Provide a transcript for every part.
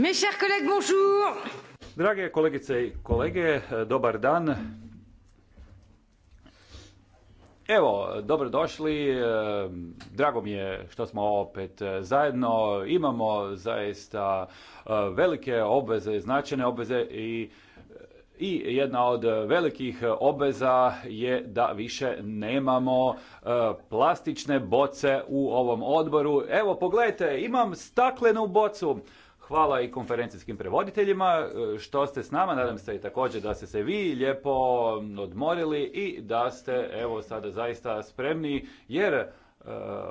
Mes chers bonjour. Drage kolegice i kolege, dobar dan. Evo, dobrodošli. Drago mi je što smo opet zajedno. Imamo zaista e, velike obveze, značajne obveze i i jedna od velikih obveza je da više nemamo e, plastične boce u ovom odboru. Evo pogledajte, imam staklenu bocu. Hvala i konferencijskim prevoditeljima e, što ste s nama. Nadam se i također da ste se vi lijepo odmorili i da ste evo sada zaista spremni jer e,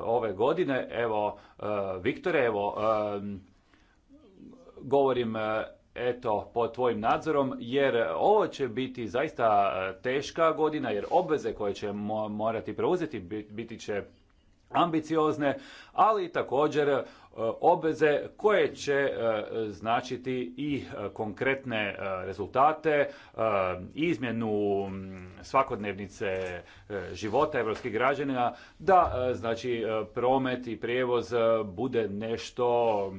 ove godine evo Viktor e, Viktore evo govorim eto pod tvojim nadzorom jer ovo će biti zaista teška godina jer obveze koje ćemo morati preuzeti biti će ambiciozne, ali također e, obveze koje će e, značiti i e, konkretne rezultate, izmjenu svakodnevnice života evropskih građana da znači promet i prijevoz bude nešto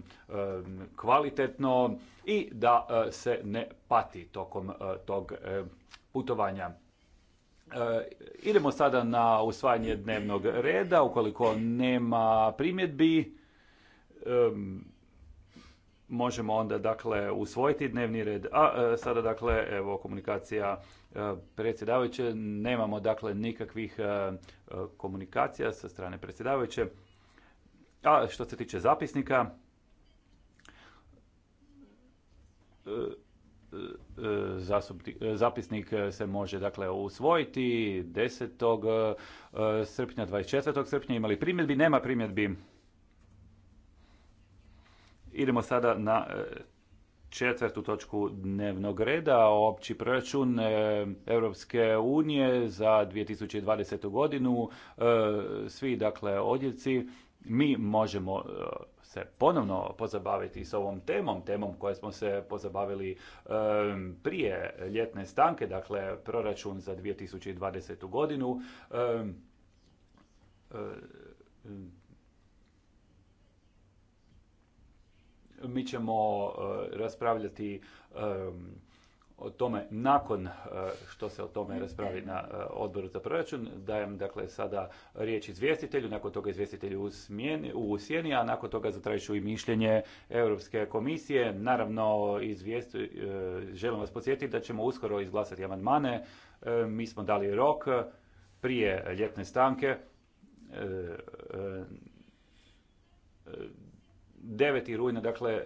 kvalitetno i da se ne pati tokom tog putovanja. E, idemo sada na usvajanje dnevnog reda. Ukoliko nema primjedbi, možemo onda dakle usvojiti dnevni red. A e, sada dakle evo komunikacija e, predsjedavajuće. Nemamo dakle nikakvih komunikacija sa strane predsjedavajuće. A što se tiče zapisnika, zapisnik se može dakle usvojiti 10. E, srpnja, 24. srpnja. Imali primjedbi? Nema primjedbi. Idemo sada na e, četvrtu točku dnevnog reda, opći proračun e, Europske unije za 2020. godinu. Svi, dakle, odjeci mi možemo se ponovno pozabaviti s ovom temom, temom koje smo se pozabavili prije ljetne stanke, dakle proračun za 2020. godinu. Um, um, mi ćemo eh, raspravljati o tome nakon e, što se o tome raspravi na e, odboru za proračun. Dajem dakle sada riječ izvjestitelju, nakon toga izvjestitelju u, u sjeni, a nakon toga zatražit ću i mišljenje Europske komisije. Naravno, e, želim vas podsjetiti da ćemo uskoro izglasati amandmane. Mi smo dali rok prije ljetne stanke. 9. rujna, dakle,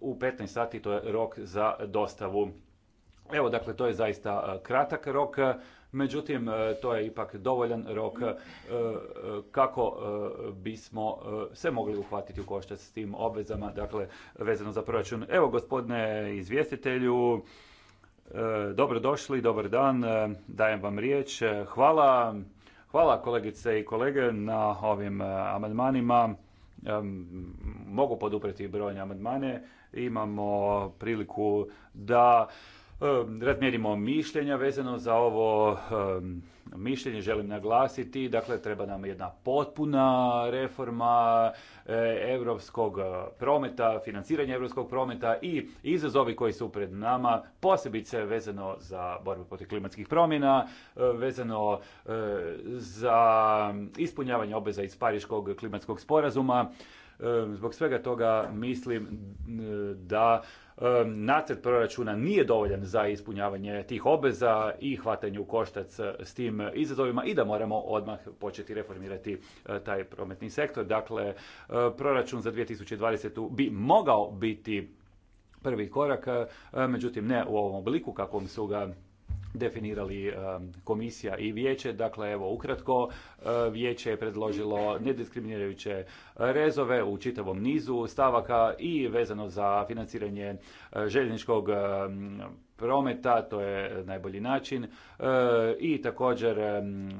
u 15 sati to je rok za dostavu Evo, dakle, to je zaista e, kratak rok, e, međutim, e, to je ipak dovoljan rok kako bismo se mogli uhvatiti u koštac s tim obvezama, dakle, vezano za proračun. Evo, gospodine izvjestitelju, dobrodošli, dobar dan, dajem vam riječ. Hvala, hvala kolegice i kolege na ovim amandmanima. Mogu podupreti brojne amandmane. Imamo priliku da razmjerimo mišljenja vezano za ovo mišljenje želim naglasiti, dakle treba nam jedna potpuna reforma europskog e, prometa, financiranja europskog prometa i izazovi koji su pred nama, posebice vezano za borbu protiv klimatskih promjena, e, vezano e, za ispunjavanje obveza iz Pariškog klimatskog sporazuma. Zbog svega toga mislim da nacrt proračuna nije dovoljan za ispunjavanje tih obveza i hvatanju koštac e, s tim e, izazovima i da moramo odmah početi reformirati e, taj prometni sektor. Dakle, proračun za 2020. bi mogao biti prvi korak, međutim ne u ovom obliku kakvom su ga definirali e, komisija i vijeće. Dakle, evo, ukratko, e, vijeće je predložilo nediskriminirajuće rezove u čitavom nizu stavaka i vezano za financiranje e, željezničkog prometa, to je najbolji način. E, I također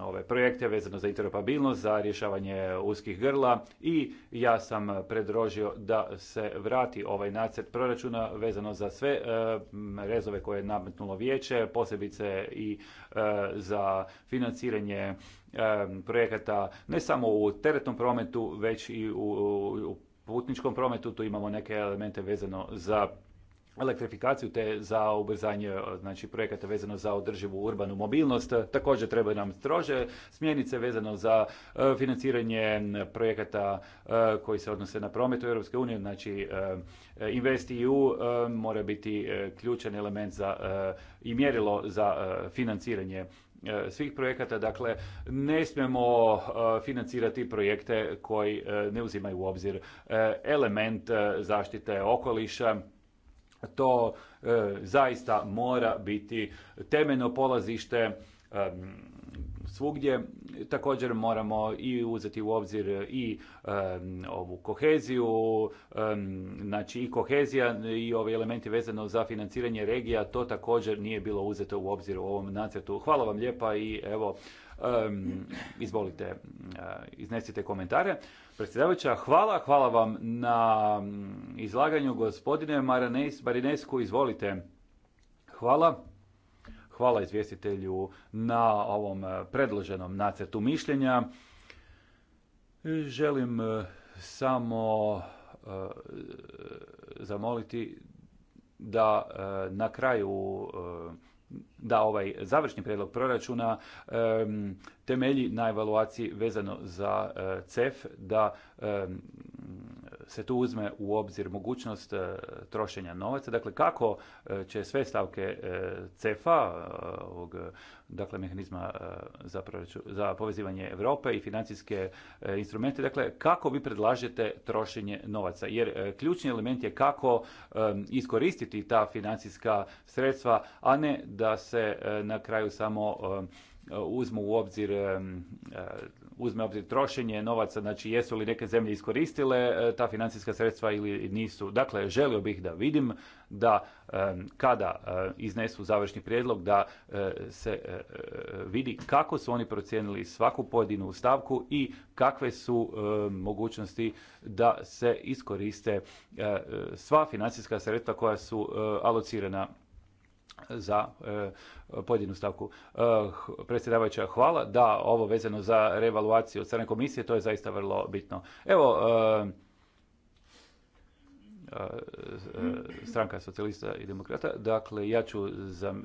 ove projekte vezano za interoperabilnost, za rješavanje uskih grla i ja sam predrožio da se vrati ovaj nacrt proračuna vezano za sve e, rezove koje je nametnulo vijeće, posebice i e, za financiranje projekata ne samo u teretnom prometu, već i u putničkom prometu. Tu imamo neke elemente vezano za elektrifikaciju te za ubrzanje e, znači, projekata vezano za održivu urbanu mobilnost. E, također treba nam strože smjernice vezano za e, financiranje projekata koji se odnose na promet u EU. Znači, EU mora biti ključan element za, i mjerilo za financiranje svih projekata, dakle ne smijemo financirati projekte koji ne uzimaju u obzir element zaštite okoliša, to e, zaista mora biti temeljno polazište e, svugdje. Također moramo i uzeti u obzir i e, ovu koheziju, znači i kohezija i ovi elementi vezano za financiranje regija, to također nije bilo uzeto u obzir u ovom nacrtu. Hvala vam lijepa i evo, izvolite, iznesite komentare. Predsjedavajuća, hvala, hvala vam na mm, izlaganju gospodine Marinesku, izvolite. Hvala. Hvala izvjestitelju na ovom e, predloženom nacrtu mišljenja. Želim e, samo e, zamoliti da na kraju da ovaj završni prijedlog proračuna temelji na evaluaciji vezano za e, CEF, da se tu uzme u obzir mogućnost e, trošenja novaca, dakle kako e, će sve stavke e, CEFA, ovog, dakle mehanizma za, za povezivanje Europe i financijske instrumente, dakle kako vi predlažete trošenje novaca, jer ključni element je kako iskoristiti ta financijska sredstva, a ne da se na kraju samo uzmu u obzir uzme obzir trošenje novaca, znači jesu li neke zemlje iskoristile e, ta financijska sredstva ili nisu. Dakle, želio bih da vidim da e, kada e, iznesu završni prijedlog da se vidi kako su oni procijenili svaku pojedinu stavku i kakve su mogućnosti da se iskoriste sva financijska sredstva koja su alocirana za e, pojedinu stavku. E, predsjedavajuća, hvala. Da, ovo vezano za revaluaciju od komisije, to je zaista vrlo bitno. Evo, e, stranka socijalista i demokrata. Dakle, ja ću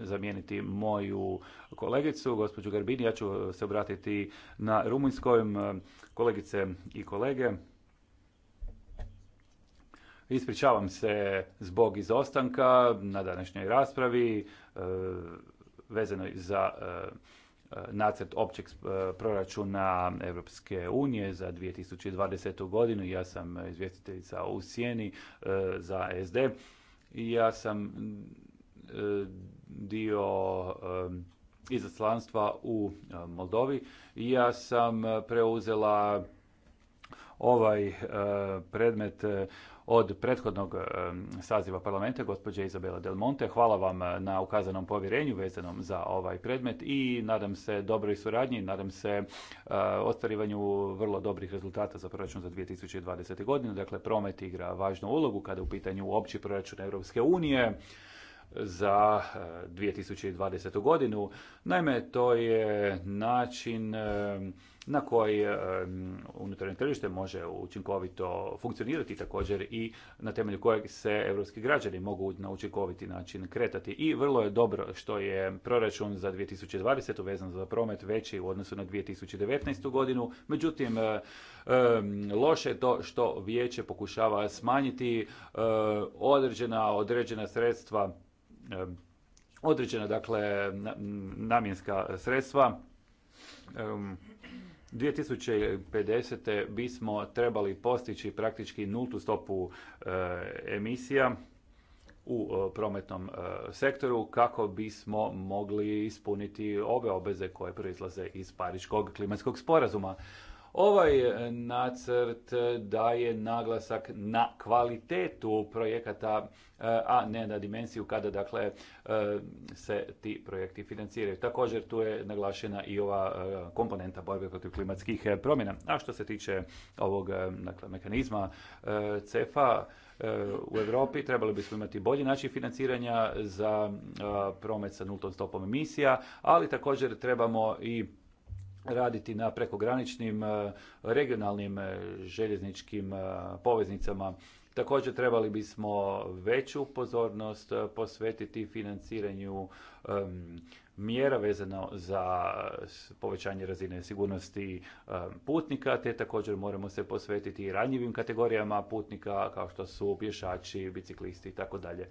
zamijeniti moju kolegicu, gospođu Garbini. Ja ću se obratiti na rumunjskoj kolegice i kolege. Ispričavam se zbog izostanka na današnjoj raspravi e, vezanoj za e, e, nacrt općeg proračuna Europske unije za 2020. godinu. Ja sam izvjestiteljica u Sjeni za SD. Ja sam dio izaslanstva u Moldovi. Ja sam preuzela ovaj predmet od prethodnog saziva parlamenta, gospođe Izabela Del Monte. Hvala vam na ukazanom povjerenju vezanom za ovaj predmet i nadam se dobroj suradnji, nadam se ostvarivanju vrlo dobrih rezultata za proračun za 2020. godinu. Dakle, promet igra važnu ulogu kada je u pitanju opći proračun Europske unije za 2020. godinu. Naime, to je način na koji e, unutarnje tržište može učinkovito funkcionirati također i na temelju kojeg se europski građani mogu na učinkoviti način kretati. I vrlo je dobro što je proračun za 2020. vezan za promet veći u odnosu na 2019. godinu. Međutim, e, e, loše je to što vijeće pokušava smanjiti određena, određena sredstva određena dakle namjenska sredstva 2050. bismo trebali postići praktički nultu stopu e, emisija u e, prometnom e, sektoru kako bismo mogli ispuniti ove obveze koje proizlaze iz Pariškog klimatskog sporazuma. Ovaj e, nacrt e, daje naglasak na kvalitetu projekata, e, a ne na dimenziju kada dakle se ti projekti financiraju. Također tu je naglašena i ova komponenta borbe protiv klimatskih promjena. A što se tiče ovog dakle, mehanizma CEFA, u Europi trebali bismo imati bolji način financiranja za promet sa nultom stopom emisija, ali također trebamo i raditi na prekograničnim e, regionalnim e, željezničkim e, poveznicama. Također trebali bismo veću pozornost posvetiti financiranju mjera vezano za povećanje razine sigurnosti putnika, te također moramo se posvetiti ranjivim kategorijama putnika kao što su pješači, biciklisti i tako dalje.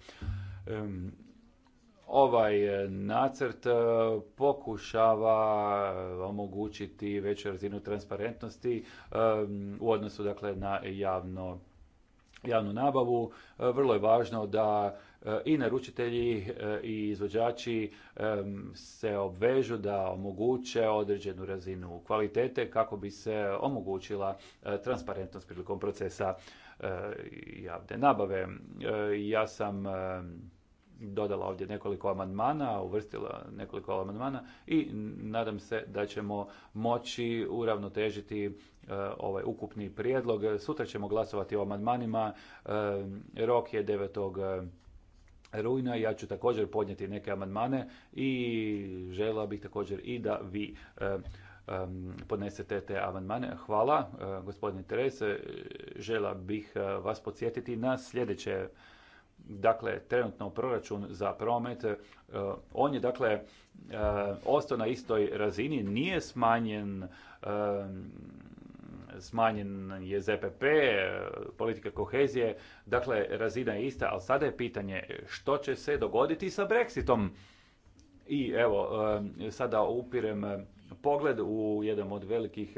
Ovaj e, nacrt e, pokušava e, omogućiti veću razinu transparentnosti u odnosu dakle, na javno, javnu nabavu. Vrlo je važno da i naručitelji i izvođači se obvežu da omoguće određenu razinu kvalitete kako bi se omogućila transparentnost prilikom procesa javne nabave. Ja sam dodala ovdje nekoliko amandmana, uvrstila nekoliko amandmana i nadam se da ćemo moći uravnotežiti e, ovaj ukupni prijedlog. Sutra ćemo glasovati o amandmanima. E, rok je 9 e, rujna. Ja ću također podnijeti neke amandmane i žela bih također i da vi podnesete te amandmane. Hvala, gospodine Terese. Žela bih vas podsjetiti na sljedeće dakle trenutno proračun za promet, e, on je dakle e, ostao na istoj razini, nije smanjen e, smanjen je ZPP, politika kohezije, dakle razina je ista, ali sada je pitanje što će se dogoditi sa Brexitom. I evo, sada upirem pogled u jedan od velikih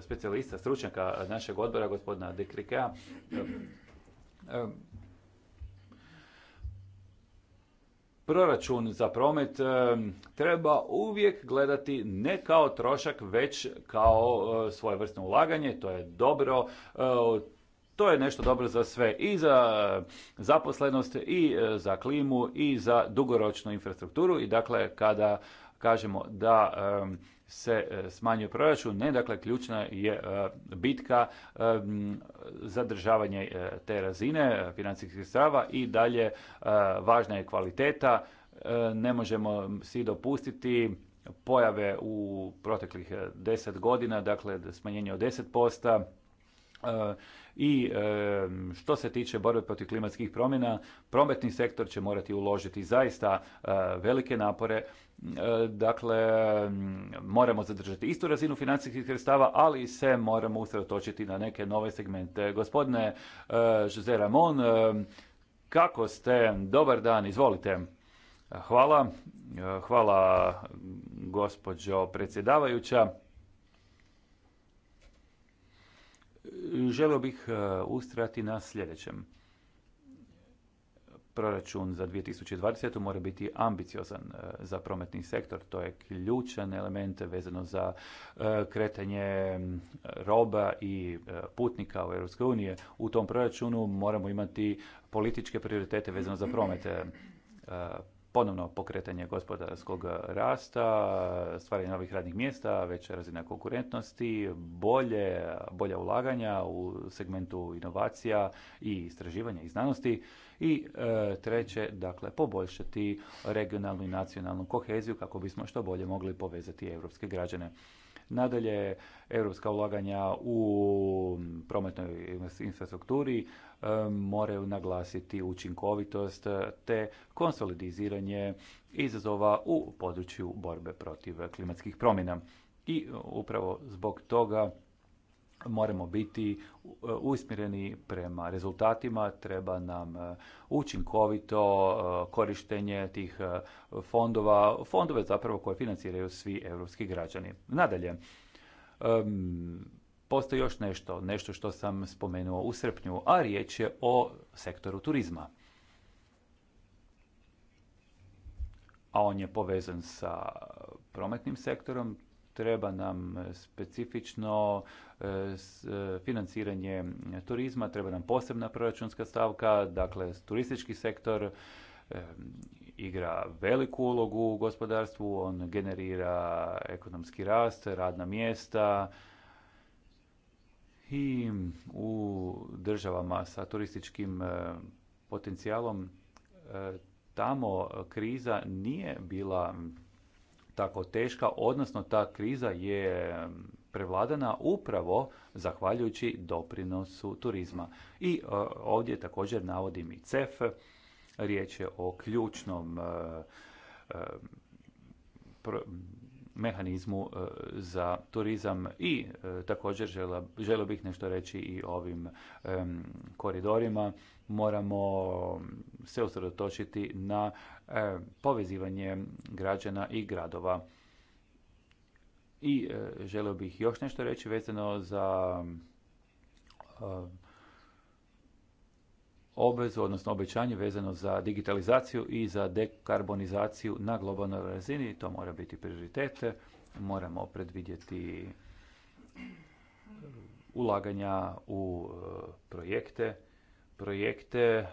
specijalista, stručnjaka našeg odbora, gospodina De proračun za promet e, treba uvijek gledati ne kao trošak, već kao svoje svojevrsno ulaganje, to je dobro, e, to je nešto dobro za sve, i za zaposlenost, i e, za klimu, i za dugoročnu infrastrukturu i dakle kada kažemo da se e, smanjuje proračun, ne, dakle ključna je e, bitka e, zadržavanje te razine financijskih sredstava i dalje važna je kvaliteta, ne možemo si dopustiti pojave u proteklih deset godina, dakle smanjenje od 10%, i što se tiče borbe protiv klimatskih promjena, prometni sektor će morati uložiti zaista velike napore E, dakle, moramo zadržati istu razinu financijskih sredstava, ali se moramo usredotočiti na neke nove segmente. Gospodine e, Jose Ramon, e, kako ste? Dobar dan, izvolite. Hvala. Hvala, gospođo predsjedavajuća. Želio bih ustrati na sljedećem. Proračun za 2020. mora biti ambiciozan e, za prometni sektor. To je ključan element vezano za e, kretanje roba i e, putnika u EU. U tom proračunu moramo imati političke prioritete vezano za promete ponovno pokretanje gospodarskog rasta, stvaranje novih radnih mjesta, veća razina konkurentnosti, bolje, bolja ulaganja u segmentu inovacija i istraživanja i znanosti. I e, treće, dakle, poboljšati regionalnu i nacionalnu koheziju kako bismo što bolje mogli povezati europske građane. Nadalje, europska ulaganja u prometnoj infrastrukturi e, moraju naglasiti učinkovitost te konsolidiziranje izazova u području borbe protiv klimatskih promjena. I upravo zbog toga moramo biti e, usmjereni prema rezultatima, treba nam e, učinkovito e, korištenje tih fondova, fondove zapravo koje financiraju svi europski građani. Nadalje, postoji još nešto, nešto što sam spomenuo u srpnju, a riječ je o sektoru turizma. A on je povezan sa prometnim sektorom, treba nam e, specifično e, e, financiranje turizma, treba nam posebna proračunska stavka, dakle turistički sektor igra veliku ulogu u gospodarstvu, on generira ekonomski rast, radna mjesta i u državama sa turističkim potencijalom tamo kriza nije bila tako teška, odnosno ta kriza je prevladana upravo zahvaljujući doprinosu turizma. I e, ovdje također navodim i CEF, riječ je o ključnom e, e, mehanizmu za turizam i također želio bih nešto reći i ovim koridorima moramo se usredotočiti na e, povezivanje građana i gradova. I e, želio bih još nešto reći vezano za e, obvezu, odnosno obećanje vezano za digitalizaciju i za dekarbonizaciju na globalnoj razini. To mora biti prioritet. Moramo predvidjeti ulaganja u projekte projekte e,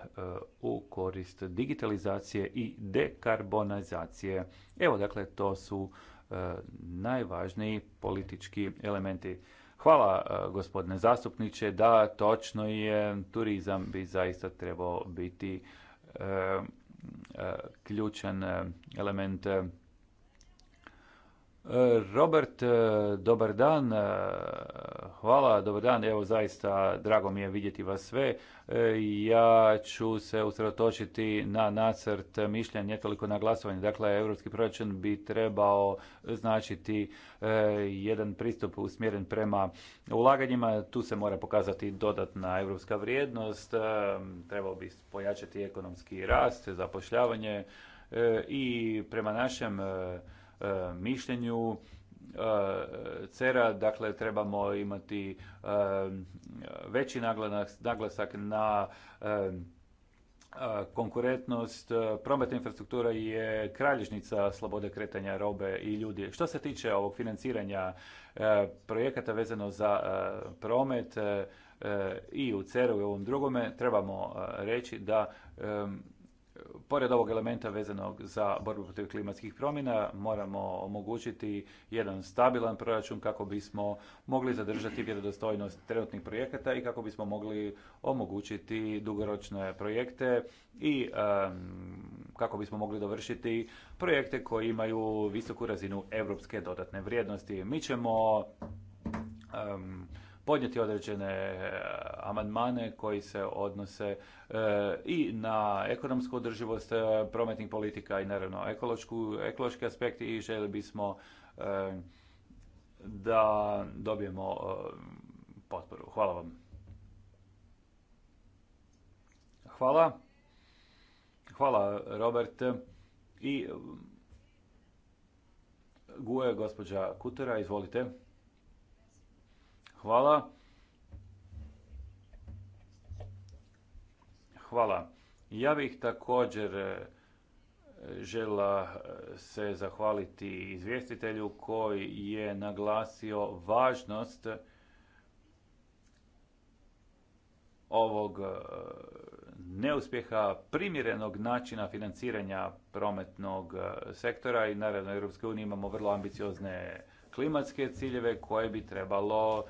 u korist digitalizacije i dekarbonizacije. Evo, dakle, to su e, najvažniji politički elementi. Hvala e, gospodine zastupniče, da točno je, turizam bi zaista trebao biti ključan element Robert, e, dobar dan. E, hvala, dobar dan. Evo zaista drago mi je vidjeti vas sve. E, ja ću se usredotočiti na nacrt mišljenja, nekoliko toliko na glasovanje. Dakle, europski proračun bi trebao značiti jedan pristup usmjeren prema ulaganjima. Tu se mora pokazati dodatna europska vrijednost. Trebao bi pojačati ekonomski rast, zapošljavanje i prema našem E, mišljenju e, cera, dakle trebamo imati e, veći naglasak na konkurentnost, prometna infrastruktura je kralježnica slobode kretanja robe i ljudi. Što se tiče ovog financiranja projekata vezano za promet i u CERU i u ovom drugome, trebamo reći da pored ovog elementa vezanog za borbu protiv klimatskih promjena moramo omogućiti jedan stabilan proračun kako bismo mogli zadržati vjerodostojnost trenutnih projekata i kako bismo mogli omogućiti dugoročne projekte i kako bismo mogli dovršiti projekte koji imaju visoku razinu europske dodatne vrijednosti. Mi ćemo podnijeti određene e, amandmane koji se odnose e, i na ekonomsku održivost e, prometnih politika i naravno ekološku, ekološki aspekt i želi bismo da dobijemo potporu. Hvala vam. Hvala. Hvala Robert. I Guje, gospođa Kutera, izvolite. Hvala. Hvala. Ja bih također e, žela e, se zahvaliti izvjestitelju koji je naglasio važnost ovog e, neuspjeha primjerenog načina financiranja prometnog sektora i naravno Europske EU imamo vrlo ambiciozne klimatske ciljeve koje bi trebalo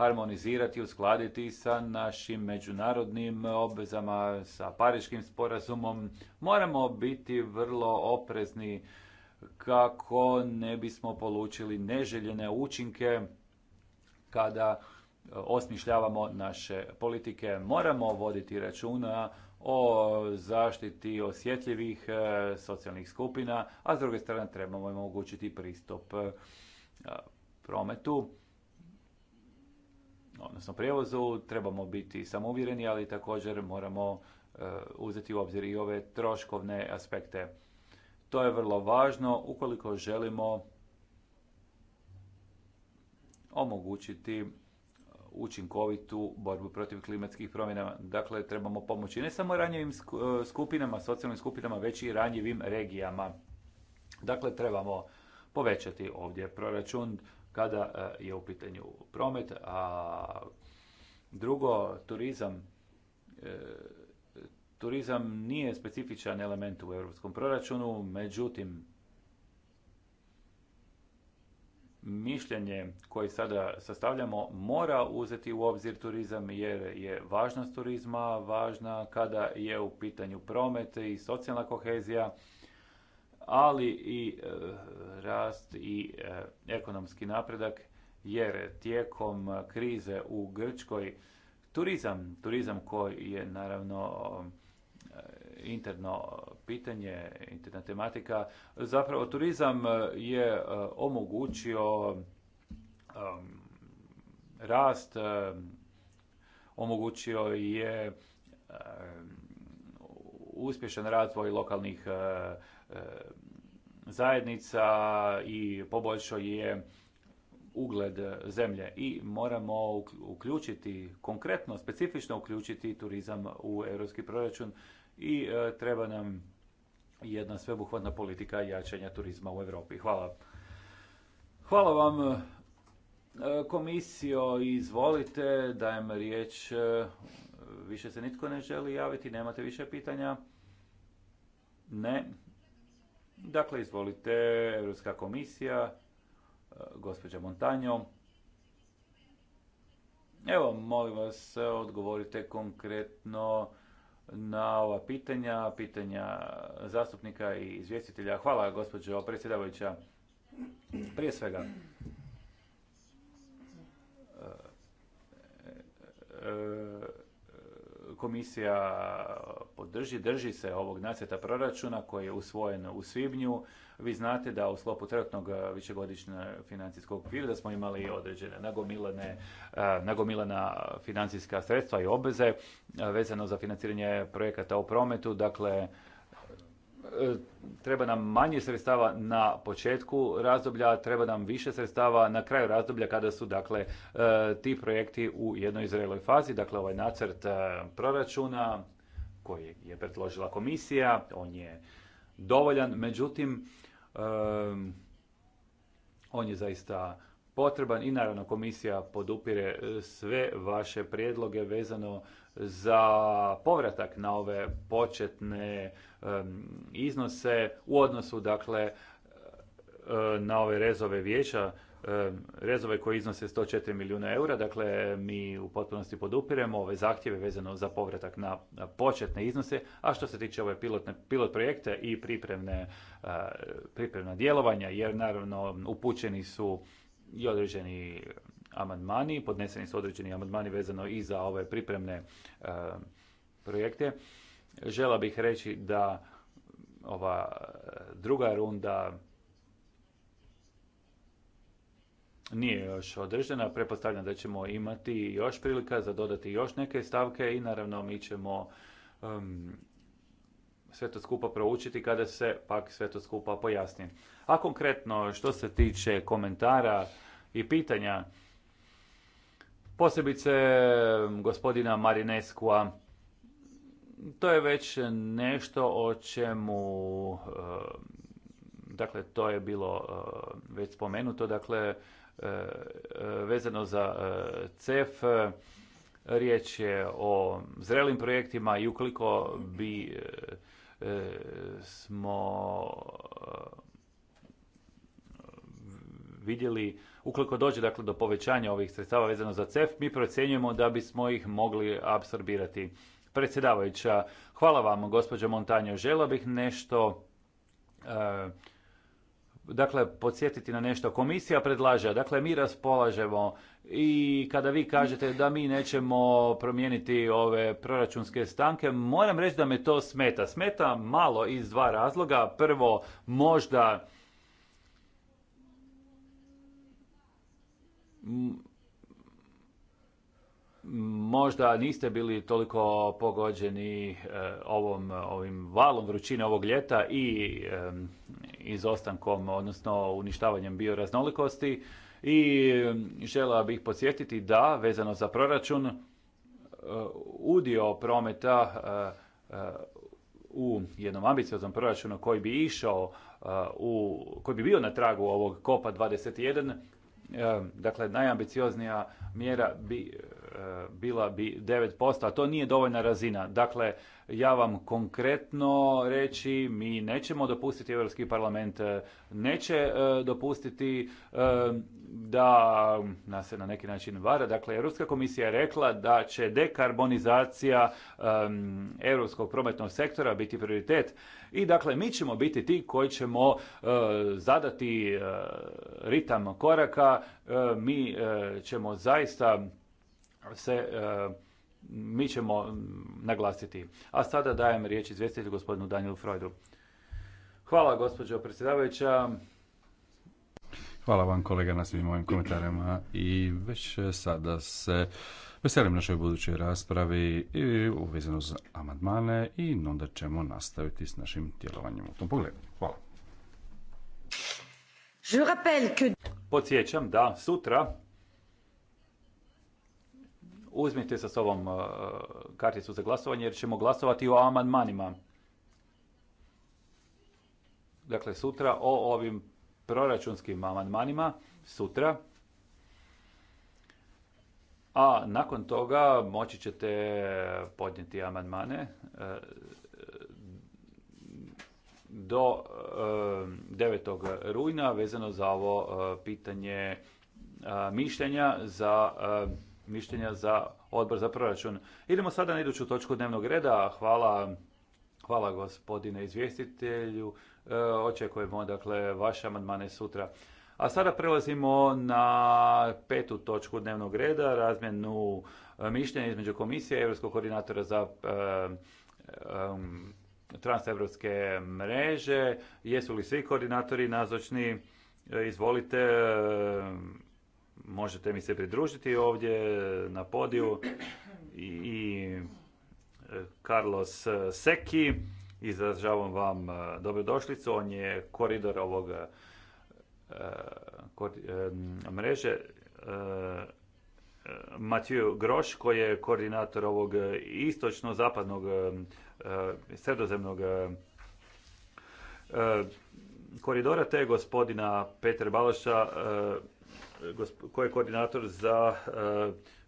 harmonizirati, uskladiti sa našim međunarodnim obvezama, sa pariškim sporazumom. Moramo biti vrlo oprezni kako ne bismo polučili neželjene učinke kada e, osmišljavamo naše politike. Moramo voditi računa o zaštiti osjetljivih e, socijalnih skupina, a s druge strane trebamo im omogućiti pristup e, prometu odnosno prijevozu, trebamo biti samouvjereni, ali također moramo e, uzeti u obzir i ove troškovne aspekte. To je vrlo važno ukoliko želimo omogućiti učinkovitu borbu protiv klimatskih promjena. Dakle, trebamo pomoći ne samo ranjivim e, skupinama, socijalnim skupinama, već i ranjivim regijama. Dakle, trebamo povećati ovdje proračun kada e, je u pitanju promet, a drugo, turizam. E, turizam nije specifičan element u europskom proračunu, međutim, mišljenje koje sada sastavljamo mora uzeti u obzir turizam jer je važnost turizma važna kada je u pitanju promet i socijalna kohezija ali i e, rast i e, ekonomski napredak jer tijekom krize u Grčkoj turizam, turizam koji je naravno e, interno pitanje, interna tematika, zapravo turizam je omogućio rast, omogućio je uspješan razvoj lokalnih zajednica i poboljšao je ugled zemlje i moramo uključiti, konkretno, specifično uključiti turizam u europski proračun i e, treba nam jedna sveobuhvatna politika jačanja turizma u Europi. Hvala. Hvala vam e, komisijo, izvolite, dajem riječ, e, više se nitko ne želi javiti, nemate više pitanja. Ne, Dakle, izvolite, Europska komisija, e, gospođa Montanjo. Evo, molim vas, odgovorite konkretno na ova pitanja, pitanja zastupnika i izvjestitelja. Hvala, gospođo predsjedavajuća. Prije svega, e, e, komisija podrži, drži se ovog nacrta proračuna koji je usvojen u svibnju. Vi znate da u sklopu trenutnog e, višegodišnjeg financijskog okvira da smo imali određene nagomilane, e, nagomilana financijska sredstva i obveze e, vezano za financiranje projekata u prometu. Dakle, E, treba nam manje sredstava na početku razdoblja, treba nam više sredstava na kraju razdoblja kada su dakle e, ti projekti u jednoj zreloj fazi, dakle ovaj nacrt e, proračuna koji je predložila komisija, on je dovoljan, međutim on je zaista potreban i naravno komisija podupire sve vaše prijedloge vezano za povratak na ove početne iznose u odnosu dakle na ove rezove vijeća rezove koje iznose 104 milijuna eura, dakle mi u potpunosti podupiremo ove zahtjeve vezano za povratak na početne iznose, a što se tiče ove pilotne, pilot projekte i pripremne, e, pripremna djelovanja, jer naravno upućeni su i određeni amandmani, podneseni su određeni amandmani vezano i za ove pripremne e, projekte. Žela bih reći da ova e, druga runda nije još održena. Prepostavljam da ćemo imati još prilika za dodati još neke stavke i naravno mi ćemo sve to skupa proučiti kada se pak sve to skupa pojasni. A konkretno što se tiče komentara i pitanja, posebice gospodina Marineskua. To je već nešto o čemu, e, dakle, to je bilo e, već spomenuto, dakle, e, vezano za CEF, riječ je o zrelim projektima i ukoliko bi smo vidjeli, ukoliko dođe dakle, do povećanja ovih sredstava vezano za CEF, mi procjenjujemo da bismo ih mogli apsorbirati. Predsjedavajuća, hvala vam, gospođo Montanjo. Žela bih nešto e, dakle, podsjetiti na nešto. Komisija predlaže, dakle, mi raspolažemo i kada vi kažete da mi nećemo promijeniti ove proračunske stanke, moram reći da me to smeta. Smeta malo iz dva razloga. Prvo, možda možda niste bili toliko pogođeni eh, ovom, ovim valom vrućine ovog ljeta i izostankom, odnosno uništavanjem bioraznolikosti. I žela bih podsjetiti da, vezano za proračun, eh, udio prometa eh, u jednom ambicioznom proračunu koji bi išao u, koji bi bio na tragu ovog kopa 21 Ehm, dakle, najambicioznija mjera bi bila bi 9%, a to nije dovoljna razina. Dakle, ja vam konkretno reći, mi nećemo dopustiti, Europski parlament e, neće e, dopustiti e, da nas se na neki način vara. Dakle, Europska komisija je rekla da će dekarbonizacija europskog prometnog sektora biti prioritet. I dakle, mi ćemo biti ti koji ćemo zadati ritam koraka, mi ćemo zaista se e, mi ćemo naglasiti. A sada dajem riječ izvjestitelju gospodinu Danielu Freudu. Hvala gospođo predsjedavajuća. Hvala vam kolega na svim mojim komentarima i već sada se veselim našoj budućoj raspravi i uvezano za amandmane i onda ćemo nastaviti s našim djelovanjem u tom pogledu. Hvala. Podsjećam da sutra uzmite sa sobom uh, karticu za glasovanje jer ćemo glasovati o amandmanima. Dakle, sutra o ovim proračunskim amandmanima, sutra. A nakon toga moći ćete podnijeti amandmane uh, do 9. Uh, rujna vezano za ovo pitanje mišljenja za mišljenja za odbor za proračun. Idemo sada na iduću točku dnevnog reda. Hvala, hvala gospodine izvjestitelju. E, očekujemo dakle vaše amandmane sutra. A sada prelazimo na petu točku dnevnog reda, razmjenu e, mišljenja između komisije Europskog koordinatora za e, e um, transevropske mreže. Jesu li svi koordinatori nazočni? E, izvolite možete mi se pridružiti ovdje na podiju i e, Carlos Seki. Izražavam vam e, dobrodošlicu. On je koridor ovog e, mreže. Mathieu Groš, koji je koordinator ovog istočno-zapadnog sredozemnog koridora, te gospodina Peter Balaša, koji je koordinator za e,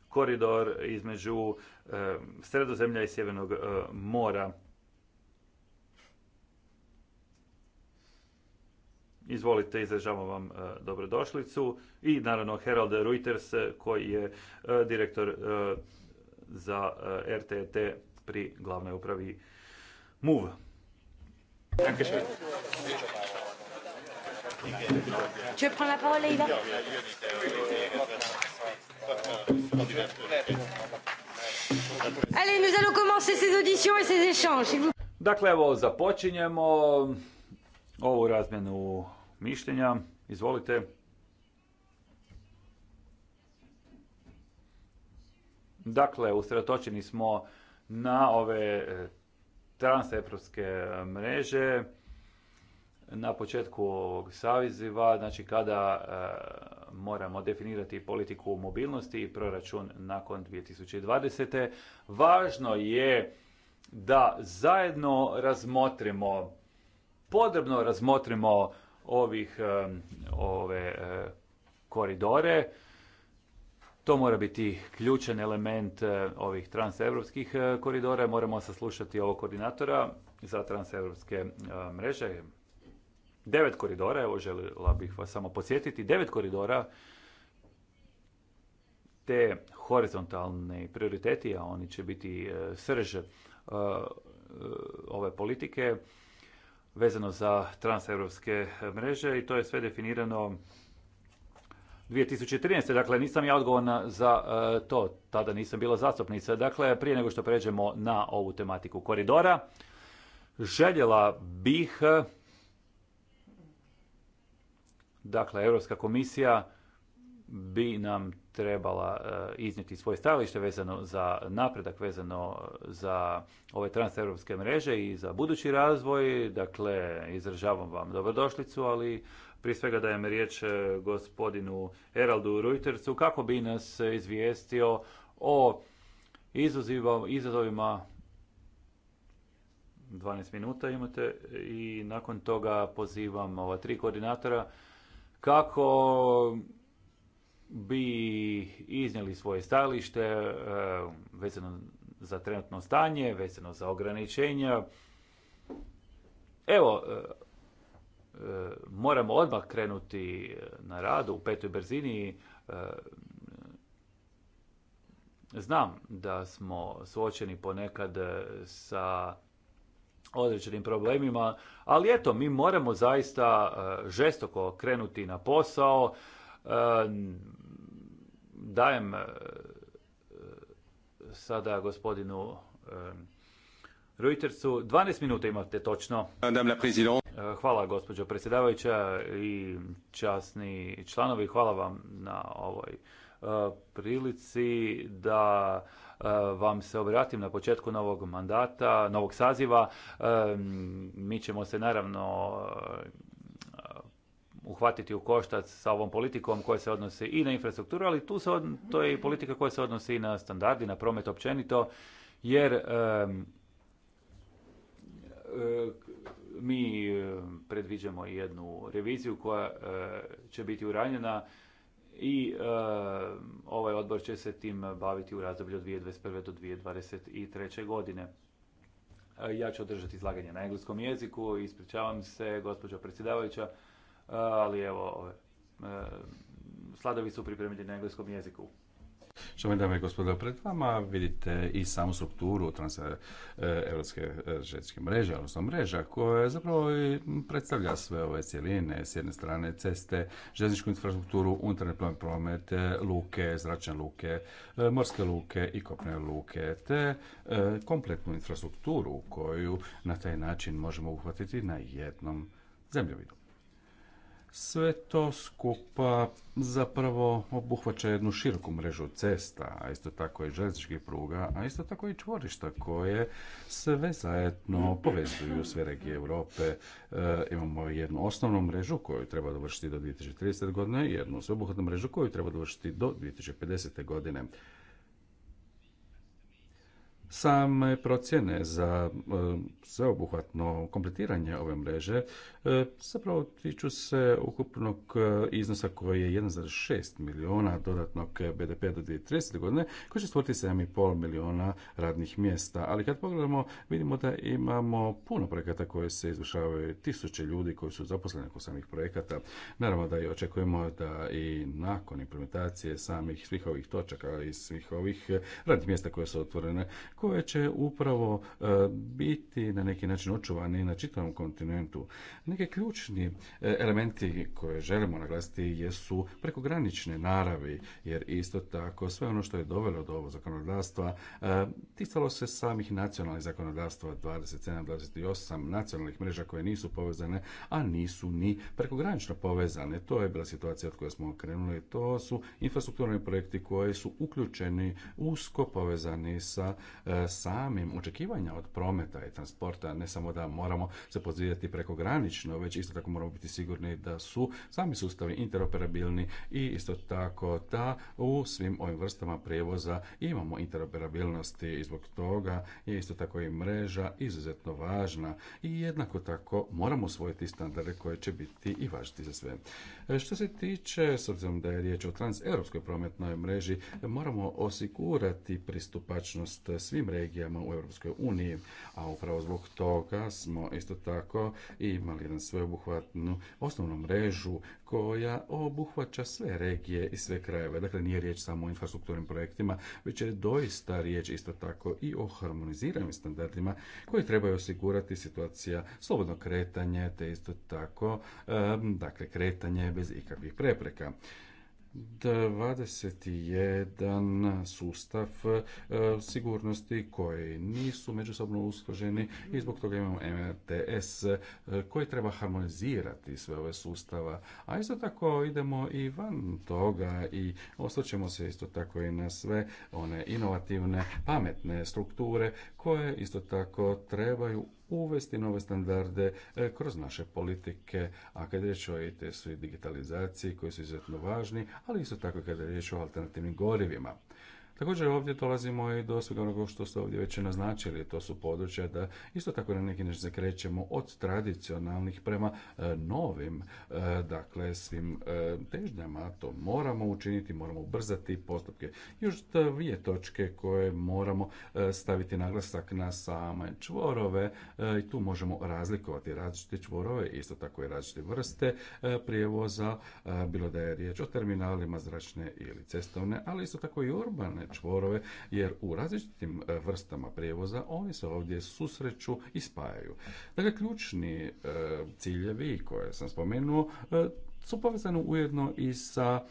koridor između e, Sredozemlja i Sjevernog e, mora. Izvolite, izražavam vam dobrodošlicu. I naravno Herald Reuters koji je direktor za RTT pri glavnoj upravi MUV. Tu veux prendre la parole, Leïla Allez, nous allons commencer ces auditions et ces échanges. Dakle, evo, započinjemo ovu razmjenu mišljenja. Izvolite. Dakle, usredotočeni smo na ove eh, transeuropske mreže na početku ovog saviziva, znači kada eh, moramo definirati politiku mobilnosti i proračun nakon 2020. Važno je da zajedno razmotrimo, podrobno razmotrimo ovih eh, ove eh, koridore. To mora biti ključan element ovih transeuropskih koridora. Moramo saslušati ovog koordinatora za transeuropske mreže, Devet koridora, evo željela bih vas samo podsjetiti, devet koridora te horizontalni prioriteti, a oni će biti e, srž e, ove politike vezano za transeuropske mreže i to je sve definirano 2013. Dakle, nisam ja odgovorna za e, to. Tada nisam bila zastupnica. Dakle, prije nego što pređemo na ovu tematiku koridora, željela bih Dakle, Europska komisija bi nam trebala e, iznijeti svoje stajalište vezano za napredak, vezano za ove transeuropske mreže i za budući razvoj. Dakle, izražavam vam dobrodošlicu, ali prije svega dajem riječ e, gospodinu Eraldu Reutersu kako bi nas izvijestio o izazovima 12 minuta imate i nakon toga pozivam ova tri koordinatora kako bi iznijeli svoje stajalište e, vezano za trenutno stanje, vezano za ograničenja. Evo, e, e, moramo odmah krenuti na radu u petoj brzini. Znam da smo suočeni ponekad sa određenim problemima, ali eto, mi moramo zaista e, žestoko krenuti na posao, e, dajem e, sada gospodinu Reutersu. 12 minuta imate točno. Hvala gospođo predsjedavajuća i časni članovi. Hvala vam na ovoj E, prilici da e, vam se obratim na početku novog mandata, novog saziva. E, mi ćemo se naravno uhvatiti u koštac sa ovom politikom koja se odnosi i na infrastrukturu, ali tu se to je i politika koja se odnosi i na standardi, na promet općenito, jer mi predviđamo jednu reviziju koja će biti uranjena i eh, ovaj odbor će se tim baviti u razdoblju od 2021. do 2023. godine. Eh, ja ću održati izlaganje na engleskom jeziku, ispričavam se, gospođo predsjedavajuća, eh, ali evo, sladovi su pripremljeni na engleskom jeziku. Što dame i gospodo, pred vama vidite i samu strukturu trans e, evropske e, željezničke mreže, odnosno mreža koja zapravo predstavlja sve ove cjeline, s jedne strane ceste, željezničku infrastrukturu, unutarnji promet, e, luke, zračne luke, morske luke i kopne luke, te kompletnu infrastrukturu koju na taj način možemo uhvatiti na jednom zemljovidu. Sve to skupa zapravo obuhvaća jednu široku mrežu cesta, a isto tako i željezničkih pruga, a isto tako i čvorišta koje sve zajedno povezuju sve regije Europe. E, imamo jednu osnovnu mrežu koju treba dovršiti do 2030. godine i jednu sveobuhvatnu mrežu koju treba dovršiti do 2050. godine. Same procjene za e, sveobuhvatno kompletiranje ove mreže e, zapravo tiču se ukupnog e, iznosa koji je 1,6 milijuna dodatnog BDP do 2030. godine koji će stvoriti 7,5 milijuna radnih mjesta. Ali kad pogledamo vidimo da imamo puno projekata koje se izvršavaju tisuće ljudi koji su zaposleni oko samih projekata. Naravno da i očekujemo da i nakon implementacije samih svih ovih točaka i svih ovih radnih mjesta koje su otvorene koje će upravo e, biti na neki način očuvani na čitavom kontinentu. Neki ključni e, elementi koje želimo naglasiti jesu prekogranične naravi, jer isto tako sve ono što je dovelo do ovog zakonodavstva e, ticalo se samih nacionalnih zakonodavstva 27-28 nacionalnih mreža koje nisu povezane, a nisu ni prekogranično povezane. To je bila situacija od koje smo krenuli. To su infrastrukturni projekti koji su uključeni, usko povezani sa E, samim očekivanja od prometa i transporta, ne samo da moramo se pozivati prekogranično, već isto tako moramo biti sigurni da su sami sustavi interoperabilni i isto tako da u svim ovim vrstama prijevoza imamo interoperabilnosti i zbog toga je isto tako i mreža izuzetno važna i jednako tako moramo usvojiti standarde koje će biti i važiti za sve. E, što se tiče, s obzirom da je riječ o transeuropskoj prometnoj mreži, moramo osigurati pristupačnost svim regijama u Europskoj uniji, a upravo zbog toga smo isto tako imali jedan sveobuhvatnu osnovnu mrežu koja obuhvaća sve regije i sve krajeve. Dakle, nije riječ samo o infrastrukturnim projektima, već je doista riječ isto tako i o harmoniziranim standardima koji trebaju osigurati situacija slobodno kretanje, te isto tako, dakle, kretanje bez ikakvih prepreka. 21 sustav e, sigurnosti koji nisu međusobno usklaženi i zbog toga imamo MRTS e, koji treba harmonizirati sve ove sustava, a isto tako idemo i van toga i osvrćemo se isto tako i na sve one inovativne, pametne strukture koje isto tako trebaju uvesti nove standarde e, kroz naše politike, a kada je riječ o its i digitalizaciji koji su izuzetno važni, ali isto tako kada je riječ o alternativnim gorivima. Također ovdje dolazimo i do svega onoga što ste ovdje već naznačili. To su područja da isto tako na neki način zakrećemo od tradicionalnih prema e, novim, e, dakle svim e, težnjama. To moramo učiniti, moramo ubrzati postupke. Još dvije točke koje moramo staviti naglasak na same čvorove i tu možemo razlikovati različite čvorove, isto tako i različite vrste prijevoza, bilo da je riječ o terminalima zračne ili cestovne, ali isto tako i urbane čvorove, jer u različitim e, vrstama prijevoza oni se ovdje susreću i spajaju. Dakle, ključni e, ciljevi koje sam spomenuo e, su povezani ujedno i sa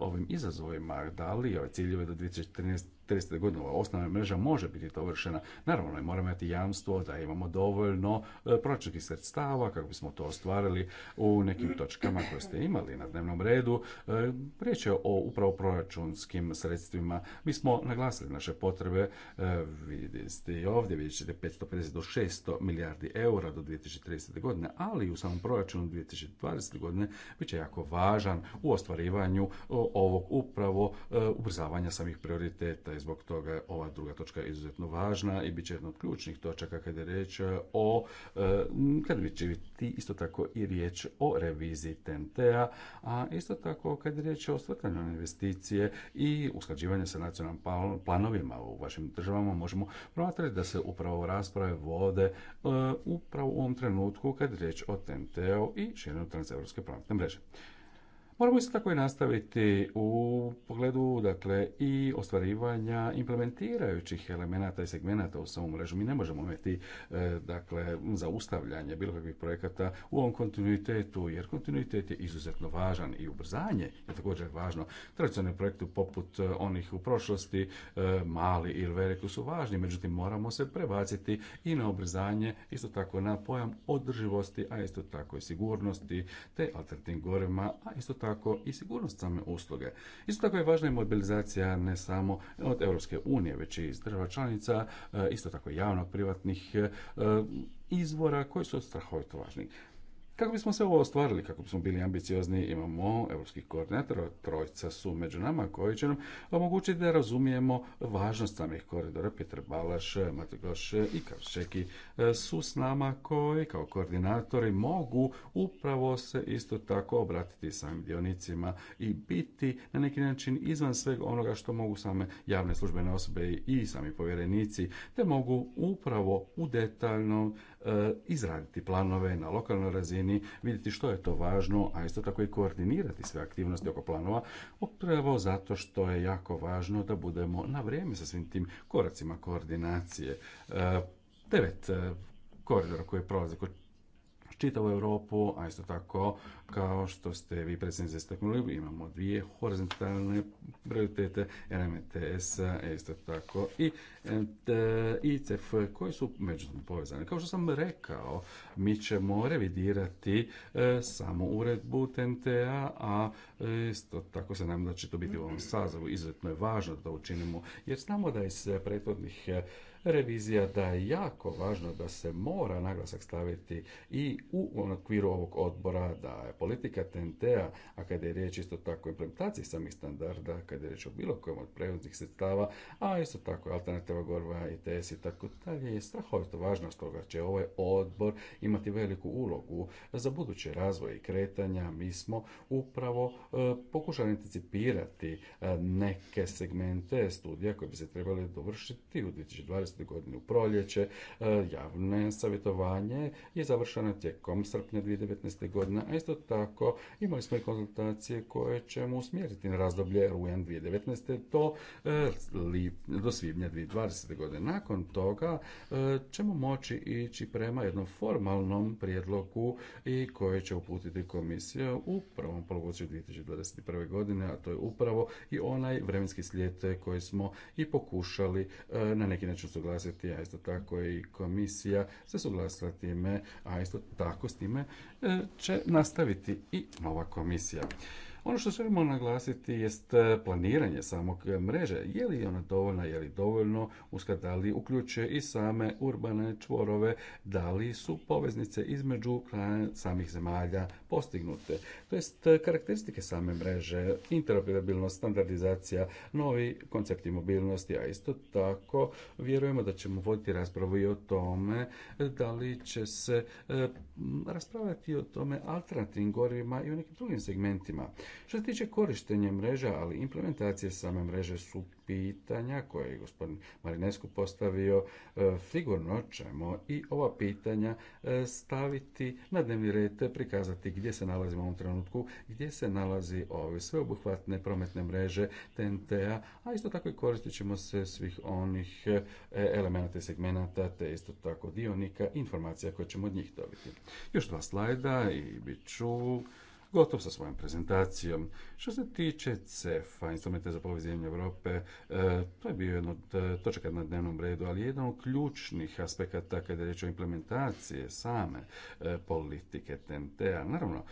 ovim izazovima. Da li ove ciljeve do 2014. 30 godina ova osnovna mreža može biti dovršena. Naravno, moramo imati jamstvo da imamo dovoljno e, proračunskih sredstava kako bismo to ostvarili u nekim točkama koje ste imali na dnevnom redu. E, riječ je o upravo proračunskim sredstvima. Mi smo naglasili naše potrebe, e, Vidite ste i ovdje, vidjet ćete 550 do 600 milijardi eura do 2030. godine, ali u samom proračunu 2020. godine bit će jako važan u ostvarivanju ovog upravo ubrzavanja samih prioriteta zbog toga je ova druga točka izuzetno važna i bit će jedna od ključnih točaka kada je riječ o, e, bi će biti isto tako i riječ o reviziji TNT-a, a isto tako kad je riječ o stvrtanju investicije i usklađivanje sa nacionalnim planovima u vašim državama, možemo promatrati da se upravo rasprave vode e, upravo u ovom trenutku kad je riječ o TNT-u i širenju transeuropske prometne mreže. Moramo isto tako i nastaviti u pogledu dakle, i ostvarivanja implementirajućih elemenata i segmenata u samom mrežu. Mi ne možemo imati e, dakle, zaustavljanje bilo kakvih projekata u ovom kontinuitetu, jer kontinuitet je izuzetno važan i ubrzanje je također važno. Tradicionalni projekti poput e, onih u prošlosti, e, mali ili veliki su važni, međutim moramo se prebaciti i na ubrzanje, isto tako na pojam održivosti, a isto tako i sigurnosti, te alternativnim gorima, a isto tako tako i sigurnost usluge. Isto tako je važna i mobilizacija ne samo od Europske unije, već i iz država članica, e, isto tako javno privatnih e, e, izvora koji su strahovito važni. Kako bismo se ovo ostvarili, kako bismo bili ambiciozni, imamo evropskih koordinatora, trojca su među nama koji će nam omogućiti da razumijemo važnost samih koridora. Peter Balaš, Goš i Karčeki e, su s nama koji kao koordinatori mogu upravo se isto tako obratiti samim dionicima i biti na neki način izvan svega onoga što mogu same javne službene osobe i sami povjerenici, te mogu upravo u detaljnom E, izraditi planove na lokalnoj razini, vidjeti što je to važno, a isto tako i koordinirati sve aktivnosti oko planova, upravo zato što je jako važno da budemo na vrijeme sa svim tim koracima koordinacije. E, devet e, koridora koji prolaze kod čitavu Europu, a isto tako kao što ste vi predsjednici istaknuli, imamo dvije horizontalne prioritete, RMTS, e, isto tako i ICF koji su međutim povezani. Kao što sam rekao, mi ćemo revidirati e, samu uredbu TNTA, a a e, isto tako se nam da će to biti u ovom sazavu. Izuzetno je važno da to učinimo, jer znamo da iz prethodnih revizija da je jako važno da se mora naglasak staviti i u okviru ovog odbora da je politika TNT-a, a kada je riječ isto tako o implementaciji samih standarda, kada je riječ o bilo kojem od prevoznih sredstava, a isto tako alternativa goriva, ITS i tako dalje, je strahovito važno stoga će ovaj odbor imati veliku ulogu za buduće razvoj i kretanja. Mi smo upravo e, pokušali anticipirati e, neke segmente studija koje bi se trebali dovršiti u 2020 godine u proljeće. E, javno savjetovanje je završeno tijekom srpnja 2019. godine, a isto tako imali smo i konzultacije koje ćemo usmjeriti na razdoblje rujan 2019. do, e, do svibnja 2020. godine. Nakon toga e, ćemo moći ići prema jednom formalnom prijedlogu i koje će uputiti komisija u prvom polovoću 2021. godine, a to je upravo i onaj vremenski slijed koji smo i pokušali na neki način a isto tako i komisija se suglasila time, a isto tako s time e, će nastaviti i nova komisija. Ono što želimo naglasiti jest e, planiranje samog e, mreže. Je li ona dovoljna, je li dovoljno, uskad da li uključuje i same urbane čvorove, da li su poveznice između samih zemalja postignute. To jest e, karakteristike same mreže, interoperabilnost, standardizacija, novi koncepti mobilnosti, a isto tako vjerujemo da ćemo voditi raspravu i o tome da li će se raspravljati o tome alternativnim gorivima i o nekim drugim segmentima. Što se tiče korištenja mreža, ali implementacije same mreže su pitanja koje je gospodin Marinesku postavio. Figurno e, ćemo i ova pitanja e, staviti na dnevni red, prikazati gdje se nalazimo u ovom trenutku, gdje se nalazi ove sveobuhvatne prometne mreže TNT-a, a isto tako i koristit ćemo se svih onih e, elemenata i segmenata, te isto tako dionika, informacija koje ćemo od njih dobiti. Još dva slajda i bit ću gotov sa svojom prezentacijom. Što se tiče CEF-a, instrumente za povezivanje Europe, e, to je bio jedno od e, točaka na dnevnom redu, ali jedan od ključnih aspekata kada je reč o implementacije same e, politike TNT-a. Naravno,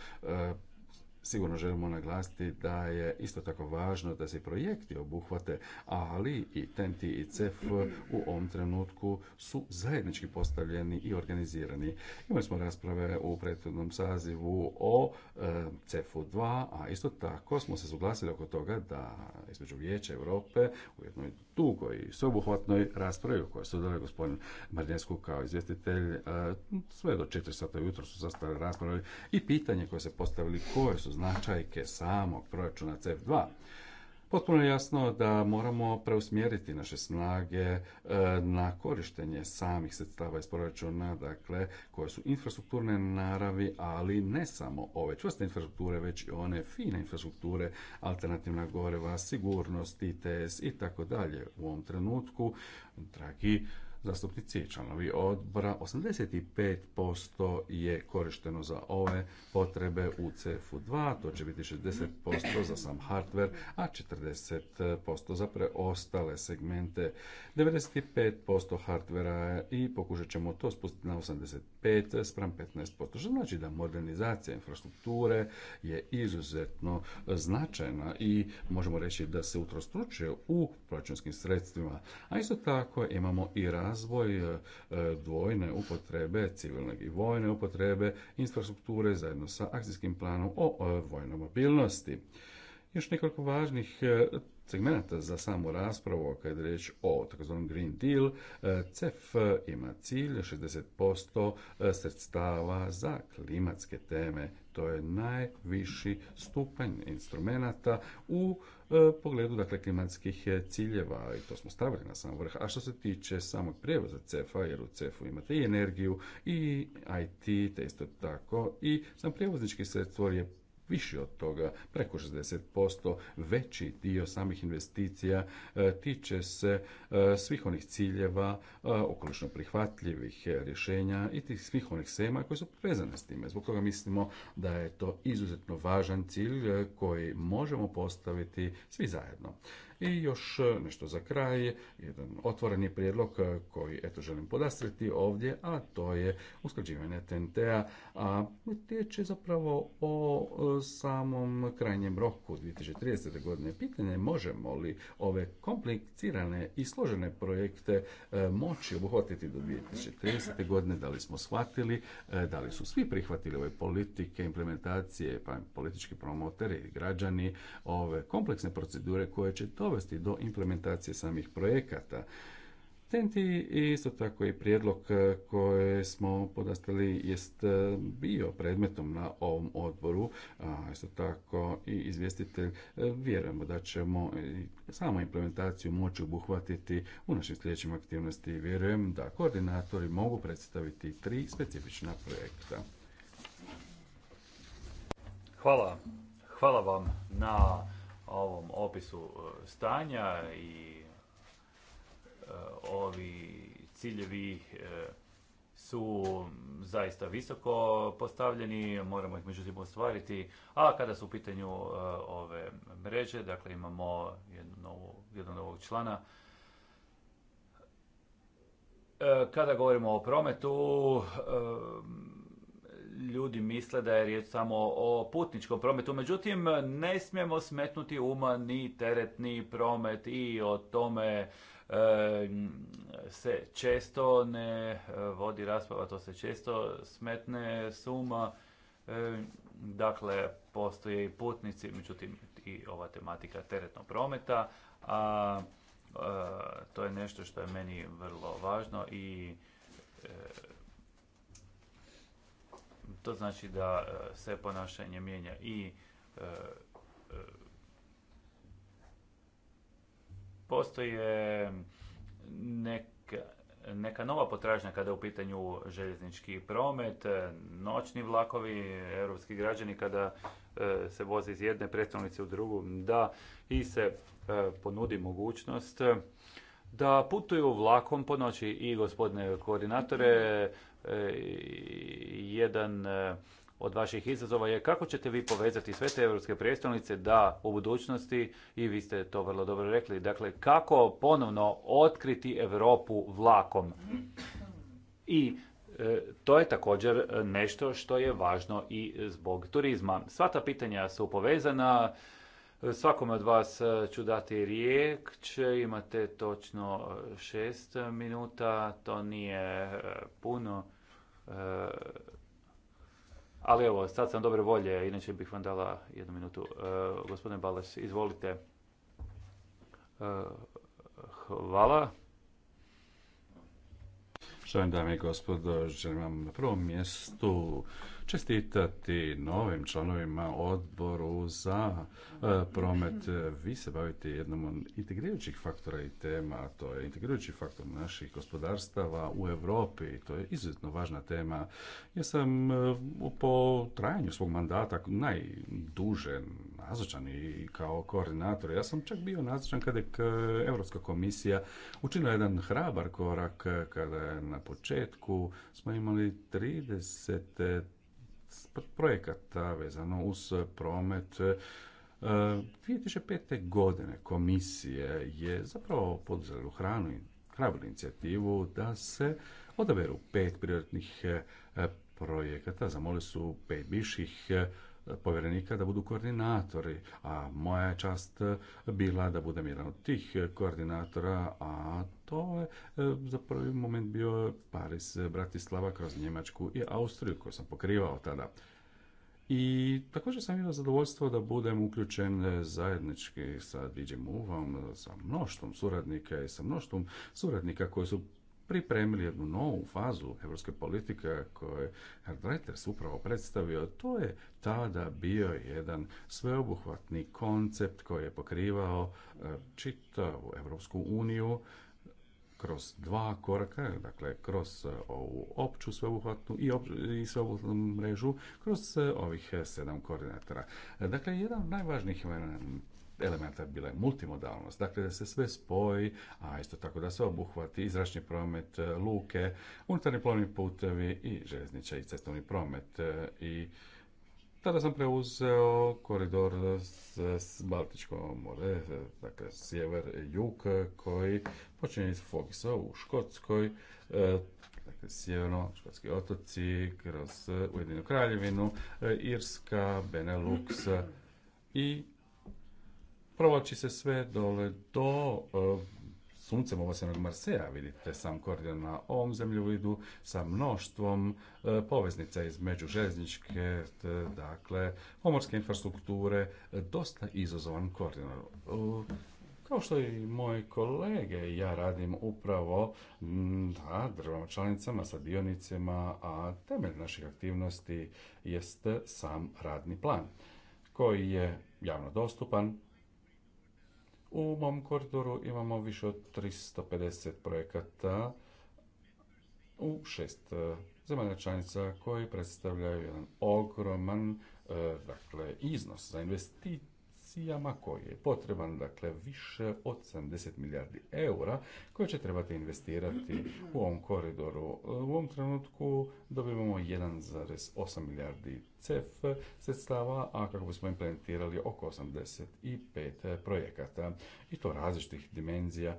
Sigurno želimo naglasiti da je isto tako važno da se projekti obuhvate, ali i TNT i CEF u ovom trenutku su zajednički postavljeni i organizirani. Imali smo rasprave u prethodnom sazivu o e, CEF-u 2, a isto tako smo se suglasili oko toga da između Vijeća Europe u jednoj dugoj i sveobuhvatnoj raspravi u kojoj su dali gospodin Marnesku kao izvjestitelj. Sve do četiri sata jutro su sastavili rasprave i pitanje koje se postavili koje su značajke samog proračuna cf 2 Potpuno je jasno da moramo preusmjeriti naše snage e, na korištenje samih sredstava iz proračuna, dakle, koje su infrastrukturne naravi, ali ne samo ove čvrste infrastrukture, već i one fine infrastrukture, alternativna goreva, sigurnost, ITS i tako dalje. U ovom trenutku, dragi zastupnici i članovi odbora, 85% je korišteno za ove potrebe u cfu 2 to će biti 60% za sam hardware, a 40% za preostale segmente. 95% hardvera i pokušat ćemo to spustiti na 85 spram 15%, što znači da modernizacija infrastrukture je izuzetno značajna i možemo reći da se utrostručuje u proračunskim sredstvima. A isto tako imamo i raz razvoj e, e, dvojne upotrebe, civilne i vojne upotrebe, infrastrukture zajedno sa akcijskim planom o e, vojnoj mobilnosti. Još nekoliko važnih segmenata za samu raspravu kad je riječ o takozvanom Green Deal, e, CEF e, ima cilj 60% e, sredstava za klimatske teme. To je najviši stupanj instrumenata u pogledu dakle, klimatskih ciljeva i to smo stavili na sam vrh. A što se tiče samog prijevoza CEF-a, jer u CEF-u imate i energiju i IT, te isto tako i sam prijevoznički sektor je više od toga, preko 60%, veći dio samih investicija e, tiče se e, svih onih ciljeva e, okolično prihvatljivih rješenja i tih svih onih sema koji su povezane s time. Zbog toga mislimo da je to izuzetno važan cilj koji možemo postaviti svi zajedno. I još e, nešto za kraj, jedan otvoreni prijedlog e, koji eto želim podastriti ovdje, a to je usklađivanje TNT-a, a riječ je zapravo o e, samom krajnjem roku 2030. godine. Pitanje možemo li ove komplicirane i složene projekte moći obuhvatiti do 2030. godine, da li smo shvatili, da li su svi prihvatili ove politike, implementacije, pa politički promoteri, građani, ove kompleksne procedure koje će to dovesti do implementacije samih projekata. Tenti i isto tako i prijedlog e, koje smo podastali jest e, bio predmetom na ovom odboru, a isto tako i izvjestitelj. E, vjerujemo da ćemo samo implementaciju moći obuhvatiti u našim sljedećim aktivnosti vjerujem da koordinatori mogu predstaviti tri specifična projekta. Hvala. Hvala vam na ovom opisu e, stanja i e, ovi ciljevi e, su zaista visoko postavljeni, moramo ih međutim ostvariti, a kada su u pitanju ove mreže, dakle imamo jednu novu, novog člana, kada govorimo o prometu, ljudi misle da je riječ samo o putničkom prometu, međutim ne smijemo smetnuti uma ni teretni promet i o tome e, se često ne e, vodi rasprava, to se često smetne suma. E, dakle, postoje i putnici, međutim i ova tematika teretnog prometa, a to je nešto što je meni vrlo važno i to znači da e, se ponašanje mijenja i e, e, postoje neka, neka nova potražnja kada je u pitanju željeznički promet, noćni vlakovi, europski građani kada se voze iz jedne predstavnice u drugu, da i se ponudi mogućnost da putuju vlakom po noći i gospodine koordinatore, jedan e, od vaših izazova je kako ćete vi povezati sve te europske prijestolnice da u budućnosti, i vi ste to vrlo dobro rekli, dakle kako ponovno otkriti Europu vlakom. I e, to je također nešto što je važno i zbog turizma. Sva ta pitanja su povezana. Svakome od vas e, ću dati će imate točno šest minuta, to nije puno E, ali evo, sad sam dobre volje, inače bih vam dala jednu minutu. E, gospodine Bales, izvolite. E, hvala. Štovane dame i gospodo, želim vam na prvom mjestu čestitati novim članovima odboru za e, promet. Vi se bavite jednom od integrirajućih faktora i tema, a to je integrirajući faktor naših gospodarstava u Europi to je izuzetno važna tema. Ja sam e, po trajanju svog mandata najduže nazočan i kao koordinator. Ja sam čak bio nazočan kada je Europska komisija učinila jedan hrabar korak e, kada je na početku smo imali 30 projekata vezano uz promet 2005. E, godine komisije je zapravo poduzela hranu i hrabru inicijativu da se odaberu pet prioritetnih e, projekata. Zamolili su pet bivših e, povjerenika da budu koordinatori, a moja je čast e, bila da budem jedan od tih koordinatora, a to je e, za prvi moment bio Paris, e, Bratislava kroz Njemačku i Austriju koju sam pokrivao tada. I također sam imao zadovoljstvo da budem uključen zajednički sa DJ om sa mnoštvom suradnika i sa mnoštvom suradnika koji su pripremili jednu novu fazu Europske politike koju je Reuters upravo predstavio. To je tada bio jedan sveobuhvatni koncept koji je pokrivao e, čitavu Evropsku uniju kroz dva koraka, dakle kroz e, ovu opću sveobuhvatnu i, i sveobuhvatnu mrežu, kroz e, ovih sedam koordinatora. Dakle, jedan od najvažnijih elementa bila je multimodalnost, dakle da se sve spoji, a isto tako da se obuhvati izračni promet, e, luke, unutarnji plovni putevi i željezniča i cestovni promet. E, I tada sam preuzeo koridor s Baltičkom more, e, dakle sjever-jug, koji počinje iz Fogisa u Škotskoj, dakle sjeverno, škotski otoci, kroz Ujedinu kraljevinu, Irska, Benelux i provlači se sve dole do e, suncem ovosenog Marseja, vidite sam koridor na ovom zemljovidu sa mnoštvom e, poveznica između željezničke, dakle, pomorske infrastrukture, dosta izazovan koordinator. E, kao što i moji kolege, ja radim upravo na državama članicama sa dionicima, a temelj naših aktivnosti jest sam radni plan koji je javno dostupan, u mom koridoru imamo više od 350 projekata u šest e, zemalja članica koji predstavljaju jedan ogroman e, dakle, iznos za investicije investicijama koji je potreban, dakle, više od 70 milijardi eura koje će trebati investirati u ovom koridoru. U ovom trenutku dobivamo 1,8 milijardi CEF sredstava, a kako bismo implementirali oko 85 projekata i to različitih dimenzija,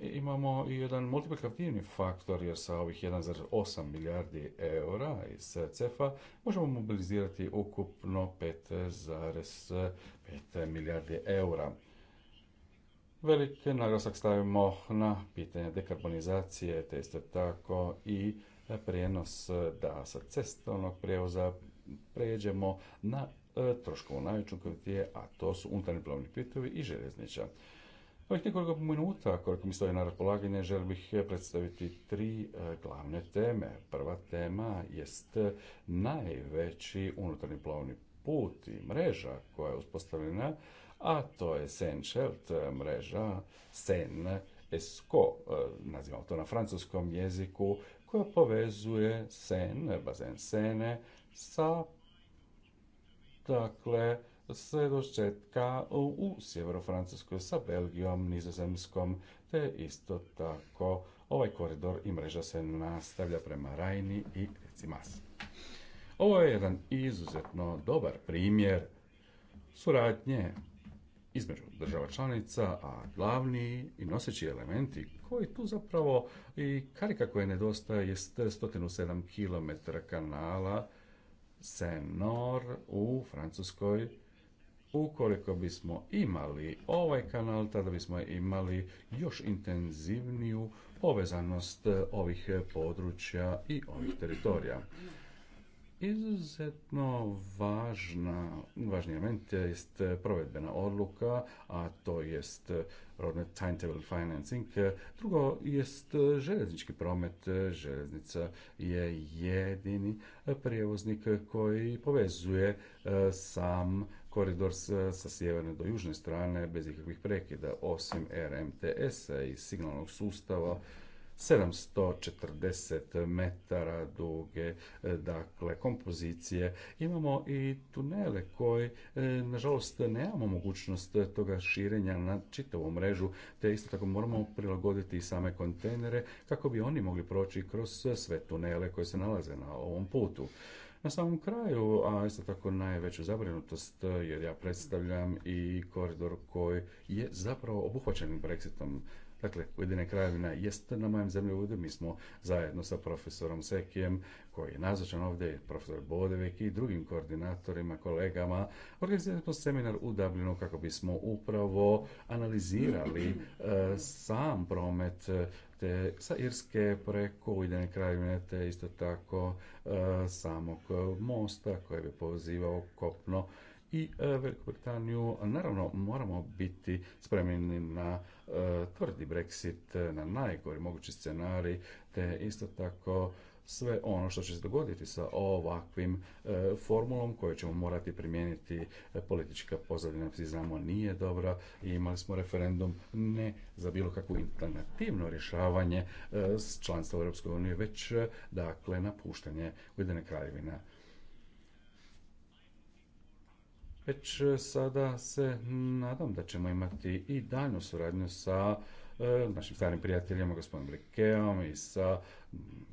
Imamo i jedan multiplikativni faktor jer sa ovih 1,8 milijardi eura iz CEF-a možemo mobilizirati ukupno 5,5 milijardi eura. Veliki naglasak stavimo na pitanje dekarbonizacije, te isto tako i prijenos da sa cestovnog prijevoza pređemo na e, troškovno najučinkovitije, a to su unutarnji plovni putevi i željezniča. Ovih nekoliko minuta koliko mi stoji na raspolaganje želim bih predstaviti tri e, glavne teme. Prva tema jest e, najveći unutarnji plovni put i mreža koja je uspostavljena, a to je je e, mreža Sen Esco, nazivamo to na francuskom jeziku, koja povezuje Sen, bazen Sene, sa dakle, sve do u Sjeverofrancuskoj francuskoj sa Belgijom, nizozemskom, te isto tako ovaj koridor i mreža se nastavlja prema Rajni i reci Ovo je jedan izuzetno dobar primjer suradnje između država članica, a glavni i noseći elementi koji tu zapravo i karika koja nedostaje je 107 km kanala Senor u Francuskoj ukoliko bismo imali ovaj kanal, tada bismo imali još intenzivniju povezanost e, ovih e, područja i ovih teritorija. Izuzetno važna, važni element je e, provedbena odluka, a to jest rodne timetable financing. Drugo jest željeznički promet. Železnica je jedini prijevoznik koji povezuje sam koridor sa sjeverne do južne strane bez ikakvih prekida, osim rmts i signalnog sustava 740 metara duge e, dakle kompozicije imamo i tunele koji e, nažalost nemamo mogućnost toga širenja na čitavu mrežu te isto tako moramo prilagoditi i same kontejnere kako bi oni mogli proći kroz sve tunele koji se nalaze na ovom putu na samom kraju, a isto tako najveću zabrinutost, e, jer ja predstavljam i koridor koji je zapravo obuhvaćen Brexitom. Dakle, Ujedine kraljevina jeste na mojem zemlju. mi smo zajedno sa profesorom Sekijem, koji je nazočan ovdje, profesor Bodevek i drugim koordinatorima, kolegama, organizirali smo seminar u Dublinu kako bismo upravo analizirali e, sam promet te sa Irske preko Ujedine kraljevine, te isto tako e, samog mosta koji bi povezivao kopno i e, Veliku Britaniju. Naravno, moramo biti spremni na e, tvrdi Brexit, na najgori mogući scenarij, te isto tako sve ono što će se dogoditi sa ovakvim e, formulom koju ćemo morati primijeniti e, politička pozadina, svi znamo, nije dobra i imali smo referendum ne za bilo kakvo alternativno rješavanje e, s članstva europskoj unije, već e, dakle napuštanje Ujedine kraljevine Već sada se nadam da ćemo imati i daljnju suradnju sa našim starim prijateljima, gospodinom Brikeom i sa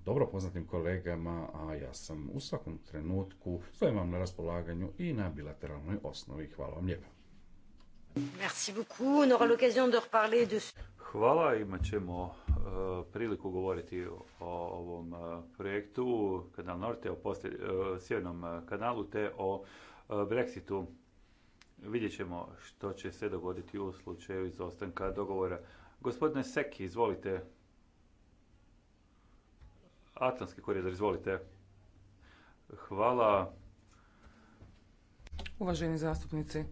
dobro poznatim kolegama, a ja sam u svakom trenutku, stojim vam na raspolaganju i na bilateralnoj osnovi. Hvala vam lijepa. beaucoup. Hvala, imat ćemo e, priliku govoriti o, ovom e, projektu Kanal Norte, o poslje, e, kanalu te o Brexitu. Vidjet ćemo što će se dogoditi u slučaju izostanka dogovora. Gospodine Seki, izvolite. Atlantski koridor, izvolite. Hvala. Uvaženi zastupnici,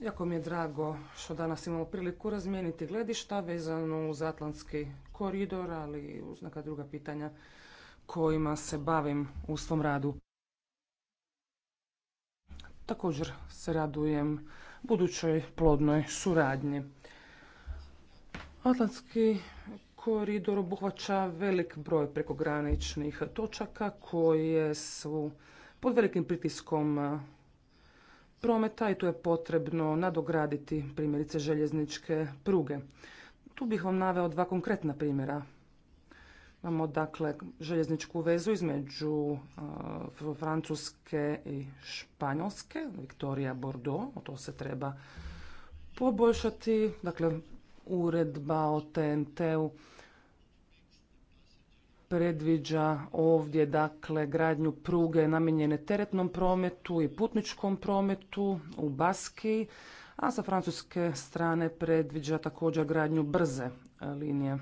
jako mi je drago što danas imamo priliku razmijeniti gledišta vezano uz Atlantski koridor, ali i uz neka druga pitanja kojima se bavim u svom radu. Također se radujem budućoj plodnoj suradnji. Atlantski koridor obuhvaća velik broj prekograničnih točaka koje su pod velikim pritiskom eh, prometa i tu je potrebno nadograditi primjerice željezničke pruge. Tu bih vam naveo dva konkretna primjera. Imamo dakle željezničku vezu između eh, Francuske i Španjolske, Victoria, Bordeaux, o to se treba poboljšati. Dakle, uredba o TNT-u predviđa ovdje dakle gradnju pruge namijenjene teretnom prometu i putničkom prometu u Baski, a sa francuske strane predviđa također gradnju brze e, linije.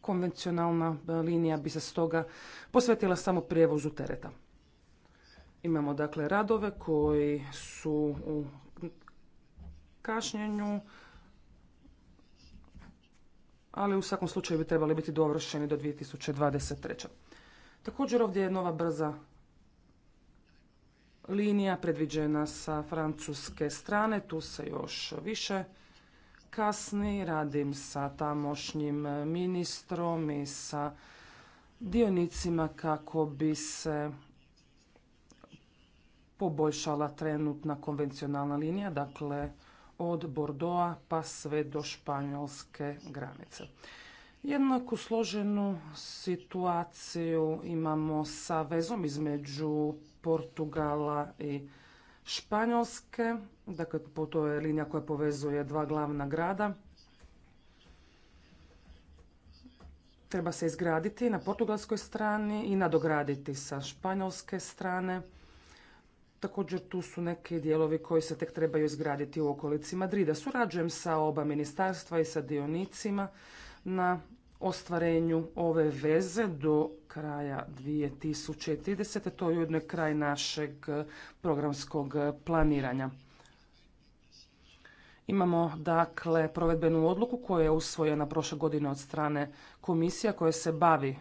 Konvencionalna e, linija bi se stoga posvetila samo prijevozu tereta. Imamo dakle radove koji su u kašnjenju ali u svakom slučaju bi trebali biti dovršeni do 2023. Također ovdje je nova brza linija predviđena sa francuske strane, tu se još više kasni, radim sa tamošnjim ministrom i sa dionicima kako bi se poboljšala trenutna konvencionalna linija, dakle od Bordoa pa sve do španjolske granice. Jednako složenu situaciju imamo sa vezom između Portugala i Španjolske. Dakle, to je linija koja povezuje dva glavna grada. Treba se izgraditi na portugalskoj strani i nadograditi sa španjolske strane. Također tu su neki dijelovi koji se tek trebaju izgraditi u okolici Madrida. Surađujem sa oba ministarstva i sa dionicima na ostvarenju ove veze do kraja 2030. To je ujedno kraj našeg programskog planiranja. Imamo dakle provedbenu odluku koja je usvojena prošle godine od strane komisija koja se bavi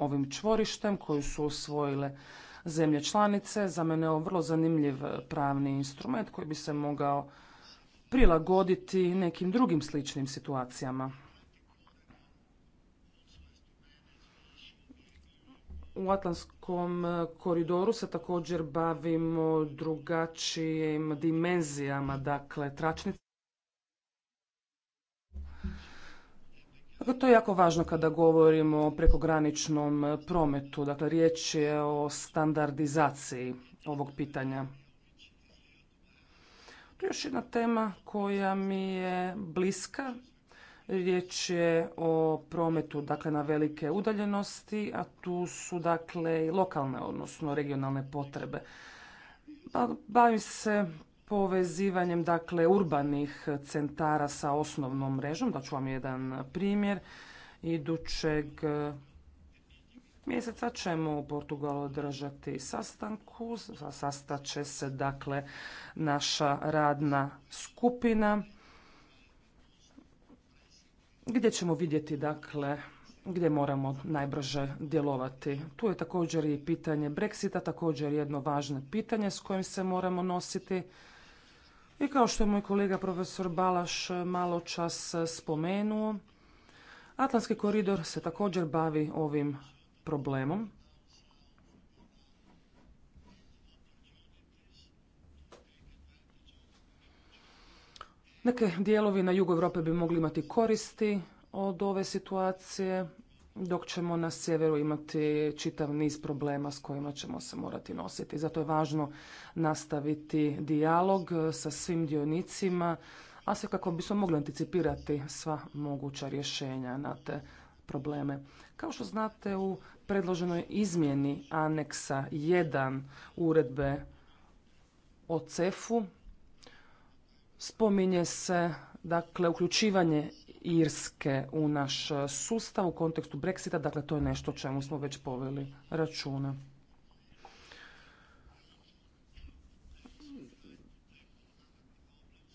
ovim čvorištem koju su usvojile zemlje članice. Za mene je ovo vrlo zanimljiv eh, pravni instrument koji bi se mogao prilagoditi nekim drugim sličnim situacijama. U Atlantskom eh, koridoru se također bavimo drugačijim dimenzijama, dakle tračnice. Dakle, to je jako važno kada govorimo o prekograničnom prometu. Dakle, riječ je o standardizaciji ovog pitanja. to je još jedna tema koja mi je bliska. Riječ je o prometu dakle, na velike udaljenosti, a tu su dakle i lokalne, odnosno regionalne potrebe. Pa bavim se povezivanjem dakle urbanih centara sa osnovnom mrežom. Da ću vam jedan primjer. Idućeg e, mjeseca ćemo u Portugalu održati sastanku. Sastaće se dakle naša radna skupina gdje ćemo vidjeti dakle gdje moramo najbrže djelovati. Tu je također i pitanje Brexita, također jedno važno pitanje s kojim se moramo nositi. I kao što je moj kolega profesor Balaš malo čas spomenuo, Atlantski koridor se također bavi ovim problemom. Neke dijelovi na jugu Europe bi mogli imati koristi od ove situacije, dok ćemo na sjeveru imati čitav niz problema s kojima ćemo se morati nositi. Zato je važno nastaviti dijalog sa svim dionicima, a sve kako bismo mogli anticipirati sva moguća rješenja na te probleme. Kao što znate u predloženoj izmjeni aneksa 1 uredbe o CEF-u spominje se dakle uključivanje Irske u naš sustav u kontekstu Brexita, dakle to je nešto o čemu smo već poveli računa.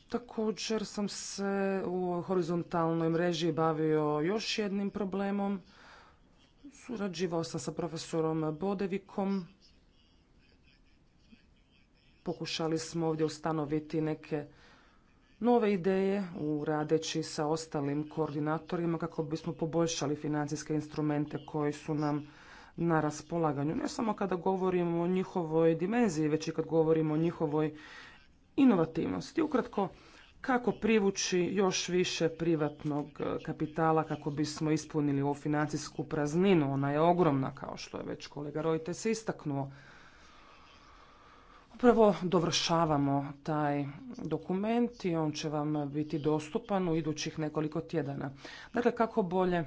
Također sam se u horizontalnoj mreži bavio još jednim problemom. Surađivao sam sa profesorom Bodevikom. Pokušali smo ovdje ustanoviti neke nove ideje u radeći sa ostalim koordinatorima kako bismo poboljšali financijske instrumente koji su nam na raspolaganju. Ne samo kada govorimo o njihovoj dimenziji, već i kad govorimo o njihovoj inovativnosti. Ukratko, kako privući još više privatnog e, kapitala kako bismo ispunili ovu financijsku prazninu. Ona je ogromna, kao što je već kolega se istaknuo. Prvo dovršavamo taj dokument i on će vam biti dostupan u idućih nekoliko tjedana. Dakle, kako bolje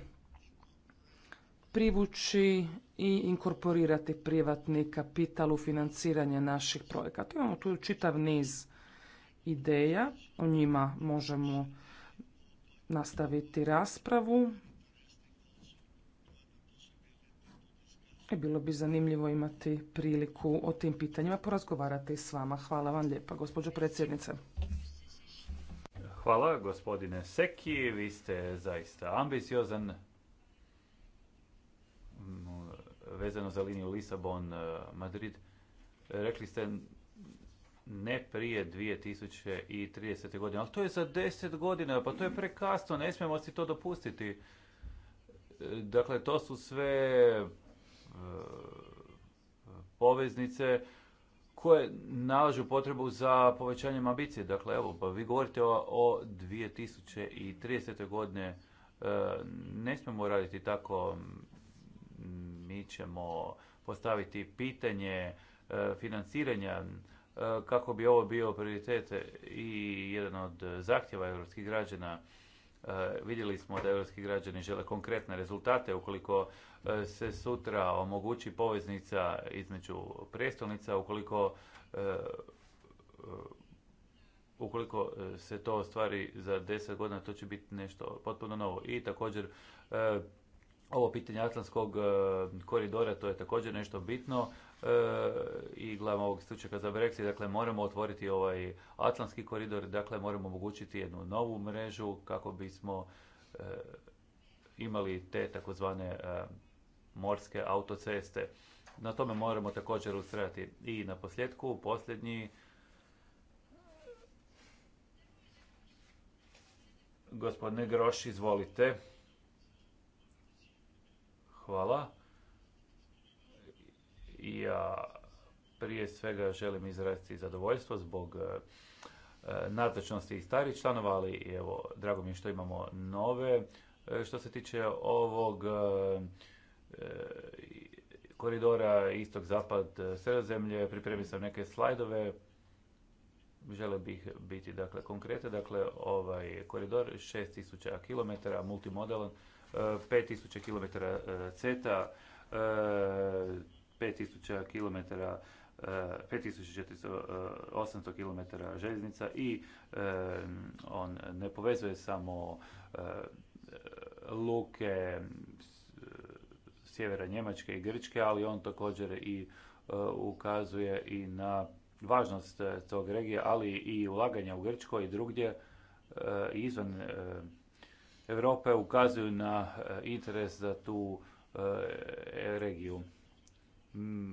privući i inkorporirati privatni kapital u financiranje naših projekata. Imamo tu čitav niz ideja, o njima možemo nastaviti raspravu. E, bilo bi zanimljivo imati priliku o tim pitanjima porazgovarati s vama. Hvala vam lijepa, gospođo predsjednice. Hvala, gospodine Seki. Vi ste zaista ambiciozan mm, vezano za liniju Lisabon-Madrid. Rekli ste ne prije 2030. godine, ali to je za deset godina, pa to je prekasno, ne smijemo si to dopustiti. Dakle, to su sve poveznice koje nalažu potrebu za povećanjem ambicije. Dakle, evo, pa vi govorite o, o 2030. godine. E, ne smemo raditi tako. Mi ćemo postaviti pitanje e, financiranja e, kako bi ovo bio prioritet i jedan od zahtjeva europskih građana Eh, vidjeli smo da europski građani žele konkretne rezultate. Ukoliko eh, se sutra omogući poveznica između prestolnica, ukoliko eh, ukoliko se to ostvari za deset godina, to će biti nešto potpuno novo. I također ovo pitanje Atlantskog koridora, to je također nešto bitno. E, i gledamo ovog stručnjaka za Brexit, dakle moramo otvoriti ovaj Atlantski koridor, dakle moramo omogućiti jednu novu mrežu kako bismo e, imali te takozvane e, morske autoceste. Na tome moramo također ustrajati. I na posljedku, posljednji, gospodine Groš, izvolite. Hvala i ja prije svega želim izraziti zadovoljstvo zbog e, e, nazočnosti i starih članova, ali evo, drago mi je što imamo nove. E, što se tiče ovog koridora istok-zapad sredozemlje, pripremio sam neke slajdove, žele bih biti dakle konkrete, dakle ovaj koridor 6000 km, multimodalan, 5000 km CETA, 5000 km e, e, osamsto km željeznica i e, on ne povezuje samo luke sjevera Njemačke i Grčke, ali on također i ukazuje i na važnost tog regija, ali i ulaganja u Grčkoj i drugdje izvan Europe ukazuju na interes za tu Mm, e,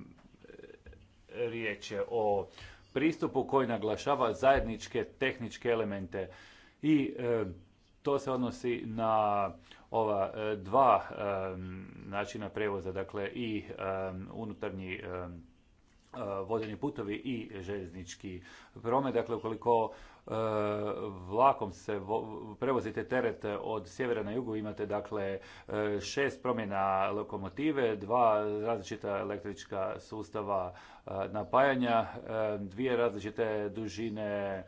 riječ je o pristupu koji naglašava zajedničke tehničke elemente i e, to se odnosi na ova e, dva načina prevoza, dakle i e, unutarnji E, vodeni putovi i željeznički promet. Dakle, ukoliko e, vlakom se prevozite teret od sjevera na jugu, imate dakle e, šest promjena lokomotive, dva različita električka sustava napajanja, dvije različite dužine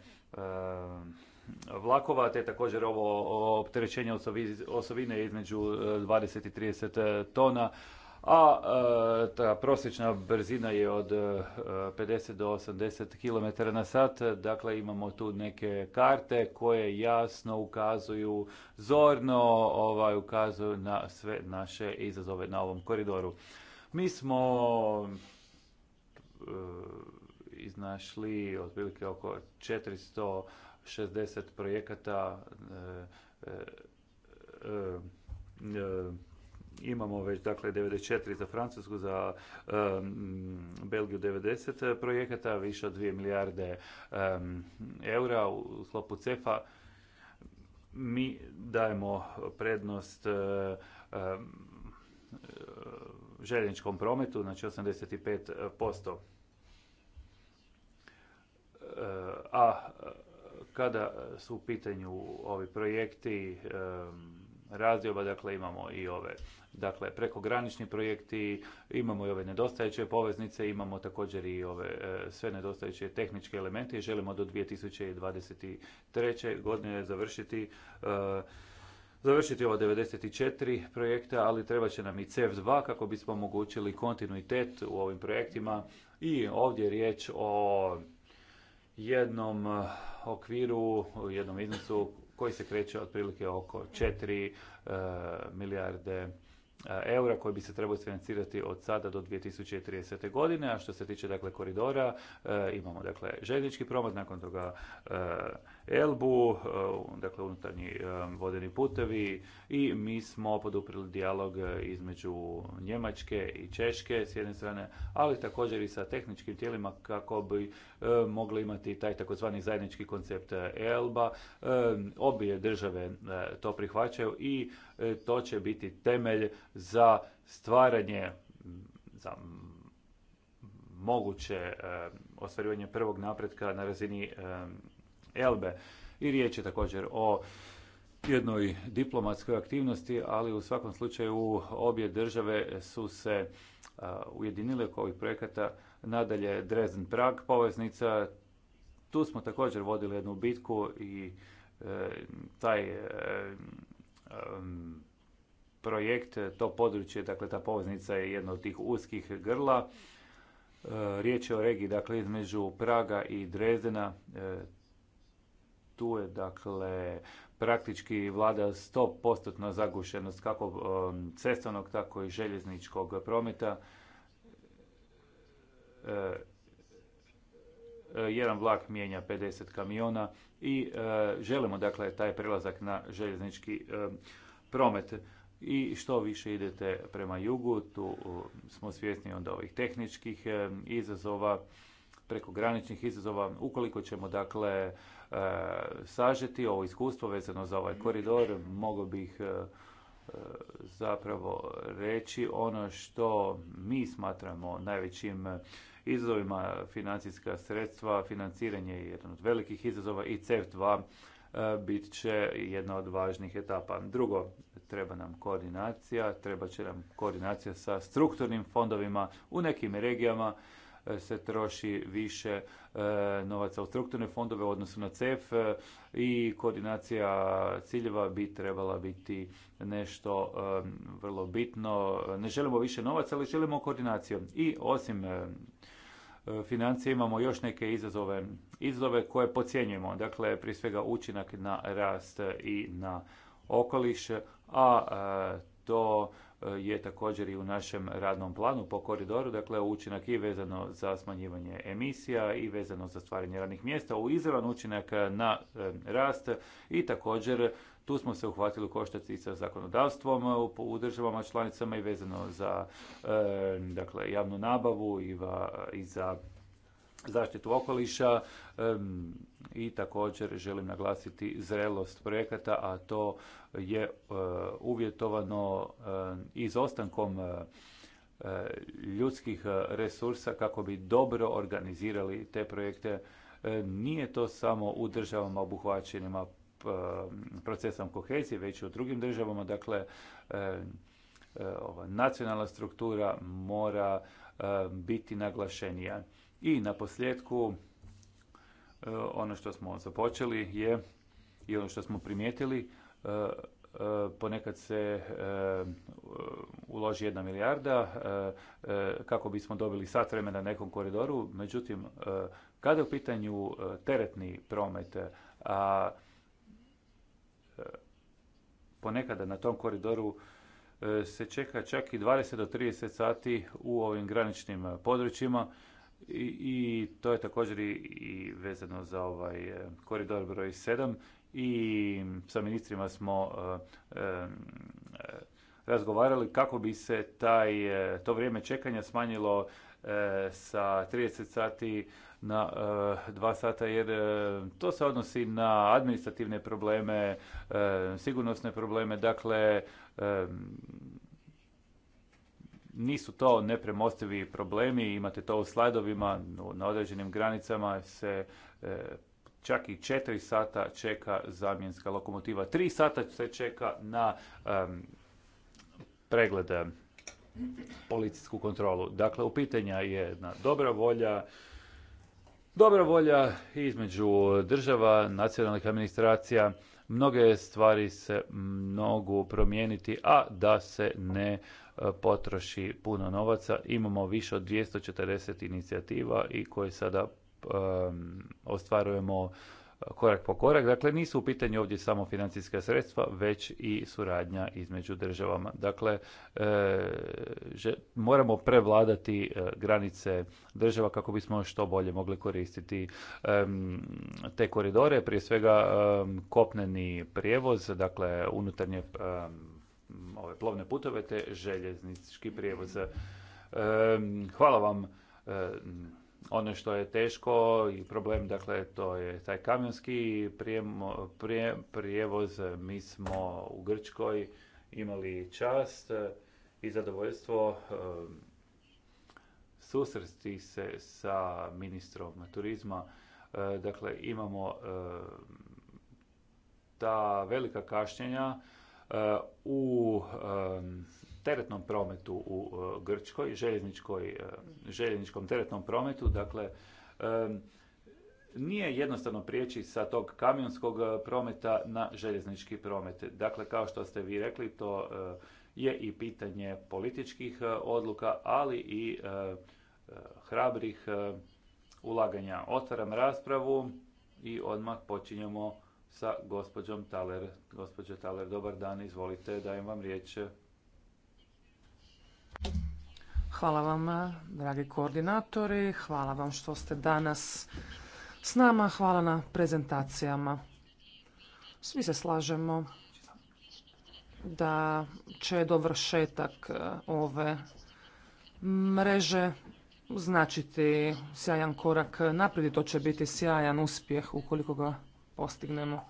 vlakova, te također ovo opterećenje osovine između 20 i 30 tona, a e, ta prosječna brzina je od 50 e, do 80 km na sat, dakle imamo tu neke karte koje jasno ukazuju, zorno ovaj, ukazuju na sve naše izazove na ovom koridoru. Mi smo e, iznašli otprilike oko 460 projekata imamo već dakle 94 za Francusku, za Belgiju 90 projekata, više od 2 milijarde eura u sklopu CEFA. Mi dajemo prednost um, željezničkom prometu, znači 85%. A kada su u pitanju ovi projekti, razdioba, dakle imamo i ove dakle prekogranični projekti, imamo i ove nedostajeće poveznice, imamo također i ove e, sve nedostajeće tehničke elemente i želimo do 2023. godine završiti e, završiti ova 94 projekta, ali treba će nam i CEF2 kako bismo omogućili kontinuitet u ovim projektima i ovdje je riječ o jednom e, okviru, jednom iznosu koji se kreće otprilike oko 4 e, milijarde e, eura koji bi se trebao financirati od sada do 2030. godine, a što se tiče dakle koridora, e, imamo dakle željeznički promet, nakon toga Elbu, eh, dakle unutarnji eh, vodeni putevi i mi smo poduprili dijalog eh, između Njemačke i Češke s jedne strane, ali također i sa tehničkim tijelima kako bi mogli imati taj takozvani zajednički koncept Elba. Obje države to prihvaćaju i to će biti temelj za stvaranje mm, za moguće ostvarivanje prvog napretka na razini Elbe. I riječ je također o jednoj diplomatskoj aktivnosti, ali u svakom slučaju obje države su se ujedinile oko ovih projekata. Nadalje, Dresden Prag poveznica, tu smo također vodili jednu bitku i e, taj e, e, projekt, to područje, dakle ta poveznica je jedna od tih uskih grla. riječ je o regiji, dakle između Praga i Drezdena, tu je dakle praktički vlada 100% zagušenost kako um, cestovnog tako i željezničkog prometa. E, e, jedan vlak mijenja 50 kamiona i e, želimo dakle taj prelazak na željeznički promet. I što više idete prema jugu, tu smo svjesni onda ovih tehničkih izazova, prekograničnih izazova. Ukoliko ćemo dakle E, sažeti. Ovo iskustvo vezano za ovaj koridor mogu bih e, e, zapravo reći ono što mi smatramo najvećim izazovima financijska sredstva, financiranje je jedan od velikih izazova i CEF2 bit će jedna od važnih etapa. Drugo, treba nam koordinacija, treba će nam koordinacija sa strukturnim fondovima u nekim regijama se troši više e, novaca u strukturne fondove u odnosu na CEF e, i koordinacija ciljeva bi trebala biti nešto e, vrlo bitno. Ne želimo više novaca, ali želimo koordinaciju. I osim financije imamo još neke izazove, izazove koje podcjenjujemo. Dakle, prije svega učinak na rast i na okoliš, a to je također i u našem radnom planu po koridoru, dakle učinak i vezano za smanjivanje emisija i vezano za stvaranje radnih mjesta, u izravan učinak na rast i također tu smo se uhvatili koštac sa zakonodavstvom u državama članicama i vezano za dakle, javnu nabavu i za zaštitu okoliša i također želim naglasiti zrelost projekata, a to je e, uvjetovano e, izostankom e, ljudskih resursa kako bi dobro organizirali te projekte. Nije to samo u državama obuhvaćenima procesom kohezije, već i u drugim državama. Dakle, nacionalna struktura mora biti naglašenija. I na posljedku, e, ono što smo započeli je i ono što smo primijetili, e, e, ponekad se uloži jedna milijarda kako bismo dobili sat vremena na nekom koridoru, međutim, kada je u pitanju teretni promet, a ponekada na tom koridoru se čeka čak i 20 do 30 sati u ovim graničnim područjima, i, i to je također i vezano za ovaj e, koridor broj 7 i sa ministrima smo e, e, razgovarali kako bi se taj, to vrijeme čekanja smanjilo sa 30 sati na 2 sata jer to se odnosi na administrativne probleme, sigurnosne probleme, dakle nisu to nepremostivi problemi, imate to u slajdovima, na određenim granicama se e, čak i četiri sata čeka zamjenska lokomotiva. Tri sata se čeka na um, policijsku kontrolu. Dakle, u pitanja je jedna dobra volja, dobra volja između država, nacionalnih administracija, Mnoge stvari se mogu promijeniti, a da se ne e, potroši puno novaca. Imamo više od 240 inicijativa i koje sada e, ostvarujemo korak po korak. Dakle, nisu u pitanju ovdje samo financijska sredstva, već i suradnja između državama. Dakle, e, moramo prevladati e, granice država kako bismo što bolje mogli koristiti te koridore. Prije svega kopneni prijevoz, dakle, unutarnje ove plovne putove te željeznički prijevoz. Hvala vam ono što je teško i problem, dakle, to je taj kamionski prijemo, prijevoz. Mi smo u Grčkoj imali čast i zadovoljstvo um, susresti se sa ministrom turizma. Uh, dakle, imamo um, ta velika kašnjenja uh, u um, teretnom prometu u e, Grčkoj, e, željezničkom teretnom prometu, dakle, e, nije jednostavno prijeći sa tog kamionskog prometa na željeznički promet. Dakle, kao što ste vi rekli, to je i pitanje političkih odluka, ali i hrabrih ulaganja. Otvaram raspravu i odmah počinjemo sa gospođom Taler. Gospođo Taler, dobar dan, izvolite, dajem vam riječ. Hvala vam, eh, dragi koordinatori. Hvala vam što ste danas s nama. Hvala na prezentacijama. Svi se slažemo da će dovršetak eh, ove mreže značiti sjajan korak naprijed i to će biti sjajan uspjeh ukoliko ga postignemo.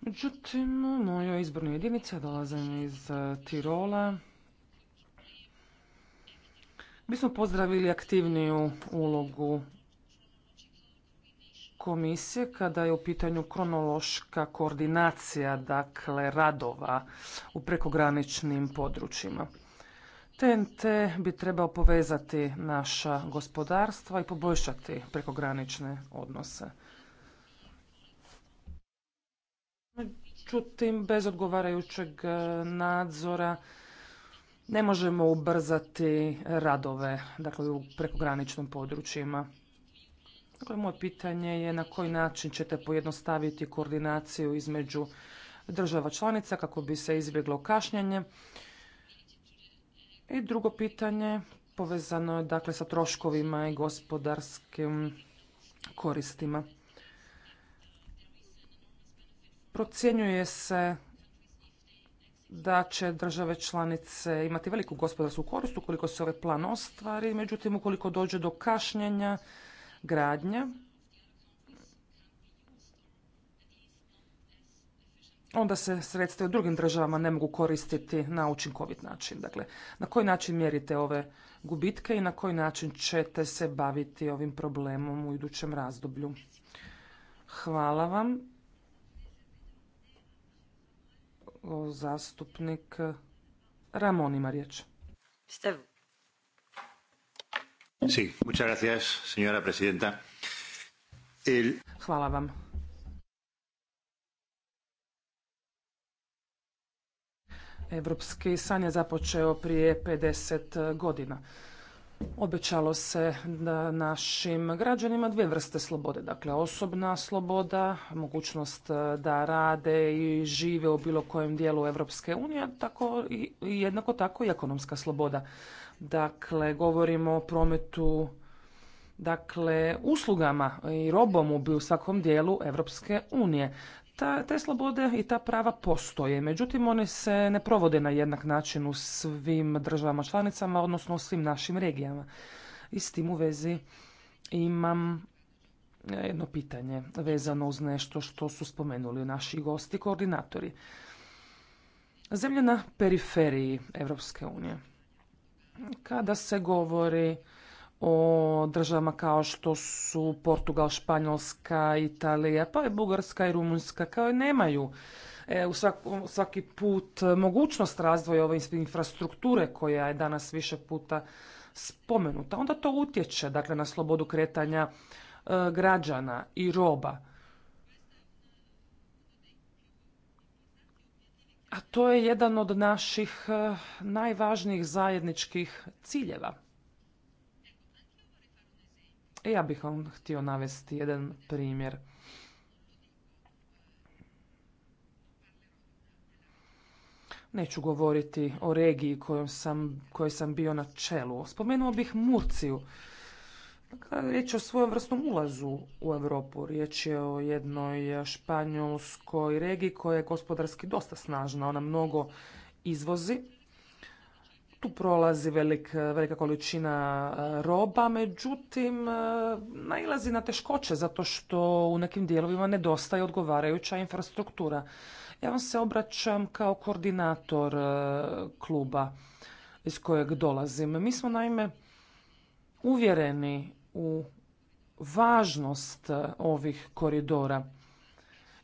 Međutim, u mojoj izbornoj jedinici, dolazim iz eh, Tirola, mi smo pozdravili aktivniju ulogu komisije kada je u pitanju kronološka koordinacija dakle radova u prekograničnim područjima. TNT bi trebao povezati naša gospodarstva i poboljšati prekogranične odnose. Međutim, bez odgovarajućeg eh, nadzora ne možemo ubrzati radove dakle, u prekograničnim područjima. Dakle, moje pitanje je na koji način ćete pojednostaviti koordinaciju između država članica kako bi se izbjeglo kašnjenje. I drugo pitanje povezano je dakle sa troškovima i gospodarskim koristima. Procjenjuje se da će države članice imati veliku gospodarsku korist ukoliko se ovaj plan ostvari, međutim ukoliko dođe do kašnjenja gradnje, onda se sredstva u drugim državama ne mogu koristiti na učinkovit način. Dakle, na koji način mjerite ove gubitke i na koji način ćete se baviti ovim problemom u idućem razdoblju? Hvala vam. zastupnik Ramon ima riječ. Sí, muchas gracias, señora presidenta. El... Hvala vam. Evropski san je započeo prije 50 godina. Obećalo se da našim građanima dvije vrste slobode, dakle osobna sloboda, mogućnost e, da rade i žive u bilo kojem dijelu Europske unije, tako i jednako tako i ekonomska sloboda. Dakle, govorimo o prometu dakle uslugama i robom u svakom dijelu Europske unije ta, te slobode i ta prava postoje, međutim one se ne provode na jednak način u svim državama članicama, odnosno u svim našim regijama. I s tim u vezi imam e, jedno pitanje vezano uz nešto što su spomenuli naši gosti koordinatori. Zemlje na periferiji Europske unije. Kada se govori o državama kao što su Portugal, Španjolska, Italija, pa i Bugarska i Rumunjska, kao i nemaju e, svaki put mogućnost razvoja ove infrastrukture koja je danas više puta spomenuta. Onda to utječe dakle, na slobodu kretanja e, građana i roba. A to je jedan od naših e, najvažnijih zajedničkih ciljeva. Ja bih vam htio navesti jedan primjer. Neću govoriti o regiji sam, kojoj sam bio na čelu. Spomenuo bih Murciju. Dakle, riječ je o svojom vrstnom ulazu u Europu. Riječ je o jednoj španjolskoj regiji koja je gospodarski dosta snažna. Ona mnogo izvozi, tu prolazi velik, velika količina e, roba, međutim e, nailazi na teškoće zato što u nekim dijelovima nedostaje odgovarajuća infrastruktura. Ja vam se obraćam kao koordinator e, kluba iz kojeg dolazim. Mi smo naime uvjereni u važnost ovih koridora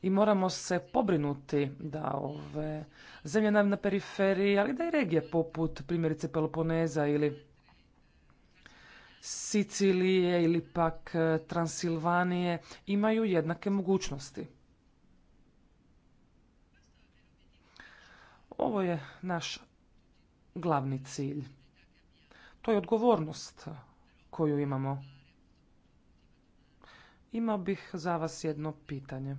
i moramo se pobrinuti da ove zemlje na periferiji, ali da i regije poput primjerice Peloponeza ili Sicilije ili pak e, Transilvanije imaju jednake mogućnosti. Ovo je naš glavni cilj. To je odgovornost koju imamo. Imao bih za vas jedno pitanje.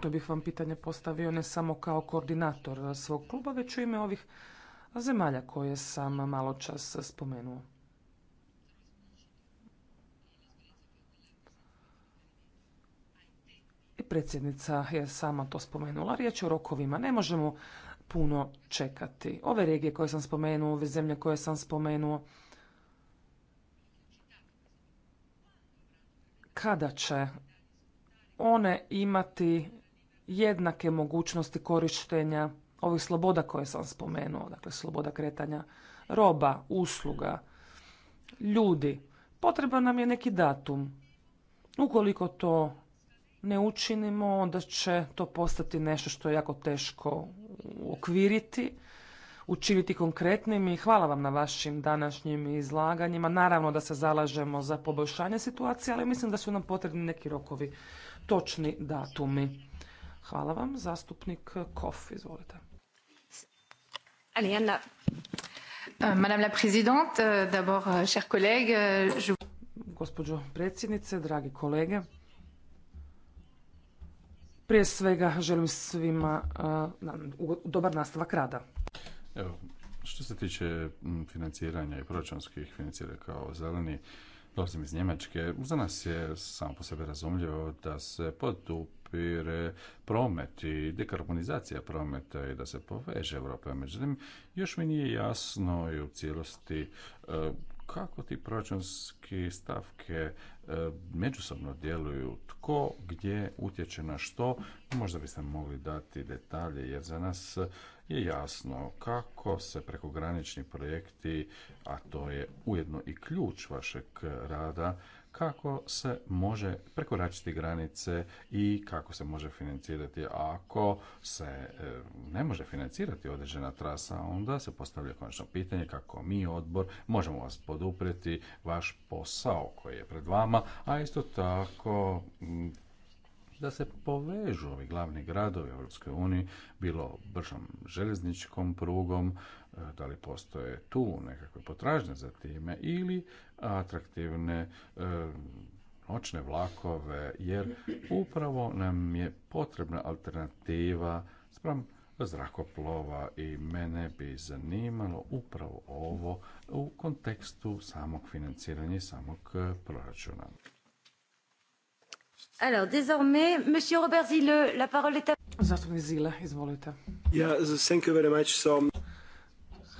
To bih vam pitanje postavio ne samo kao koordinator svog kluba, već u ime ovih zemalja koje sam malo čas spomenuo. I predsjednica je sama to spomenula. Riječ je o rokovima. Ne možemo puno čekati. Ove regije koje sam spomenuo, ove zemlje koje sam spomenuo, kada će one imati jednake mogućnosti korištenja ovih sloboda koje sam spomenuo, dakle sloboda kretanja roba, usluga, ljudi. Potreban nam je neki datum. Ukoliko to ne učinimo, onda će to postati nešto što je jako teško okviriti, učiniti konkretnim i hvala vam na vašim današnjim izlaganjima. Naravno da se zalažemo za poboljšanje situacije, ali mislim da su nam potrebni neki rokovi, točni datumi. Hvala vam. Zastupnik Kof, izvolite. Euh, Madame la présidente, euh, d'abord, euh, chers Gospođo predsjednice, dragi kolege, prije svega želim svima uh, dobar nastavak rada. Evo, što se tiče financiranja i proračunskih financiranja kao zeleni, dolazim iz Njemačke, za nas je samo po sebi razumljivo da se pod okvir promet i dekarbonizacija prometa i da se poveže Evropa. Međutim, još mi nije jasno i u cijelosti e, kako ti proračunski stavke e, međusobno djeluju, tko gdje utječe na što, možda biste mogli dati detalje jer za nas je jasno kako se prekogranični projekti, a to je ujedno i ključ vašeg rada, kako se može prekoračiti granice i kako se može financirati. ako se e, ne može financirati određena trasa, onda se postavlja konačno pitanje kako mi odbor možemo vas poduprijeti vaš posao koji je pred vama, a isto tako da se povežu ovi glavni gradovi u EU, bilo bržom željezničkom prugom, E, da li postoje tu nekakve potražnje za time ili atraktivne e, noćne vlakove, jer upravo nam je potrebna alternativa spram zrakoplova i mene bi zanimalo upravo ovo u kontekstu samog financiranja i samog e, proračuna. Alors, désormais, monsieur la parole est à... Zastupnik izvolite. Ja,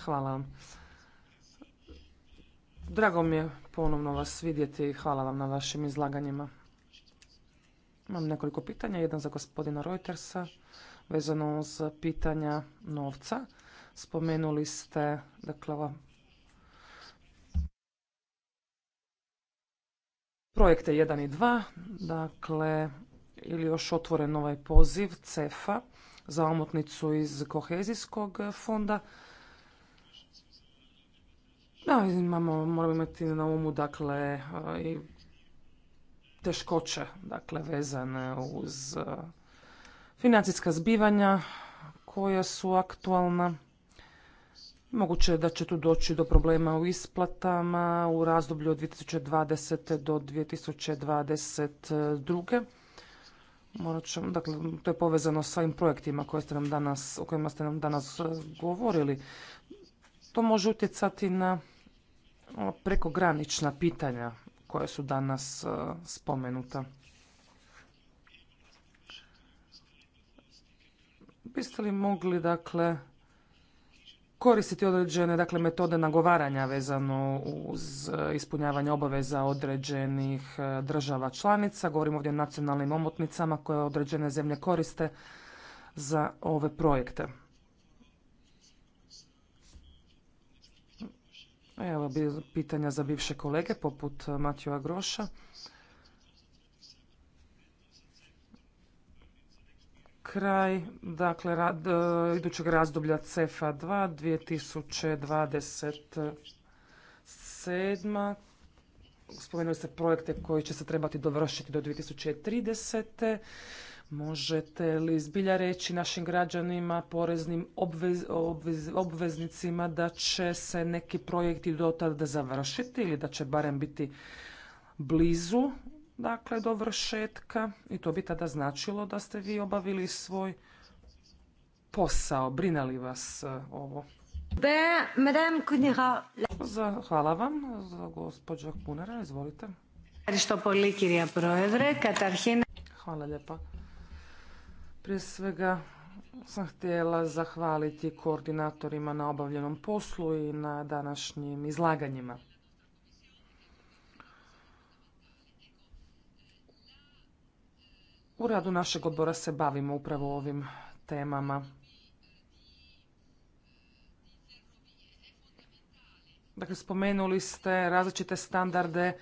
Hvala vam. Drago mi je ponovno vas vidjeti i hvala vam na vašim izlaganjima. Imam nekoliko pitanja, jedan za gospodina Reutersa, vezano uz pitanja novca. Spomenuli ste, dakle, projekte 1 i 2, dakle, ili još otvoren ovaj poziv CEFA za omotnicu iz kohezijskog fonda. Da, imamo, moramo imati na umu dakle i teškoće dakle vezane uz financijska zbivanja koja su aktualna. Moguće je da će tu doći do problema u isplatama u razdoblju od 2020. do 2022. Morat ćemo, dakle, to je povezano sa ovim projektima koje ste nam danas, o kojima ste nam danas e, govorili. To može utjecati na prekogranična pitanja koja su danas e, spomenuta. Biste li mogli, dakle, koristiti određene dakle, metode nagovaranja vezano uz e, ispunjavanje obaveza određenih e, država članica. Govorim ovdje o nacionalnim omotnicama koje određene zemlje koriste za ove projekte. Evo bi pitanja za bivše kolege poput eh, Matija Groša. Kraj, dakle, rad, eh, idućeg razdoblja CEFA 2 2027. Spomenuli ste projekte koji će se trebati dovršiti do 2030. Možete li zbilja reći našim građanima, poreznim obveznicima da će se neki projekti do tada završiti ili da će barem biti blizu dakle do vršetka i to bi tada značilo da ste vi obavili svoj posao. brine li vas e, ovo? Hvala vam, gospođa Kunera, izvolite. Hvala lijepa. Prije svega sam htjela zahvaliti koordinatorima na obavljenom poslu i na današnjim izlaganjima. U radu našeg odbora se bavimo upravo ovim temama. Dakle, spomenuli ste različite standarde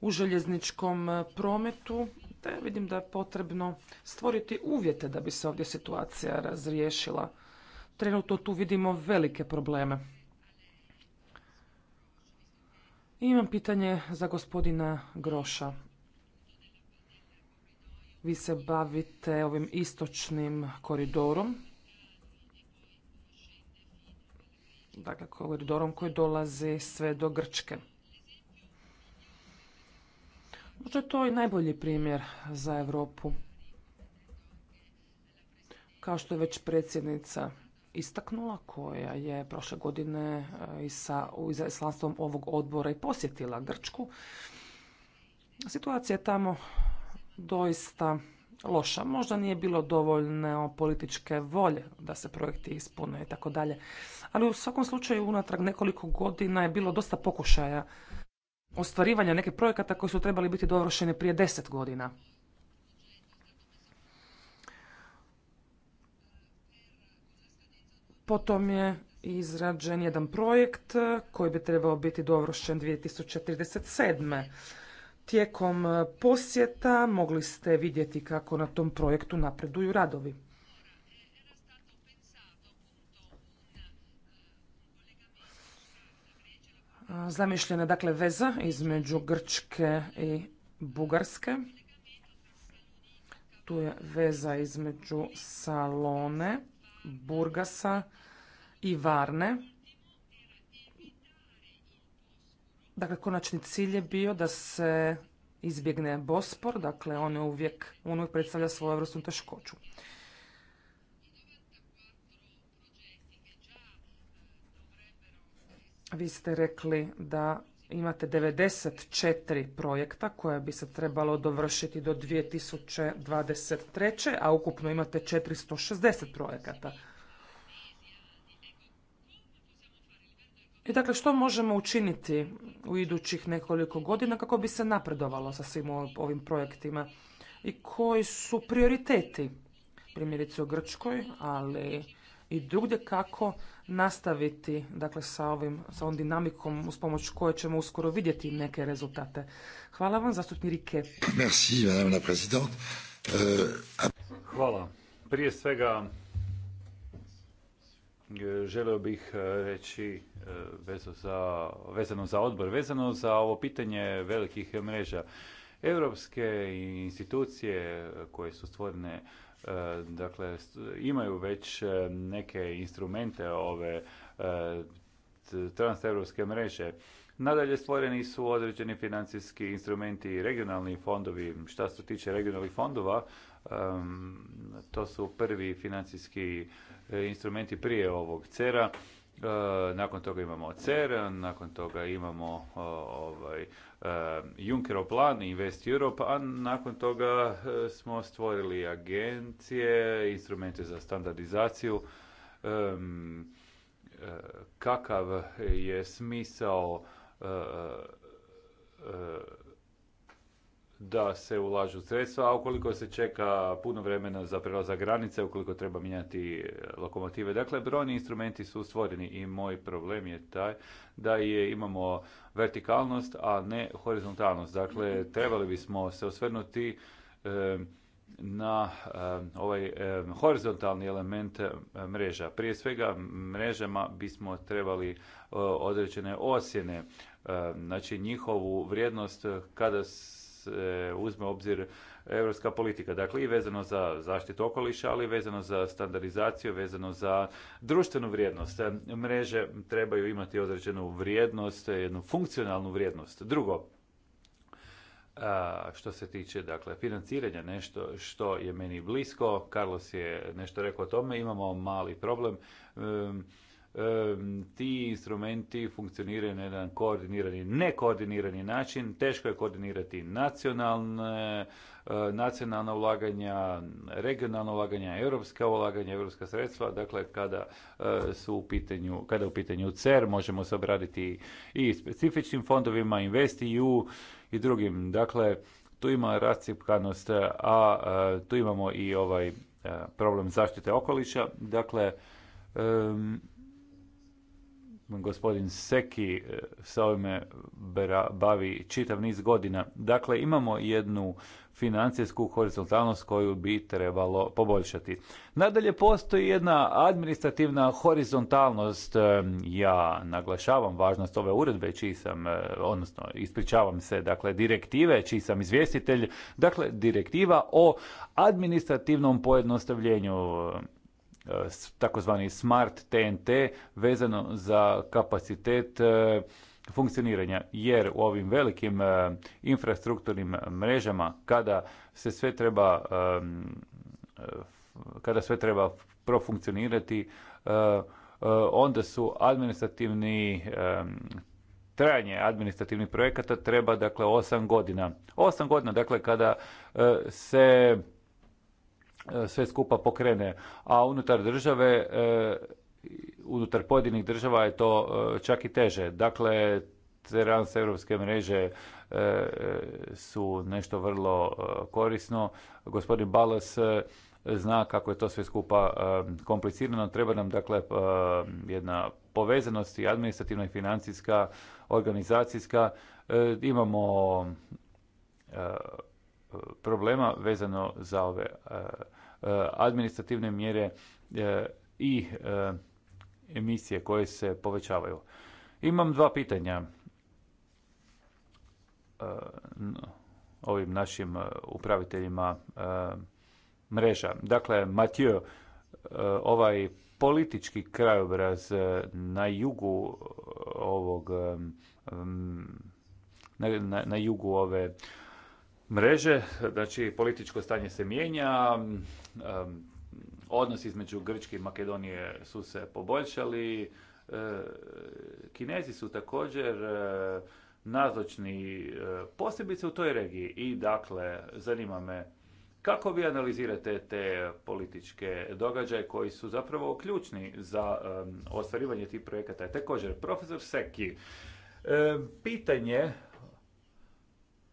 u željezničkom prometu vidim da je potrebno stvoriti uvjete da bi se ovdje situacija razriješila. Trenutno tu vidimo velike probleme. imam pitanje za gospodina Groša. Vi se bavite ovim istočnim koridorom. Dakle, koridorom koji dolazi sve do Grčke. Možda je to i najbolji primjer za Europu. Kao što je već predsjednica istaknula, koja je prošle godine e, i sa izaslanstvom ovog odbora i posjetila Grčku, situacija je tamo doista loša. Možda nije bilo dovoljne političke volje da se projekti ispune i tako dalje. Ali u svakom slučaju unatrag nekoliko godina je bilo dosta pokušaja ostvarivanja neke projekata koji su trebali biti dovršeni prije deset godina. Potom je izrađen jedan projekt koji bi trebao biti dovršen 2037. Tijekom posjeta mogli ste vidjeti kako na tom projektu napreduju radovi. zamišljena dakle veza između Grčke i Bugarske. Tu je veza između Salone, Burgasa i Varne. Dakle, konačni cilj je bio da se izbjegne Bospor, dakle on je uvijek, on uvijek predstavlja svoju vrstu teškoću. Vi ste rekli da imate 94 projekta koja bi se trebalo dovršiti do 2023. a ukupno imate 460 projekata. I dakle, što možemo učiniti u idućih nekoliko godina kako bi se napredovalo sa svim ovim projektima i koji su prioriteti? Primjerice u Grčkoj, ali i drugdje kako nastaviti dakle, sa, ovim, sa ovom dinamikom uz pomoć koje ćemo uskoro vidjeti neke rezultate. Hvala vam, zastupni Rike. Merci, madame la présidente. Euh, Hvala. Prije svega eh, želeo bih eh, reći eh, vezano za, vezano za odbor, vezano za ovo pitanje velikih mreža. Europske institucije koje su stvorene E, dakle, imaju već e, neke instrumente ove e, transeuropske mreže. Nadalje stvoreni su određeni financijski instrumenti i regionalni fondovi. Šta se tiče regionalnih fondova, to su prvi financijski instrumenti prije ovog CERA. Nakon toga imamo CER, nakon toga imamo ovaj, Eh, Junckerov plan Invest Europe, a nakon toga eh, smo stvorili agencije, instrumente za standardizaciju. Eh, kakav je smisao da se ulažu sredstva, a ukoliko se čeka puno vremena za prelazak granice, ukoliko treba mijenjati e, lokomotive. Dakle, brojni instrumenti su stvoreni i moj problem je taj da je imamo vertikalnost, a ne horizontalnost. Dakle, trebali bismo se osvrnuti e, na e, ovaj horizontalni element mreža. Prije svega mrežama bismo trebali određene osjene, znači njihovu vrijednost kada E, uzme uzme obzir europska politika. Dakle, i vezano za zaštitu okoliša, ali i vezano za standardizaciju, vezano za društvenu vrijednost. E, mreže trebaju imati određenu vrijednost, jednu funkcionalnu vrijednost. Drugo, e, što se tiče dakle financiranja nešto što je meni blisko, Carlos je nešto rekao o tome, imamo mali problem ti instrumenti funkcioniraju na jedan koordinirani, nekoordinirani način. Teško je koordinirati nacionalne, e, nacionalna ulaganja, regionalna ulaganja, europska ulaganja, europska sredstva. Dakle, kada e, su u pitanju, kada u pitanju CER, možemo se obraditi i specifičnim fondovima, InvestEU i drugim. Dakle, tu ima racipkanost, a e, tu imamo i ovaj problem zaštite okoliša. Dakle, gospodin Seki eh, sa ovime bavi čitav niz godina. Dakle, imamo jednu financijsku horizontalnost koju bi trebalo poboljšati. Nadalje, postoji jedna administrativna horizontalnost. Eh, ja naglašavam važnost ove uredbe, čiji sam, eh, odnosno ispričavam se, dakle, direktive, čiji sam izvjestitelj. Dakle, direktiva o administrativnom pojednostavljenju takozvani smart TNT vezano za kapacitet e, funkcioniranja jer u ovim velikim e, infrastrukturnim mrežama kada se sve treba e, kada sve treba profunkcionirati onda su administrativni trajanje administrativnih projekata treba dakle 8 godina. 8 godina dakle kada se E, sve skupa pokrene. A unutar države, e, unutar pojedinih država je to e, čak i teže. Dakle, evropske mreže su nešto vrlo korisno. Gospodin Balas zna kako je to sve skupa komplicirano. Treba nam dakle jedna povezanost i administrativna i financijska, organizacijska. Imamo problema vezano za ove E, administrativne mjere e, i e, emisije koje se povećavaju. Imam dva pitanja ovim našim upraviteljima mreža. Dakle, Mathieu, ovaj politički krajobraz na jugu ovog na jugu ove mreže, znači političko stanje se mijenja, odnos između Grčke i Makedonije su se poboljšali, e, Kinezi su također e, nazočni e, posebice u toj regiji i dakle zanima me kako vi analizirate te političke događaje koji su zapravo ključni za ostvarivanje tih projekata. Je također, profesor Seki, pitanje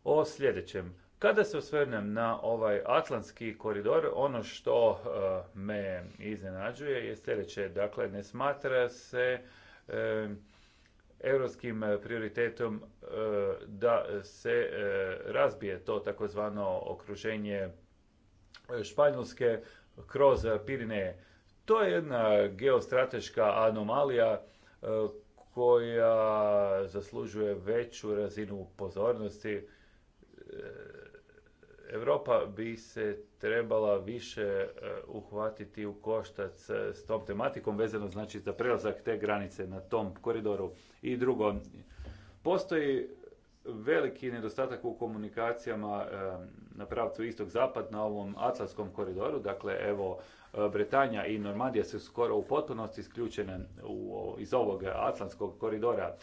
o sljedećem. Kada se osvrnem na ovaj atlantski koridor, ono što e, me iznenađuje je sljedeće. Dakle, ne smatra se e, europskim prioritetom e, da se razbije to takozvano okruženje Španjolske kroz Pirineje. To je jedna geostrateška anomalija koja zaslužuje veću razinu pozornosti Europa bi se trebala više e, uhvatiti u koštac e, s tom tematikom vezano znači za prelazak te granice na tom koridoru. I drugo, postoji veliki nedostatak u komunikacijama e, na pravcu istog-zapad na ovom Atlantskom koridoru. Dakle, evo, Bretanja i Normandija su skoro u potpunosti isključene u, iz ovog Atlantskog koridora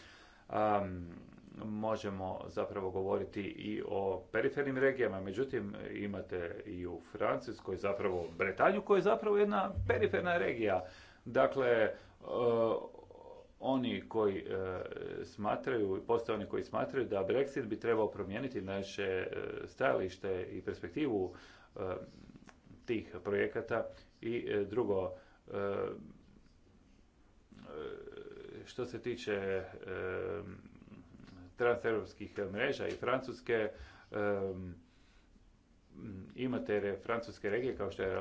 možemo zapravo govoriti i o perifernim regijama, međutim imate i u Francuskoj zapravo Bretanju koja je zapravo jedna periferna regija. Dakle, e, oni koji e, smatraju postoje oni koji smatraju da Brexit bi trebao promijeniti naše e, stajalište i perspektivu tih projekata i drugo što se tiče transeuropskih mreža i Francuske, imate francuske regije kao što je,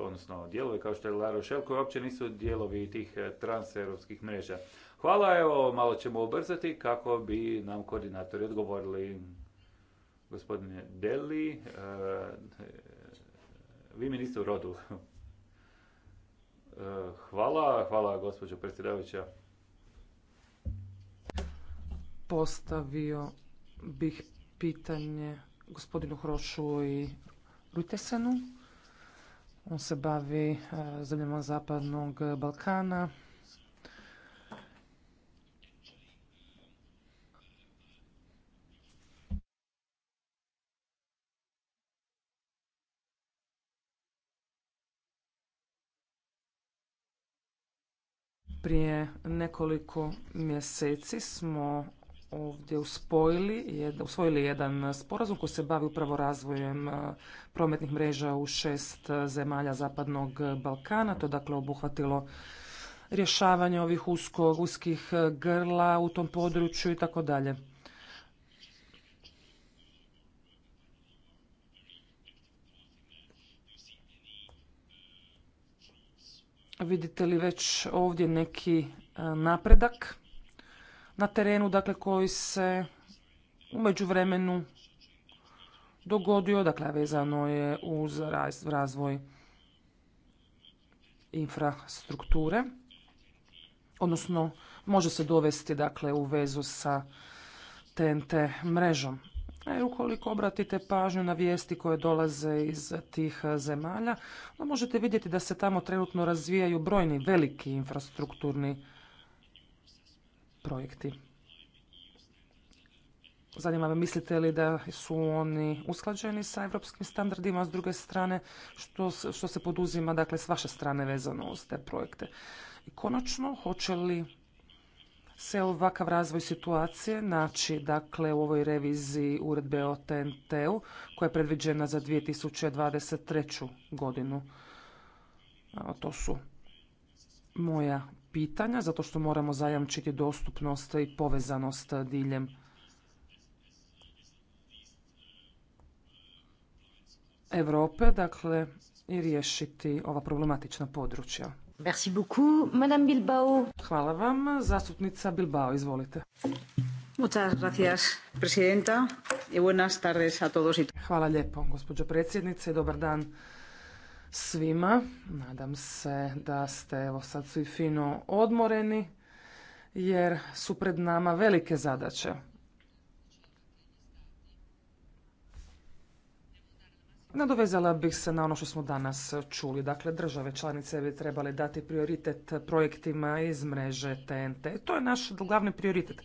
odnosno dijelove kao što je La Rochelle koji uopće nisu dijelovi tih eh, transeuropskih mreža. Hvala, evo malo ćemo ubrzati kako bi nam koordinatori odgovorili. Gospodine Deli, eh, vi mi niste u rodu. Eh, hvala, hvala gospođo predsjedavajuća postavio bih pitanje gospodinu Hrošu i Rutesenu. On se bavi e, zemljama Zapadnog Balkana. Prije nekoliko mjeseci smo ovdje uspojili, usvojili jedan sporazum koji se bavi upravo razvojem e, prometnih mreža u šest e, zemalja Zapadnog Balkana. To je dakle obuhvatilo rješavanje ovih usko, uskih e, grla u tom području i tako dalje. Vidite li već ovdje neki napredak? na terenu, dakle koji se u međuvremenu dogodio, dakle vezano je uz razvoj infrastrukture, odnosno može se dovesti dakle u vezu sa TNT mrežom. E, ukoliko obratite pažnju na vijesti koje dolaze iz tih zemalja, možete vidjeti da se tamo trenutno razvijaju brojni veliki infrastrukturni projekti. Zanima me, mislite li da su oni usklađeni sa evropskim standardima, a s druge strane što, što se poduzima dakle, s vaše strane vezano uz te projekte? I konačno, hoće li se ovakav razvoj situacije naći dakle, u ovoj reviziji uredbe o TNT-u koja je predviđena za 2023. godinu? To su moja pitanja zato što moramo zajamčiti dostupnost i povezanost diljem Europe, dakle i riješiti ova problematična područja. Merci beaucoup, Madame Bilbao. Hvala vam. Zastupnica Bilbao, izvolite. Muchas gracias, presidenta. Y buenas tardes a todos. Hvala lijepo, gospođo predsjednice. Dobar dan svima. Nadam se da ste evo sad svi fino odmoreni jer su pred nama velike zadaće. Nadovezala bih se na ono što smo danas čuli. Dakle, države članice bi trebale dati prioritet projektima iz mreže TNT. To je naš glavni prioritet.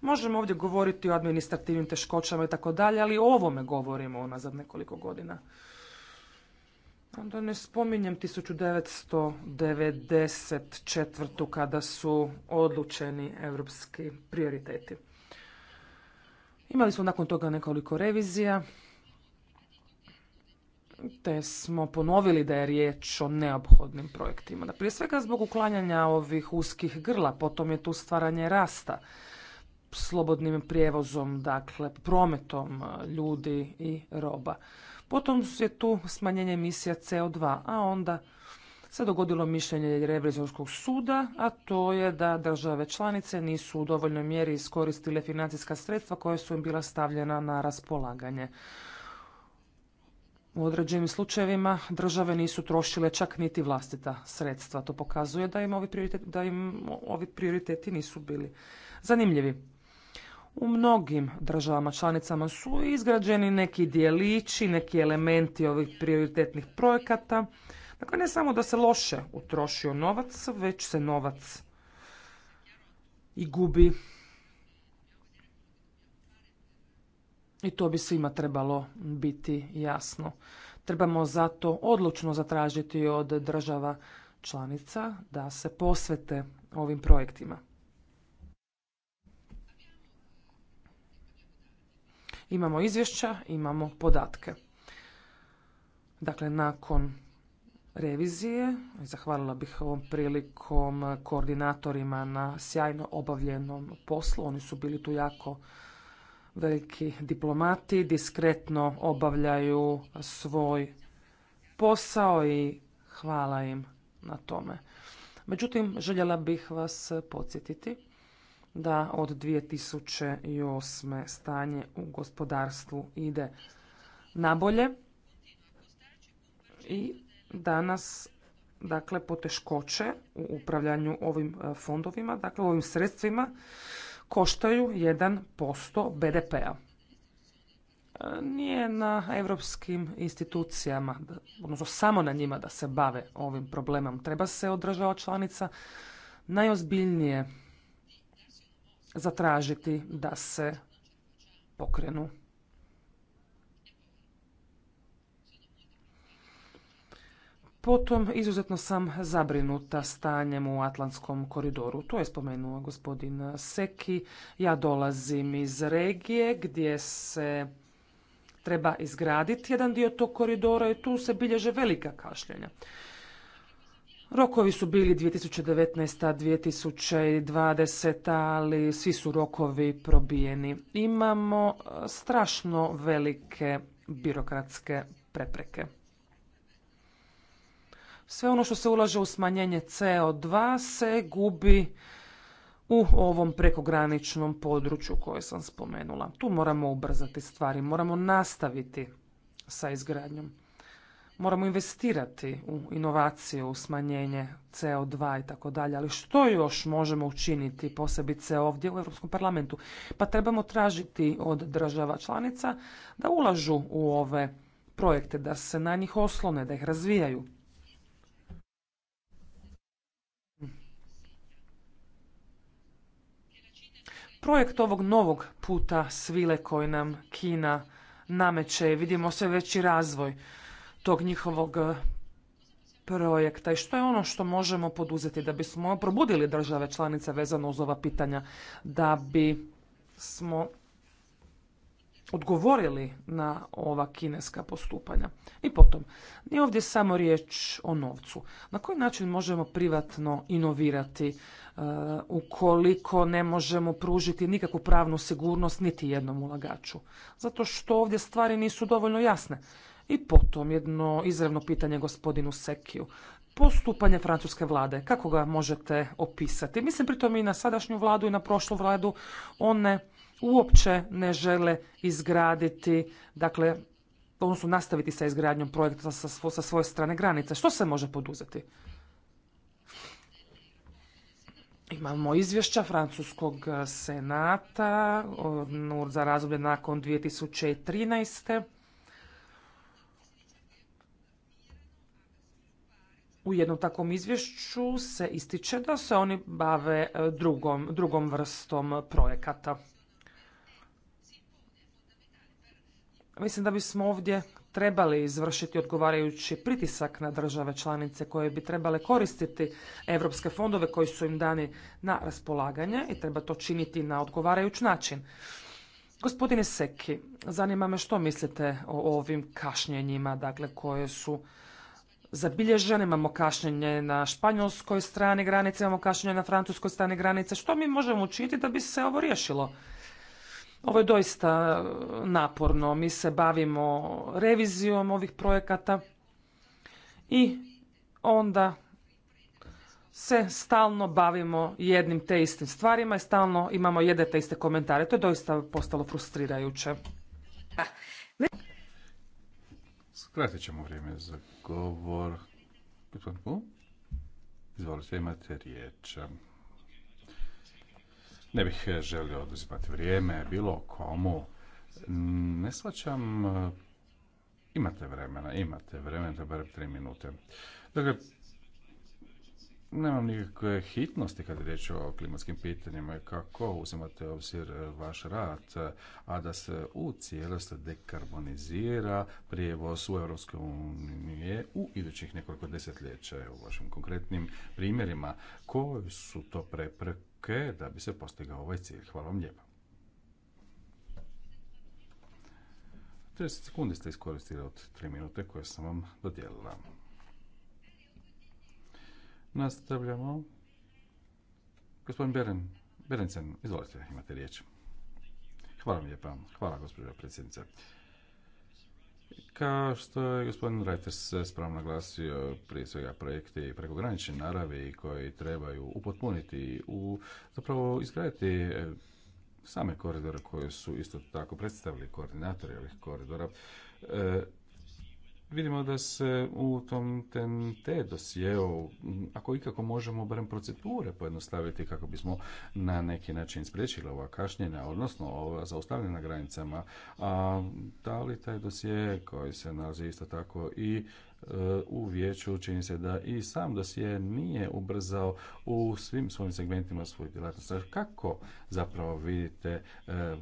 Možemo ovdje govoriti o administrativnim teškoćama i tako dalje, ali o ovome govorimo unazad nekoliko godina. Onda ne spominjem 1994. kada su odlučeni evropski prioriteti. Imali smo nakon toga nekoliko revizija, te smo ponovili da je riječ o neophodnim projektima. prije svega zbog uklanjanja ovih uskih grla, potom je tu stvaranje rasta slobodnim prijevozom, dakle prometom ljudi i roba. Potom je tu smanjenje emisija CO2, a onda se dogodilo mišljenje revizorskog suda, a to je da države članice nisu u dovoljnoj mjeri iskoristile financijska sredstva koja su im bila stavljena na raspolaganje. U određenim slučajevima države nisu trošile čak niti vlastita sredstva. To pokazuje da im ovi prioriteti, da im ovi prioriteti nisu bili zanimljivi. U mnogim državama članicama su izgrađeni neki dijelići, neki elementi ovih prioritetnih projekata. Dakle, ne samo da se loše utrošio novac, već se novac i gubi. I to bi svima trebalo biti jasno. Trebamo zato odlučno zatražiti od država članica da se posvete ovim projektima. Imamo izvješća, imamo podatke. Dakle, nakon revizije, zahvalila bih ovom prilikom koordinatorima na sjajno obavljenom poslu, oni su bili tu jako veliki diplomati, diskretno obavljaju svoj posao i hvala im na tome. Međutim, željela bih vas podsjetiti da od 2008. stanje u gospodarstvu ide nabolje i danas dakle poteškoće u upravljanju ovim e, fondovima, dakle ovim sredstvima koštaju 1% BDP-a. E, nije na europskim institucijama, odnosno samo na njima da se bave ovim problemom. Treba se održava članica najozbiljnije zatražiti da se pokrenu. Potom izuzetno sam zabrinuta stanjem u Atlantskom koridoru. To je spomenuo gospodin Seki. Ja dolazim iz regije gdje se treba izgraditi jedan dio tog koridora i tu se bilježe velika kašljenja. Rokovi su bili 2019. 2020. ali svi su rokovi probijeni. Imamo e, strašno velike birokratske prepreke. Sve ono što se ulaže u smanjenje CO2 se gubi u ovom prekograničnom području koje sam spomenula. Tu moramo ubrzati stvari, moramo nastaviti sa izgradnjom. Moramo investirati u inovaciju, u smanjenje CO2 i tako dalje, ali što još možemo učiniti posebice ovdje u Europskom parlamentu? Pa trebamo tražiti od država članica da ulažu u ove projekte, da se na njih oslone, da ih razvijaju. Projekt ovog novog puta svile koji nam Kina nameće, vidimo sve veći razvoj tog njihovog e, projekta i što je ono što možemo poduzeti da bismo probudili države članice vezano uz ova pitanja, da bi smo odgovorili na ova kineska postupanja. I potom, nije ovdje samo riječ o novcu. Na koji način možemo privatno inovirati e, ukoliko ne možemo pružiti nikakvu pravnu sigurnost niti jednom ulagaču? Zato što ovdje stvari nisu dovoljno jasne. I potom jedno izravno pitanje gospodinu Sekiju. Postupanje francuske vlade, kako ga možete opisati? Mislim pritom i na sadašnju vladu i na prošlu vladu. One uopće ne žele izgraditi, dakle, odnosno nastaviti sa izgradnjom projekta sa, svoje strane granice. Što se može poduzeti? Imamo izvješća Francuskog eh, senata za razdoblje nakon 2013. u jednom takvom izvješću se ističe da se oni bave e, drugom, drugom vrstom projekata. Mislim da bismo ovdje trebali izvršiti odgovarajući pritisak na države članice koje bi trebale koristiti europske fondove koji su im dani na raspolaganje i treba to činiti na odgovarajući način. Gospodine Seki, zanima me što mislite o ovim kašnjenjima, dakle koje su zabilježen, imamo kašnjenje na španjolskoj strani granice, imamo kašnjenje na francuskoj strani granice. Što mi možemo učiniti da bi se ovo riješilo? Ovo je doista e, naporno. Mi se bavimo revizijom ovih projekata i onda se stalno bavimo jednim te istim stvarima i stalno imamo jedne te iste komentare. To je doista postalo frustrirajuće. Kratit ćemo vrijeme za govor. Izvolite, imate riječ. Ne bih želio oduzimati vrijeme bilo komu. Ne svačam Imate vremena, imate vremena, barem tri minute. Dakle, nemam nikakve hitnosti kada je riječ o klimatskim pitanjima kako uzimate obzir e, vaš rad, a da se u cijelosti dekarbonizira prijevoz u Europskoj u idućih nekoliko desetljeća u vašim konkretnim primjerima. Koje su to prepreke da bi se postigao ovaj cilj? Hvala vam lijepo. 30 sekundi ste iskoristili od 3 minute koje sam vam dodijelila. Nastavljamo. Gospodin Beren, Berencen, izvolite, imate riječ. Hvala vam lijepa. Hvala, gospođo predsjednice. Kao što je gospodin Reuters spravno naglasio, prije svega projekti prekogranične naravi koji trebaju upotpuniti u, zapravo izgraditi e, same koridore koje su isto tako predstavili koordinatori ovih koridora, e, Vidimo da se u tom te dosjeu, ako ikako možemo, barem procedure pojednostaviti kako bismo na neki način spriječili ova kašnjenja, odnosno ova zaustavljena na granicama. A da li taj dosje koji se nalazi isto tako i e, u vijeću čini se da i sam dosije nije ubrzao u svim svojim segmentima svoju djelatnosti. Znači, kako zapravo vidite e,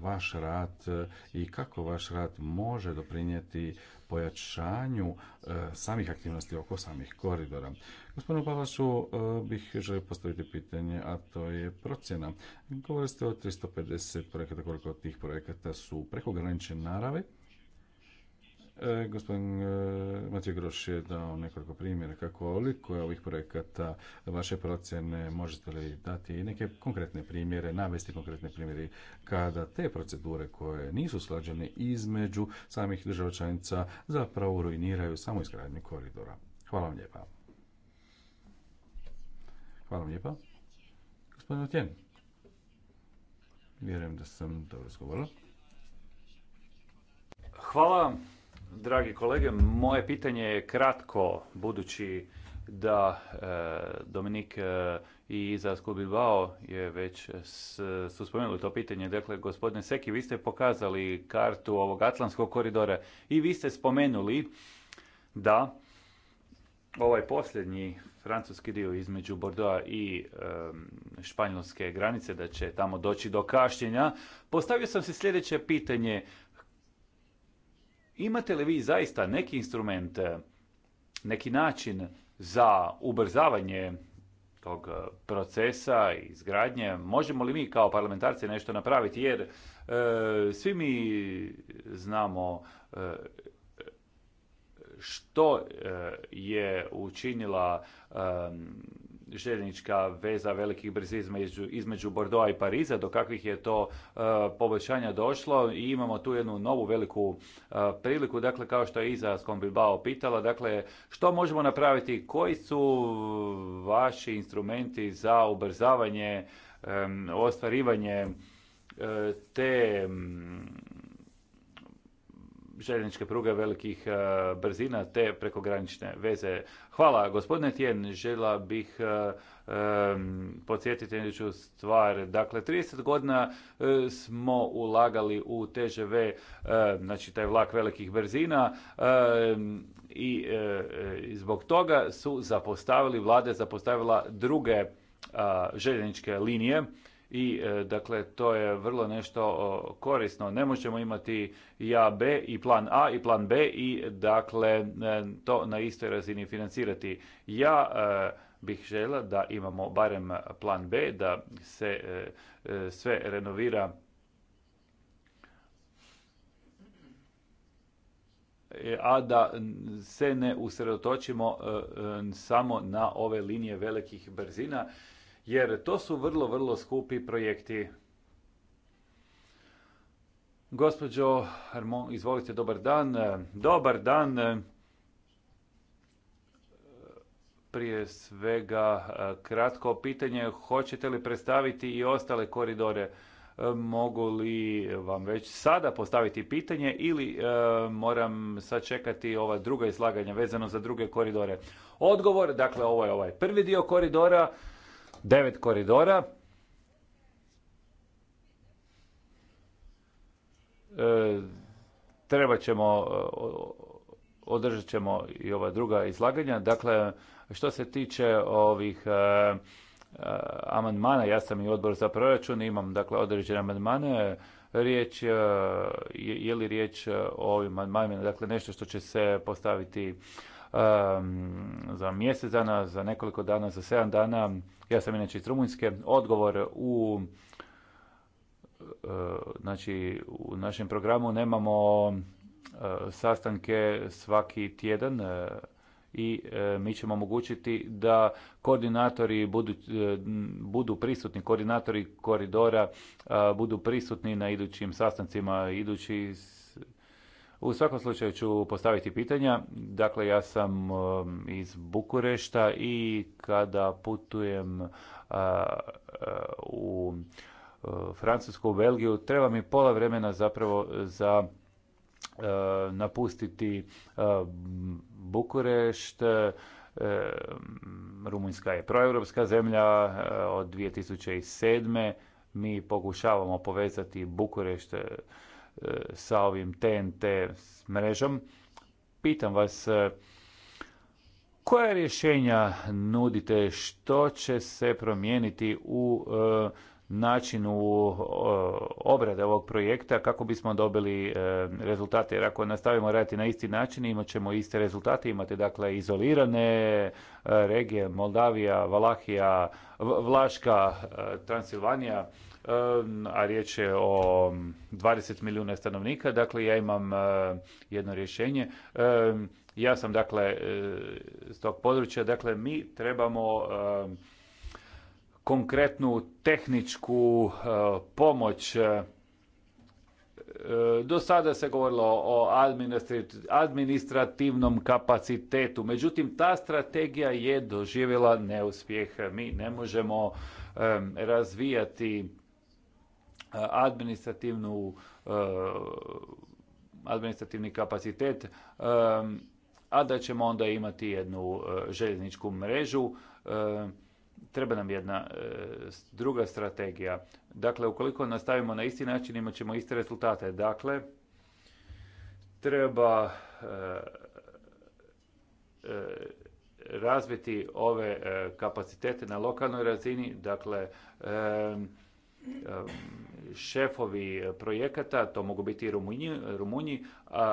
vaš rad e, i kako vaš rad može doprinijeti pojačanju e, samih aktivnosti oko samih koridora. Gospodinu e, bih želio postaviti pitanje, a to je procjena. Govorili ste o 350 projekata, koliko od tih projekata su prekogranične narave, E, gospodin e, Groš je dao nekoliko primjera kako koliko je ovih projekata vaše procjene, možete li dati i neke konkretne primjere, navesti konkretne primjere kada te procedure koje nisu slađene između samih država članica zapravo ruiniraju samo izgradnju koridora. Hvala vam lijepa. Hvala vam lijepa. Gospodin Otjen. Vjerujem da sam dobro izgovorila. Hvala vam. Dragi kolege, moje pitanje je kratko, budući da e, Dominik e, i Iza Bilbao je već su spomenuli to pitanje. Dakle, gospodine Seki, vi ste pokazali kartu ovog Atlantskog koridora i vi ste spomenuli da ovaj posljednji francuski dio između Bordeauxa i e, španjolske granice, da će tamo doći do kašnjenja. Postavio sam se sljedeće pitanje, Imate li vi zaista neki instrument, e, neki način za ubrzavanje tog e, procesa i izgradnje? Možemo li mi kao parlamentarci nešto napraviti? Jer e, svi mi znamo što je učinila željeznička veza velikih brzizme između, između i Pariza, do kakvih je to e, poboljšanja došlo i imamo tu jednu novu veliku e, priliku, dakle kao što je Iza Skombibao pitala, dakle što možemo napraviti, koji su vaši instrumenti za ubrzavanje, ostvarivanje e, te željezničke pruge velikih e, brzina te prekogranične veze. Hvala, gospodine Tijen, žela bih um, podsjetiti neću stvar. Dakle, 30 godina smo ulagali u TŽV, znači taj vlak velikih brzina i zbog toga su zapostavili, vlada je zapostavila druge željezničke linije i e, dakle to je vrlo nešto korisno. Ne možemo imati i A, B i plan A i plan B i dakle e, to na istoj razini financirati. Ja e, bih žela da imamo barem plan B, da se sve renovira a da se ne usredotočimo samo na ove linije velikih brzina jer to su vrlo, vrlo skupi projekti. Gospođo Armon, izvolite, dobar dan. Dobar dan. Prije svega, kratko pitanje, hoćete li predstaviti i ostale koridore? Mogu li vam već sada postaviti pitanje ili e, moram sačekati ova druga izlaganja vezano za druge koridore? Odgovor, dakle, ovo je ovaj prvi dio koridora devet koridora. E, treba ćemo, e, održat ćemo i ova druga izlaganja. Dakle, što se tiče ovih e, amandmana, ja sam i odbor za proračun, imam dakle određene amandmane, riječ, je, je li riječ o ovim amandmanima, dakle nešto što će se postaviti za mjesec dana, za nekoliko dana, za sedam dana. Ja sam inače iz Rumunjske. Odgovor u e, znači u našem programu nemamo e, sastanke svaki tjedan e, i mi ćemo omogućiti da koordinatori budu, budu prisutni, koordinatori koridora budu prisutni na idućim sastancima, idući u svakom slučaju ću postaviti pitanja. Dakle, ja sam um, iz Bukurešta i kada putujem uh, uh, u uh, Francusku, u Belgiju, treba mi pola vremena zapravo za napustiti Bukurešt. Rumunjska je proeuropska zemlja od 2007. Mi pokušavamo povezati Bukurešt sa ovim TNT mrežom. Pitam vas, koja rješenja nudite, što će se promijeniti u e, načinu e, obrade ovog projekta kako bismo dobili e, rezultate. Jer ako nastavimo raditi na isti način imat ćemo iste rezultate. Imate dakle izolirane regije Moldavija, Valahija, Vlaška, Transilvanija a riječ je o 20 milijuna stanovnika, dakle ja imam e, jedno rješenje. Ja sam dakle e, s tog područja, dakle mi trebamo konkretnu tehničku e, pomoć do sada se govorilo o administrativnom kapacitetu, međutim ta strategija je doživjela neuspjeh. Mi ne možemo razvijati administrativnu e, administrativni kapacitet, e, a da ćemo onda imati jednu e, željezničku mrežu. Treba nam jedna druga strategija. Dakle, ukoliko nastavimo na isti način, imat ćemo iste rezultate. Dakle, treba razviti ove kapacitete na lokalnoj razini, dakle, šefovi projekata, to mogu biti i Rumunji,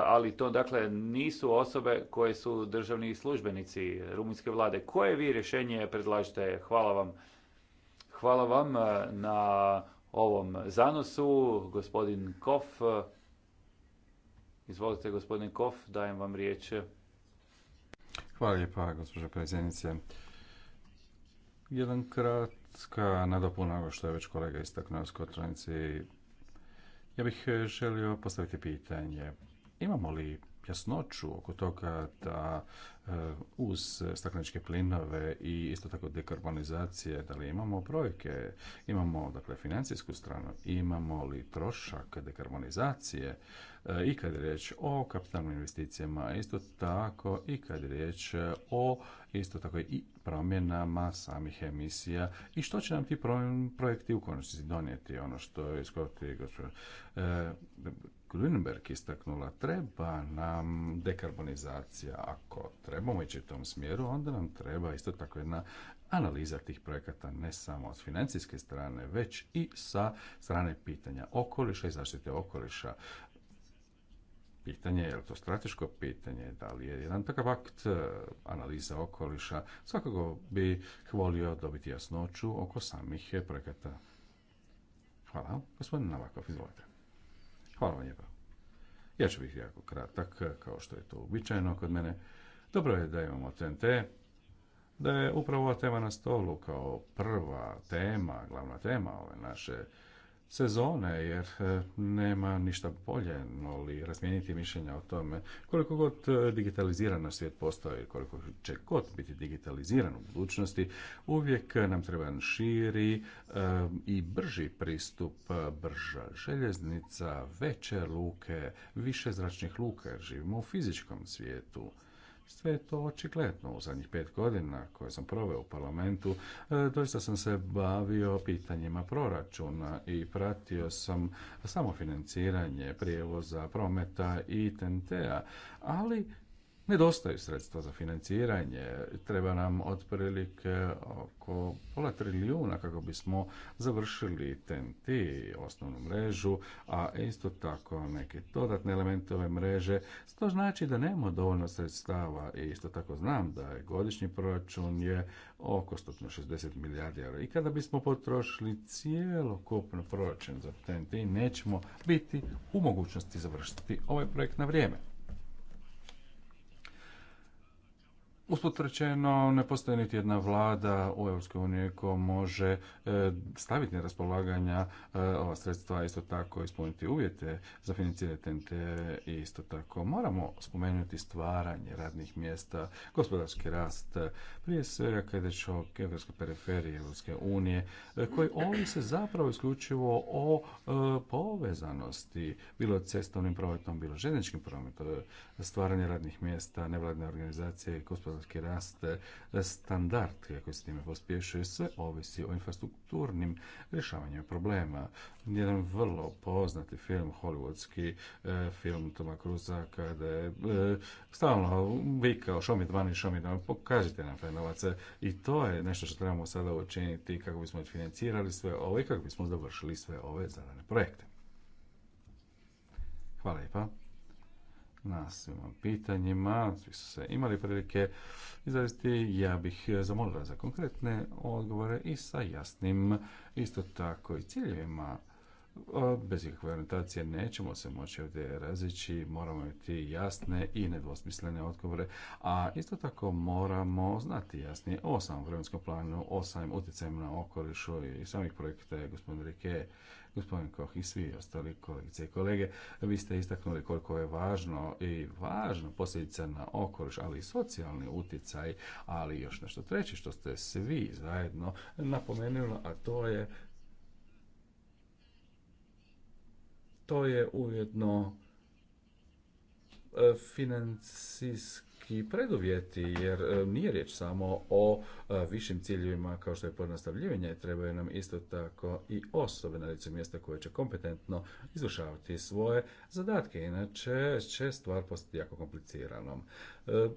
ali to dakle nisu osobe koje su državni službenici rumunjske vlade. Koje vi rješenje predlažete? Hvala vam. Hvala vam e, na ovom zanosu. Gospodin Kof, e, izvolite gospodin Kof, dajem vam riječ. Hvala lijepa, gospođo predsjednice. Jedan krat kratka nadopuna što je već kolega istaknuo s konferenciji. Ja bih e, želio postaviti pitanje. Imamo li jasnoću oko toga da e, uz stakleničke plinove i isto tako dekarbonizacije, da li imamo brojke, imamo dakle financijsku stranu, imamo li trošak dekarbonizacije, i kad je riječ o kapitalnim investicijama, isto tako i kad je riječ o isto tako i promjenama samih emisija i što će nam ti projekti u konačnici donijeti. Ono što je iskopio gospođa e, Grunberg istaknula, treba nam dekarbonizacija. Ako trebamo ići u tom smjeru, onda nam treba isto tako jedna analiza tih projekata ne samo od financijske strane, već i sa strane pitanja okoliša i zaštite okoliša pitanje, je li to strateško pitanje, da li je jedan takav akt e, analiza okoliša, svakako bi volio dobiti jasnoću oko samih projekata. Hvala. Gospodin Navakov, izvolite. Hvala vam lijepa. Ja ću biti jako kratak, e, kao što je to uobičajeno kod mene. Dobro je da imamo TNT, da je upravo ova tema na stolu kao prva tema, glavna tema ove naše sezone, jer e, nema ništa bolje, li razmijeniti mišljenja o tome koliko god e, digitaliziran svijet postoji, koliko će god biti digitaliziran u budućnosti, uvijek nam treba širi e, i brži pristup, brža željeznica, veće luke, više zračnih luka, jer živimo u fizičkom svijetu sve je to očigledno u zadnjih pet godina koje sam proveo u parlamentu e, doista sam se bavio pitanjima proračuna i pratio sam samo financiranje prijevoza prometa i TNT-a ali Nedostaju sredstva za financiranje, treba nam otprilike oko pola trilijuna kako bismo završili TNT, osnovnu mrežu, a isto tako neke dodatne elemente ove mreže. To znači da nemamo dovoljno sredstava i isto tako znam da je godišnji proračun je oko 160 milijardi eura. I kada bismo potrošili cijelokupno proračun za TNT, nećemo biti u mogućnosti završiti ovaj projekt na vrijeme. Usput rečeno, ne postoji niti jedna vlada u EU koja može e, staviti na raspolaganja e, ova sredstva, isto tako ispuniti uvjete za financiranje TNT i isto tako moramo spomenuti stvaranje radnih mjesta, gospodarski rast, prije svega kada je reč o geografskoj periferiji EU, unije, e, koji se zapravo isključivo o povezanosti, bilo cestovnim prometom, bilo željezničkim prometom, stvaranje radnih mjesta, nevladne organizacije i gospodarski rast, e, standard kako se time pospješuje, sve ovisi o infrastrukturnim rješavanju problema. Jedan vrlo poznati film, hollywoodski e, film Toma Cruza, kada je e, stalno vikao šo mi i vani, pokažite nam taj novac. I to je nešto što trebamo sada učiniti kako bismo financirali sve ovo i kako bismo završili sve ove zadane projekte. Hvala lijepa na svim pitanjima. Svi su se imali prilike izraziti. Ja bih zamolila za konkretne odgovore i sa jasnim isto tako i ciljevima bez ikakve orientacije nećemo se moći ovdje razići, moramo imati jasne i nedvosmislene odgovore, a isto tako moramo znati jasnije o samom vremenskom planu, o samim utjecajima na okolišu i samih projekta gospodine Rike gospodin Koh i svi ostali kolegice i kolege, vi ste istaknuli koliko je važno i važno posljedica na okoliš, ali i socijalni utjecaj, ali još nešto treće što ste svi zajedno napomenuli, a to je to je ujedno e, financijski tehnički preduvjeti, jer e, nije riječ samo o e, višim ciljevima kao što je pojednostavljivanje, trebaju nam isto tako i osobe na licu mjesta koje će kompetentno izvršavati svoje zadatke, inače će stvar postati jako kompliciranom. E,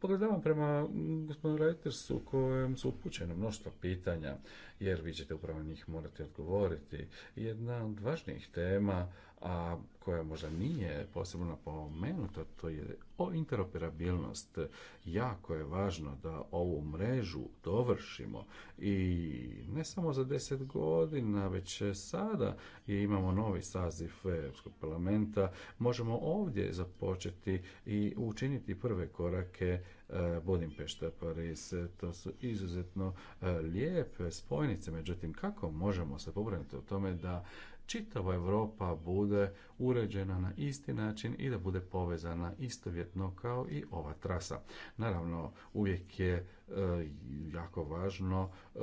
pogledavam prema gospodinu Reutersu kojem su upućene mnoštva pitanja, jer vi ćete upravo njih morati odgovoriti. Jedna od važnijih tema a koja možda nije posebno napomenuta, to je o interoperabilnost. Jako je važno da ovu mrežu dovršimo i ne samo za deset godina, već sada je imamo novi saziv Europskog parlamenta. Možemo ovdje započeti i učiniti prve korake e, Budimpešta, paris to su izuzetno e, lijepe spojnice. Međutim, kako možemo se pobrinuti o tome da čitava Europa bude uređena na isti način i da bude povezana istovjetno kao i ova trasa. Naravno, uvijek je e, jako važno e,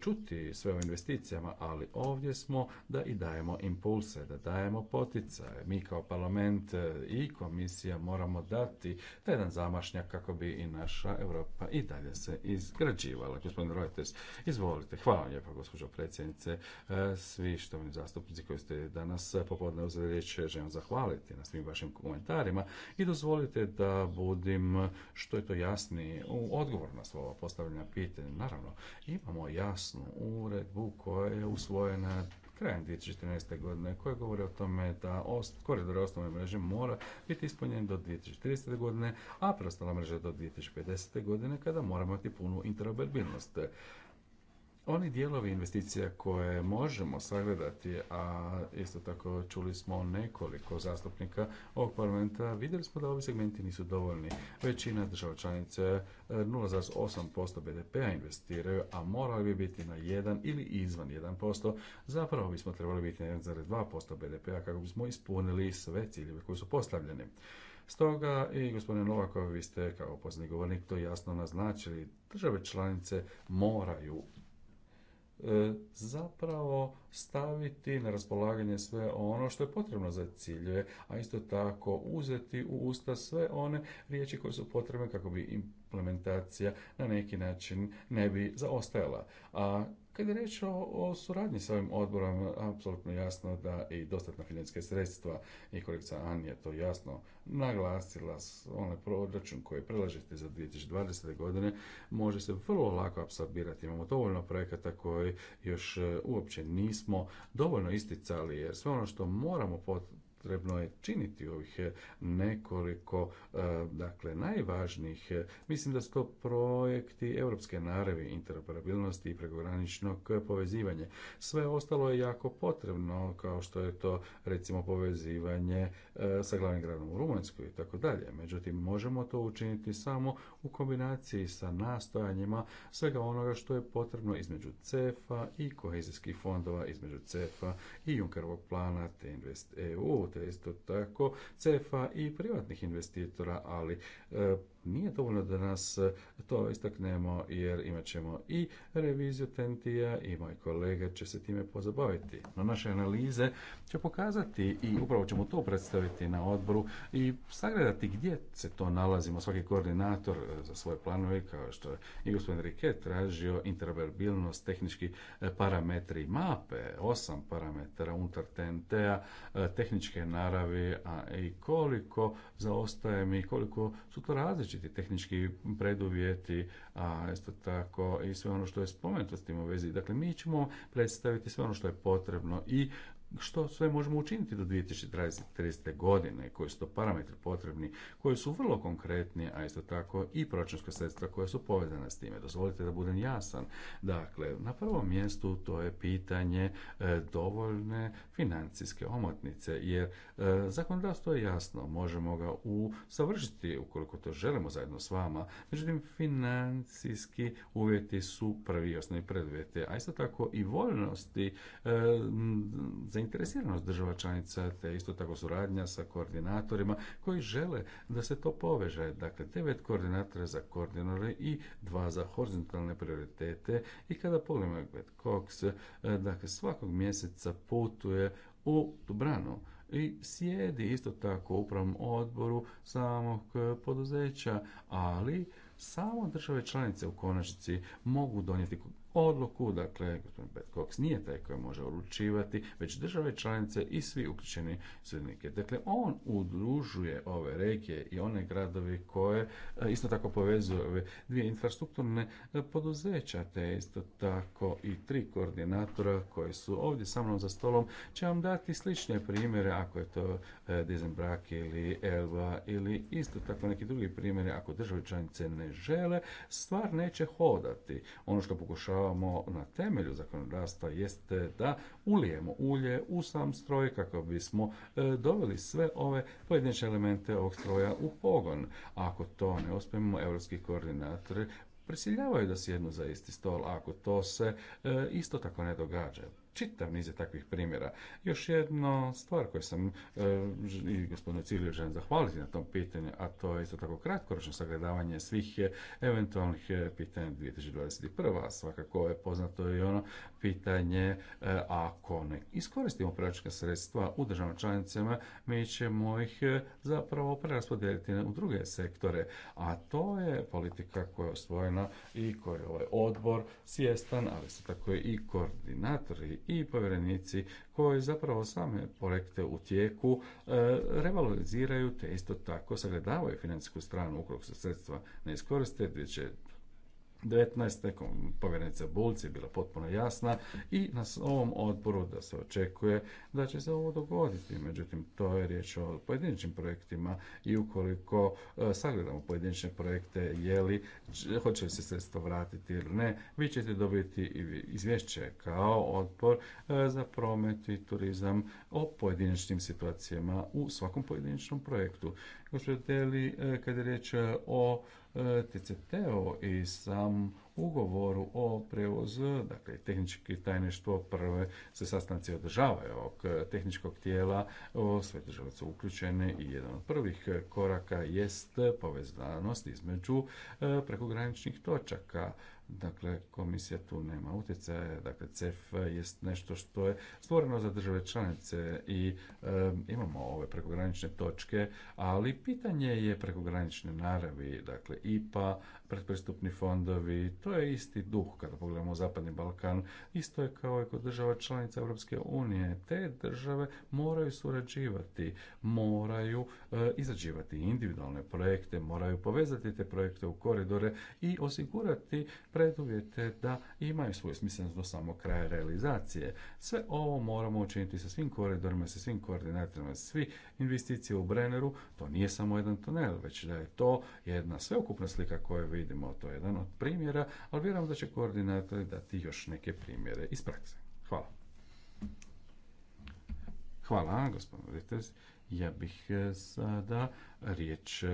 čuti sve o investicijama, ali ovdje smo da i dajemo impulse, da dajemo poticaje. Mi kao parlament e, i komisija moramo dati taj jedan zamašnjak kako bi i naša Europa i dalje se izgrađivala. Gospodin Reuters, izvolite. Hvala vam lijepa, gospođo predsjednice. Svi štovni zastupnici koji ste danas popodne uzeli riječ, želim zahvaliti na svim vašim komentarima i dozvolite da budim što je to jasniji u odgovor na sva postavljena pitanja. Naravno, imamo jasnu uredbu koja je usvojena krajem 2014. godine koja govori o tome da koridor osnovne mreže mora biti ispunjen do 2030. godine, a preostala mreža do 2050. godine kada moramo imati punu interoperabilnost oni dijelovi investicija koje možemo sagledati, a isto tako čuli smo nekoliko zastupnika ovog parlamenta, vidjeli smo da ovi segmenti nisu dovoljni. Većina država članice 0,8% BDP-a investiraju, a morali bi biti na 1 ili izvan 1%. Zapravo bismo trebali biti na 1,2% BDP-a kako bismo ispunili sve ciljeve koji su postavljeni. Stoga i gospodine Novakov, vi ste kao pozni govornik to jasno naznačili, države članice moraju E, zapravo staviti na raspolaganje sve ono što je potrebno za ciljeve, a isto tako uzeti u usta sve one riječi koje su potrebne kako bi implementacija na neki način ne bi zaostajala. A kad je reč o, suradnji sa ovim odborom, apsolutno jasno da i dostatna financijska sredstva i kolegica Anja je to jasno naglasila onaj proračun koji prelažete za 2020. godine može se vrlo lako apsorbirati. Imamo dovoljno projekata koji još e, uopće nismo dovoljno isticali jer sve ono što moramo trebno je činiti ovih eh, nekoliko eh, dakle najvažnijih. Eh, mislim da su to projekti europske naravi interoperabilnosti i pregoraničnog povezivanja. Sve ostalo je jako potrebno kao što je to recimo povezivanje sa glavnim gradom u Rumunjskoj i tako dalje. Međutim, možemo to učiniti samo u kombinaciji sa nastojanjima svega onoga što je potrebno između CEFA i kohezijskih fondova, između CEFA i Junkerovog plana te Invest EU, te isto tako CEFA i privatnih investitora, ali e, nije dovoljno da nas e, to istaknemo jer imat ćemo i reviziju Tentija i moj kolega će se time pozabaviti. No naše analize će pokazati i upravo ćemo to predstaviti na odboru i sagledati gdje se to nalazimo. Svaki koordinator e, za svoje planove kao što je i gospodin Riket tražio interoperabilnost, tehnički e, parametri mape, osam parametara unutar tnt tehničke naravi a i koliko zaostaje mi, koliko su to različiti različiti tehnički preduvjeti, a isto tako i sve ono što je spomenuto s tim u vezi. Dakle, mi ćemo predstaviti sve ono što je potrebno i što sve možemo učiniti do 2030. godine, koji su to parametri potrebni, koji su vrlo konkretni, a isto tako i proračunska sredstva koja su povezana s time. Dozvolite da budem jasan. Dakle, na prvom mjestu to je pitanje e, dovoljne financijske omotnice, jer e, zakonodavstvo je jasno, možemo ga usavršiti ukoliko to želimo zajedno s vama, međutim, financijski uvjeti su prvi osnovni predvjeti, a isto tako i voljnosti e, interesiranost država članica, te isto tako suradnja sa koordinatorima koji žele da se to poveže. Dakle, devet koordinatora za koordinore i dva za horizontalne prioritete. I kada pogledamo Cox, eh, dakle, svakog mjeseca putuje u Dubranu i sjedi isto tako u upravnom odboru samog eh, poduzeća, ali samo države članice u konačnici mogu donijeti odluku, dakle, gospodin nije taj koji može uručivati, već države članice i svi uključeni sudnike. Dakle, on udružuje ove regije i one gradovi koje e, isto tako povezuju ove dvije infrastrukturne e, poduzeća, te isto tako i tri koordinatora koji su ovdje sa mnom za stolom, će vam dati slične primjere ako je to e, Dizembrak ili Elva ili isto tako neki drugi primjeri, ako države članice ne žele, stvar neće hodati. Ono što pokušava na temelju zakonodavstva jeste da ulijemo ulje u sam stroj kako bismo e, doveli sve ove pojedinačne elemente ovog stroja u pogon. ako to ne uspijemo, evropski koordinatori prisiljavaju da sjednu za isti stol, ako to se e, isto tako ne događa čitav niz takvih primjera. Još jedna stvar koju sam e, i gospodine Cilju želim zahvaliti na tom pitanju, a to je isto tako kratkoročno sagledavanje svih e, eventualnih e, pitanja 2021. A svakako je poznato i ono pitanje e, ako ne iskoristimo proračunska sredstva u državama članicama, mi ćemo ih e, zapravo preraspodijeliti u druge sektore, a to je politika koja je osvojena i koja je ovaj odbor svjestan, ali su tako i koordinatori i povjerenici koji zapravo same projekte u tijeku e, revaloriziraju te isto tako sagledavaju financijsku stranu ukoliko se sredstva ne iskoriste, gdje će 19. povjerenica Bulci je bila potpuno jasna i na ovom odboru da se očekuje da će se ovo dogoditi. Međutim, to je riječ o pojedinačnim projektima i ukoliko e, sagledamo pojedinačne projekte, je li, hoće li se sredstvo vratiti ili ne, vi ćete dobiti izvješće kao odbor e, za promet i turizam o pojedinačnim situacijama u svakom pojedinačnom projektu. E, kada je riječ o E, TCTO i sam ugovoru o prevozu, dakle tehnički tajništvo prve se sastanci održavaju ovog e, tehničkog tijela, sve države su uključene i jedan od prvih e, koraka jest povezanost između prekograničnih točaka Dakle, komisija tu nema utjecaja, dakle CEF jest nešto što je stvoreno za države članice i imamo ove prekogranične točke, ali pitanje je prekogranične naravi, dakle IPA, predpristupni fondovi, to je isti duh kada pogledamo Zapadni Balkan, isto je kao i kod država članica Europske unije. Te države moraju surađivati, moraju e, izrađivati individualne projekte, moraju povezati te projekte u koridore i osigurati preduvjete da imaju svoju smislenost do samog kraja realizacije. Sve ovo moramo učiniti sa svim koridorima, sa svim koordinatorima, svi investicije u Brenneru, to nije samo jedan tunel, već da je to jedna sveukupna slika koju vi vidimo to je jedan od primjera, ali vjerujem da će koordinator dati još neke primjere iz prakse. Hvala. Hvala, gospodin Ritez. Ja bih eh, sada riječ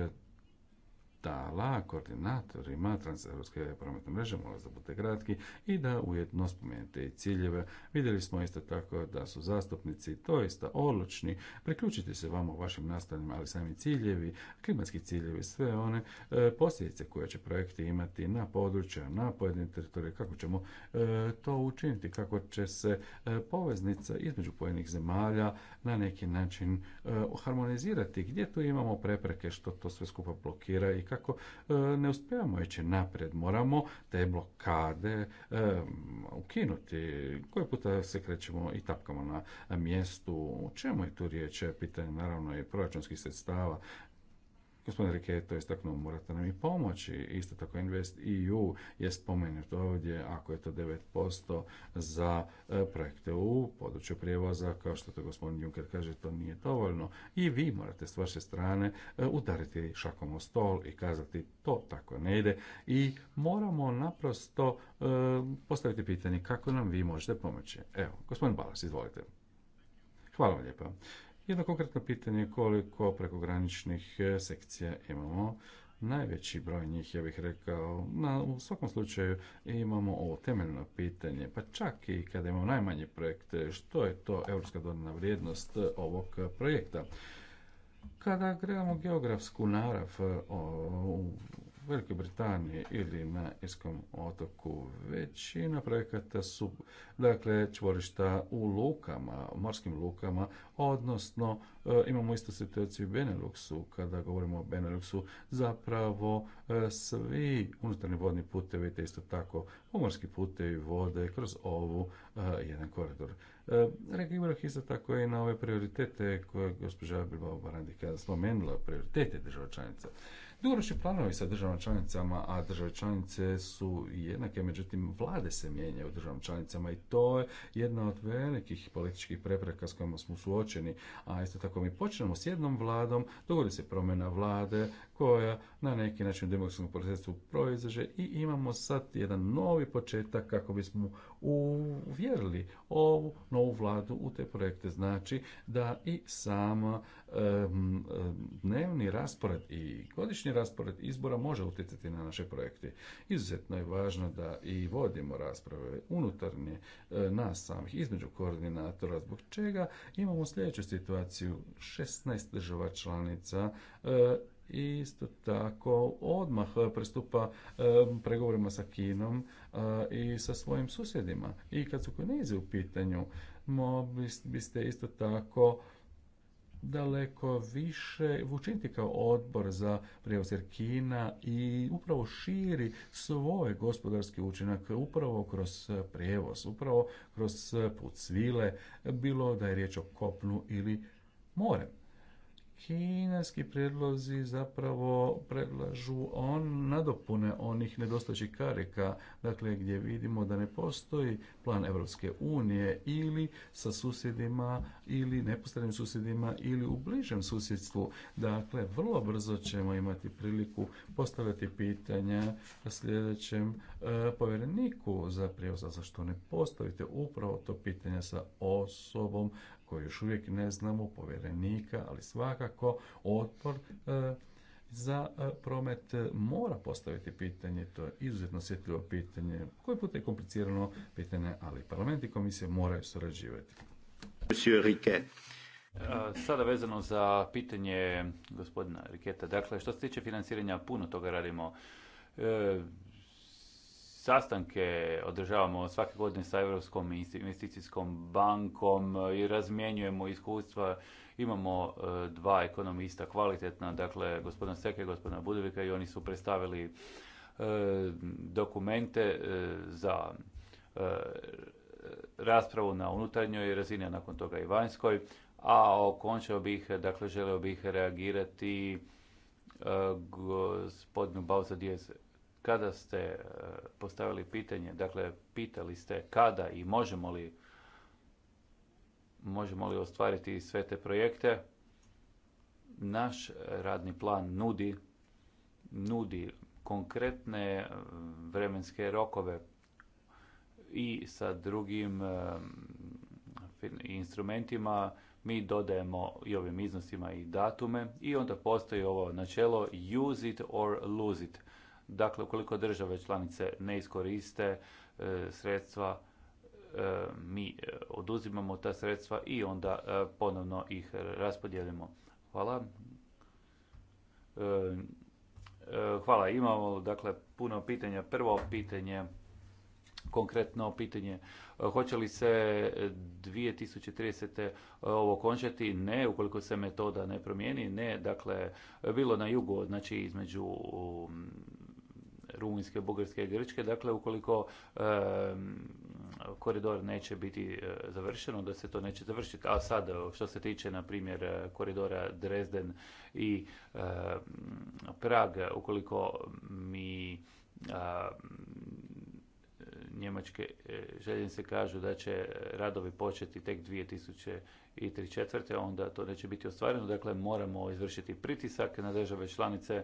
la koordinatorima transeuropske prometne mreže, molim da budete kratki i da ujedno spomenete i ciljeve. Vidjeli smo isto tako da su zastupnici doista odlučni priključiti se vama u vašim nastavnjima, ali sami ciljevi, klimatski ciljevi, sve one e, posljedice koje će projekti imati na područja, na pojedine teritorije, kako ćemo e, to učiniti, kako će se e, poveznica između pojedinih zemalja na neki način harmonizirati, gdje tu imamo prepreke, što to sve skupa blokira i kako nekako e, ne uspijemo ići naprijed. Moramo te blokade e, ukinuti. Koje puta se krećemo i tapkamo na mjestu. O čemu je tu riječ? Pitanje naravno i proračunskih sredstava. Gospodin Riketo je istaknuo, morate nam i pomoći. Isto tako Invest EU je spomenuto ovdje, ako je to 9% za e, projekte u području prijevoza, kao što to gospodin Juncker kaže, to nije dovoljno. I vi morate s vaše strane e, udariti šakom o stol i kazati to tako ne ide i moramo naprosto e, postaviti pitanje kako nam vi možete pomoći. Evo, gospodin Balas, izvolite. Hvala vam lijepa. Jedno konkretno pitanje koliko prekograničnih e, sekcija imamo najveći broj njih, ja bih rekao, na, u svakom slučaju imamo ovo temeljno pitanje, pa čak i kada imamo najmanje projekte, što je to europska dodana vrijednost e, ovog projekta? Kada gledamo geografsku narav e, Velikoj Britaniji ili na Irskom otoku većina projekata su dakle čvorišta u lukama, u morskim lukama, odnosno e, imamo istu situaciju u Beneluxu. Kada govorimo o Beneluxu, zapravo e, svi unutarnji vodni putevi, te isto tako pomorski putevi vode kroz ovu e, jedan koridor. Reagirah isto tako i na ove prioritete koje je gospođa Bilbao Barandika spomenula, prioritete država članica dugoročni planovi sa državama članicama, a države članice su jednake, međutim vlade se mijenjaju u državama članicama i to je jedna od velikih političkih prepreka s kojima smo suočeni. A isto tako mi počnemo s jednom vladom, dogodi se promjena vlade koja na neki način u demokratskom procesu proizveže i imamo sad jedan novi početak kako bismo uvjerili ovu novu vladu u te projekte. Znači da i sama dnevni raspored i godišnji raspored izbora može utjecati na naše projekte. Izuzetno je važno da i vodimo rasprave unutarnje e, nas samih između koordinatora zbog čega imamo sljedeću situaciju 16 država članica e, isto tako odmah pristupa e, pregovorima sa Kinom e, i sa svojim susjedima. I kad su Kinezi u pitanju, mogli biste isto tako daleko više učiniti kao odbor za prijevoz jer Kina i upravo širi svoj gospodarski učinak upravo kroz prijevoz, upravo kroz put svile, bilo da je riječ o kopnu ili morem kineski prijedlozi zapravo predlažu on nadopune onih nedostajućih karika, dakle gdje vidimo da ne postoji plan Evropske unije ili sa susjedima ili neposrednim susjedima ili u bližem susjedstvu. Dakle, vrlo brzo ćemo imati priliku postavljati pitanja sljedećem e, povjereniku za prijevoza zašto ne postavite upravo to pitanje sa osobom koji još uvijek ne znamo, povjerenika, ali svakako otpor e, za e, promet e, mora postaviti pitanje, to je izuzetno osjetljivo pitanje, koje put je komplicirano pitanje, ali parlament i komisije moraju surađivati. Sada vezano za pitanje gospodina Riketa, dakle što se tiče financiranja, puno toga radimo sastanke održavamo svake godine sa Europskom investicijskom bankom e, i razmjenjujemo iskustva. Imamo e, dva ekonomista kvalitetna, dakle gospodina Seke i gospodina Budovika i oni su predstavili e, dokumente za raspravu na unutarnjoj razini, a nakon toga i vanjskoj. A okončao bih, dakle želeo bih reagirati gospodinu Bauza Dijese kada ste e, postavili pitanje, dakle pitali ste kada i možemo li možemo li ostvariti sve te projekte, naš radni plan nudi nudi konkretne e, vremenske rokove i sa drugim e, instrumentima mi dodajemo i ovim iznosima i datume i onda postoji ovo načelo use it or lose it. Dakle, ukoliko države članice ne iskoriste e, sredstva, e, mi e, oduzimamo ta sredstva i onda ponovno ih raspodijelimo. Hvala. Hvala. Imamo dakle puno pitanja. Prvo pitanje, konkretno pitanje, hoće li se 2030. ovo končati? Ne, ukoliko se metoda ne promijeni, ne. Dakle, bilo na jugu, znači između Rumunjske, Bugarske i Grčke. Dakle, ukoliko koridor neće biti e, završeno, da se to neće završiti. A sad, e, što se tiče, na primjer, e, koridora Dresden i Prag, ukoliko mi njemačke željenice kažu da će radovi početi tek 2000 i tri četvrte, onda to neće biti ostvareno. Dakle, moramo izvršiti pritisak na države članice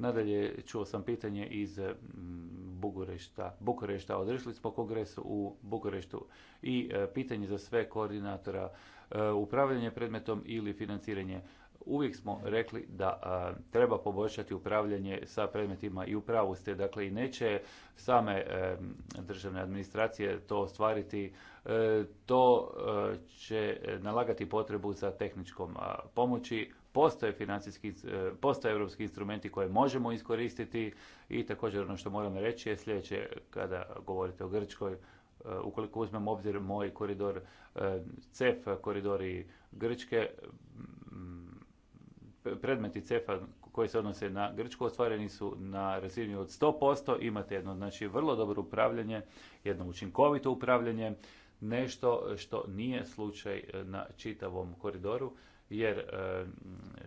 Nadalje, čuo sam pitanje iz mm, Bukurešta. Bukurešta. odrešli smo kongres u Bukureštu i e, pitanje za sve koordinatora e, upravljanje predmetom ili financiranje. Uvijek smo rekli da e, treba poboljšati upravljanje sa predmetima i upravu ste. Dakle, i neće same državne administracije to ostvariti. to će nalagati potrebu za tehničkom pomoći postoje financijski, eh, postoje europski instrumenti koje možemo iskoristiti i također ono što moram reći je sljedeće kada govorite o Grčkoj, eh, ukoliko uzmem obzir moj koridor eh, CEF, koridori Grčke, mm, predmeti CEF-a koji se odnose na Grčku ostvareni su na razini od 100%, imate jedno znači vrlo dobro upravljanje, jedno učinkovito upravljanje, nešto što nije slučaj na čitavom koridoru jer e,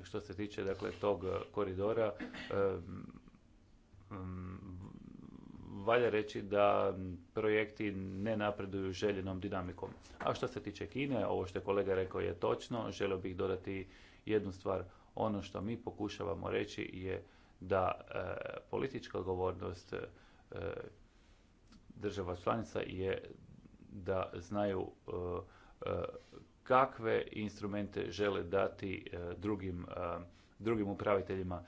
što se tiče dakle tog koridora e, valja reći da projekti ne napreduju željenom dinamikom. A što se tiče Kine, ovo što je kolega rekao je točno, želio bih dodati jednu stvar. Ono što mi pokušavamo reći je da e, politička odgovornost država članica je da znaju e, kakve instrumente žele dati e, drugim, e, drugim upraviteljima.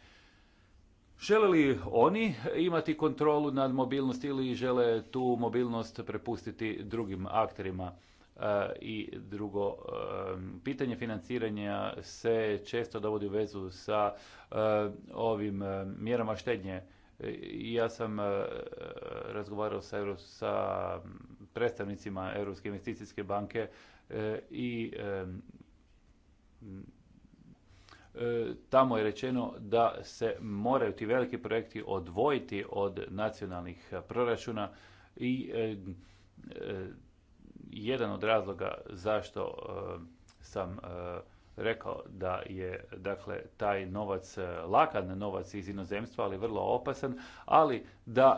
Žele li oni imati kontrolu nad mobilnost ili žele tu mobilnost prepustiti drugim akterima? E, I drugo, pitanje financiranja se često dovodi u vezu sa ovim mjerama štednje. Ja sam razgovarao sa, sa predstavnicima Europske investicijske banke E, i e, e, tamo je rečeno da se moraju ti veliki projekti odvojiti od nacionalnih proračuna i jedan od razloga zašto sam rekao da je dakle taj novac lakan novac iz inozemstva ali vrlo opasan ali da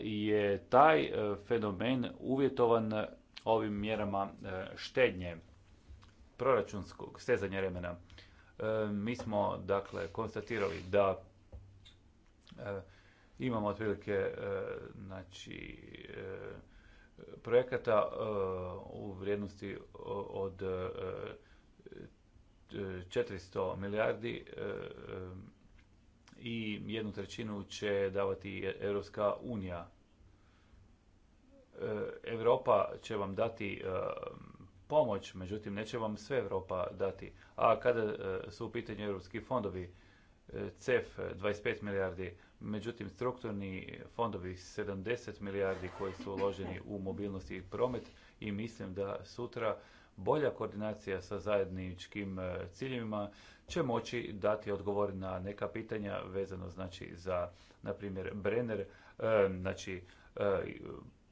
je taj fenomen uvjetovan ovim mjerama e, štednje, proračunskog stezanja remena. E, mi smo dakle konstatirali da e, imamo otprilike znači, projekata u vrijednosti od 400 milijardi i jednu trećinu će davati Europska unija Europa će vam dati e, pomoć, međutim neće vam sve Europa dati. A kada e, su u pitanju europski fondovi, e, CEF 25 milijardi, međutim strukturni fondovi 70 milijardi koji su uloženi u mobilnost i promet i mislim da sutra bolja koordinacija sa zajedničkim ciljevima će moći dati odgovor na neka pitanja vezano znači za na primjer Brenner, znači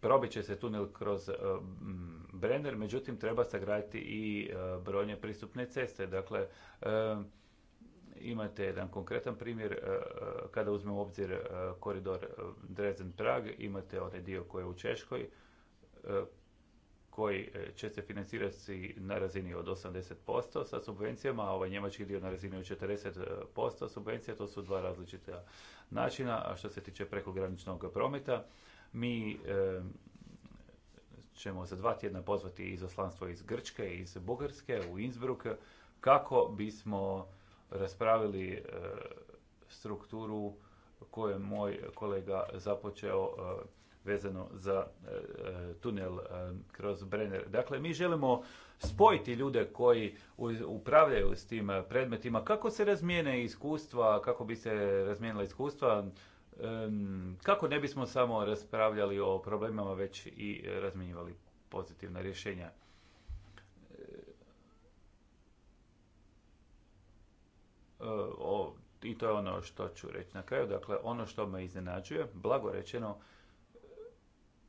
probit će se tunel kroz e, Brenner, međutim treba sagraditi i e, brojne pristupne ceste. Dakle, e, imate jedan konkretan primjer, kada uzmemo u obzir koridor Dresden-Prag, imate onaj dio koji je u Češkoj, koji će se financirati na razini od 80% sa subvencijama, a ovaj njemački dio na razini od 40% subvencija, to su dva različita načina. A što se tiče prekograničnog prometa, mi ćemo za dva tjedna pozvati izoslanstvo iz Grčke, iz Bugarske, u Innsbruck, kako bismo raspravili eh, strukturu koju je moj kolega započeo eh, vezano za eh, tunel kroz Brenner. Dakle, mi želimo spojiti ljude koji upravljaju s tim predmetima, kako se razmijene iskustva, kako bi se razmijenila iskustva, kako ne bismo samo raspravljali o problemama, već i razmenjivali pozitivna rješenja. E, I to je ono što ću reći na kraju. Dakle, ono što me iznenađuje, blago rečeno,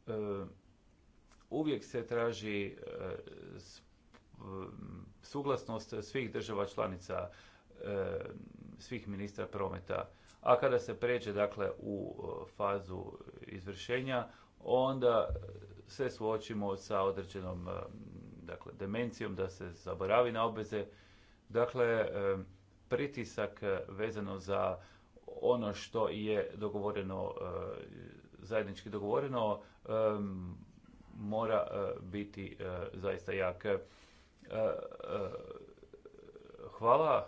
e, uvijek se traži e, suglasnost svih država članica, svih ministra prometa, a kada se pređe dakle u e, fazu izvršenja onda se suočimo sa određenom e, dakle demencijom da se zaboravi na obveze dakle e, pritisak vezano za ono što je dogovoreno zajednički dogovoreno mora biti zaista jak hvala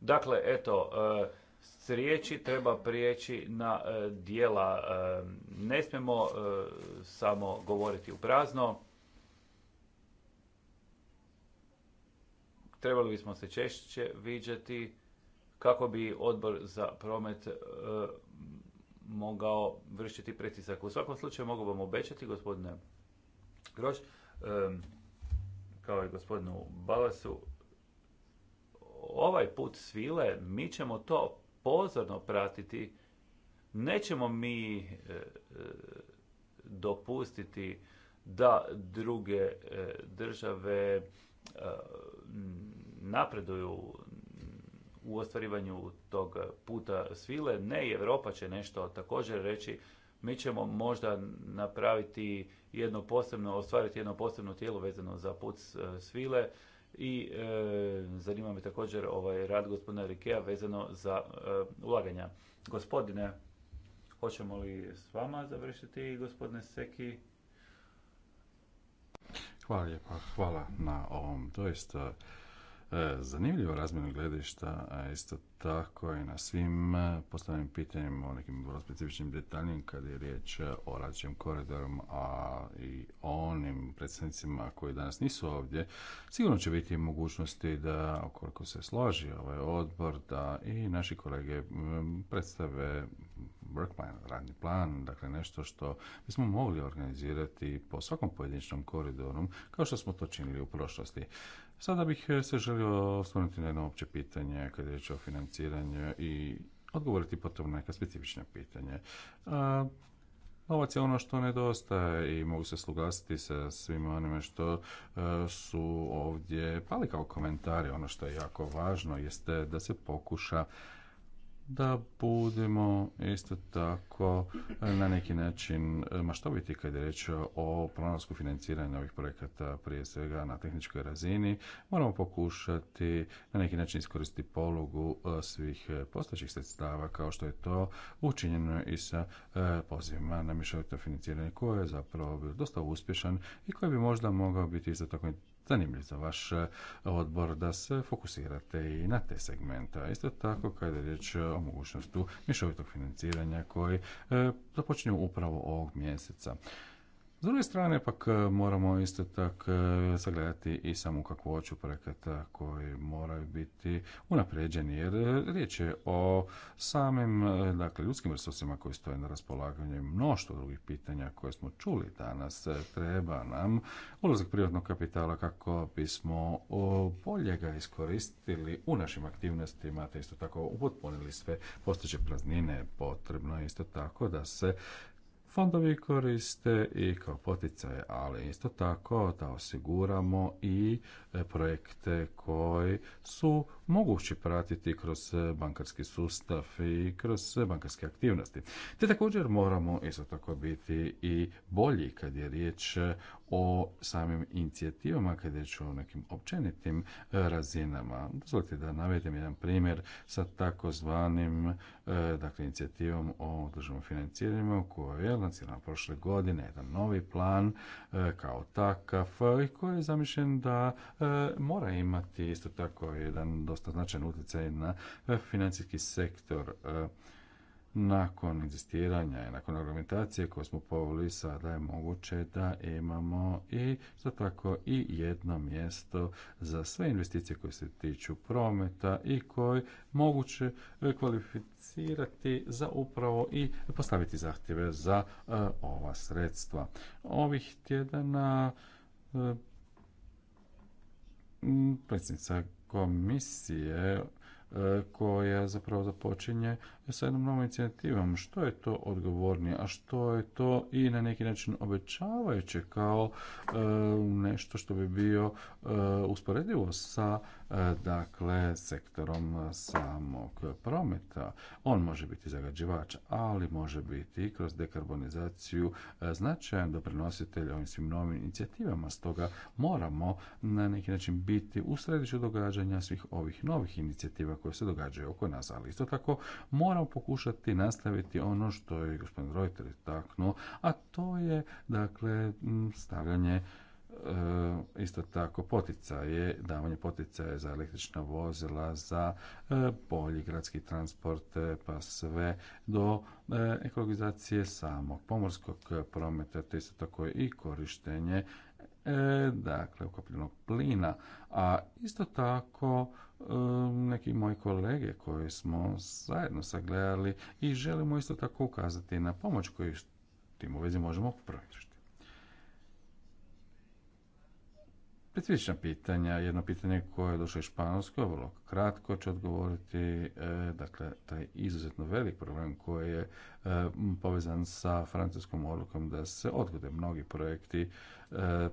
dakle eto s riječi treba prijeći na e, dijela. E, ne smijemo e, samo govoriti u prazno. Trebali bismo se češće viđati kako bi odbor za promet mogao vršiti pritisak. U svakom slučaju mogu vam obećati, gospodine Groš, kao i gospodinu Balasu, ovaj put svile mi ćemo to pozorno pratiti. Nećemo mi e, e, dopustiti da druge e, države napreduju u ostvarivanju tog puta svile. Ne, Europa će nešto također reći. Mi ćemo možda napraviti jedno posebno, ostvariti jedno posebno tijelo vezano za put svile i e, zanima me također ovaj rad gospodina Rikea vezano za e, ulaganja. Gospodine, hoćemo li s vama završiti, gospodine Seki? Hvala lijepa, hvala na ovom doista E, zanimljivo razmjena gledišta, a isto tako i na svim e, postavljenim pitanjima o nekim vrlo specifičnim detaljima kad je riječ e, o različitim koridorom, a i onim predstavnicima koji danas nisu ovdje, sigurno će biti mogućnosti da, ukoliko se složi ovaj odbor, da i naši kolege predstave work plan, radni plan, dakle nešto što bismo mogli organizirati po svakom pojedinačnom koridoru, kao što smo to činili u prošlosti. Sada bih e, se želio osvrnuti na jedno opće pitanje kada je riječ o financiranju i odgovoriti potom na neka specifična pitanja. E, novac je ono što nedostaje i mogu se sluglasiti sa svim onime što e, su ovdje pali kao komentari. Ono što je jako važno jeste da se pokuša da budemo isto tako e, na neki način e, maštoviti kad je reč o pronalasku financiranja ovih projekata prije svega na tehničkoj razini. Moramo pokušati na neki način iskoristiti polugu e, svih postojećih sredstava kao što je to učinjeno i sa pozivima na mišljavito financiranje koje je zapravo bio dosta uspješan i koji bi možda mogao biti isto tako zanimljiv za vaš e, odbor da se fokusirate i na te segmenta. Isto tako kada je riječ o mogućnosti mišovitog financiranja koji e, započinju upravo ovog mjeseca. S druge strane pak e, moramo isto tako e, sagledati i samu kakvoću projekata koji moraju biti unapređeni jer e, riječ je o samim dakle, ljudskim resursima koji stoje na raspolaganju mnoštvo drugih pitanja koje smo čuli danas. Treba nam ulazak privatnog kapitala kako bismo bolje ga iskoristili u našim aktivnostima te isto tako upotpunili sve postojeće praznine. Potrebno je isto tako da se fondovi koriste i kao poticaje, ali isto tako da osiguramo i e, projekte koji su mogući pratiti kroz e, bankarski sustav i kroz e, bankarske aktivnosti. Te također moramo isto tako biti i bolji kad je riječ o samim inicijativama kada je o nekim općenitim e, razinama. Dozvolite da navedem jedan primjer sa takozvanim e, dakle, inicijativom o državnom financiranju koja je lancirana prošle godine, jedan novi plan e, kao takav i koji je zamišljen da mora imati isto tako jedan dosta značajan utjecaj na financijski sektor nakon inzistiranja i nakon argumentacije koje smo povoli sada je moguće da imamo i za tako i jedno mjesto za sve investicije koje se tiču prometa i koje moguće e, kvalificirati za upravo i postaviti zahtjeve za e, ova sredstva. Ovih tjedana e, predsjednica komisije koja zapravo započinje sa jednom novom inicijativom. Što je to odgovornije, a što je to i na neki način obećavajuće kao e, nešto što bi bio e, usporedivo sa e, dakle sektorom samog prometa. On može biti zagađivač, ali može biti i kroz dekarbonizaciju e, značajan doprinositelj ovim svim novim inicijativama. Stoga moramo na neki način biti u središtu događanja svih ovih novih inicijativa koje se događaju oko nas, ali isto tako mora pokušati nastaviti ono što je gospodin Reuter istaknuo, a to je dakle stavljanje e, isto tako poticaje, davanje poticaje za električna vozila, za e, bolji gradski transport, e, pa sve do e, ekologizacije samog pomorskog prometa, te isto tako i korištenje dakle ukopljenog plina, a isto tako neki moji kolege koje smo zajedno sagledali i želimo isto tako ukazati na pomoć koju s tim u vezi možemo provjeriti. Specifična pitanja, jedno pitanje koje je došlo iz Španjolske, vrlo kratko ću odgovoriti, e, dakle, taj izuzetno velik problem koji je e, povezan sa francuskom odlukom da se odgode mnogi projekti e,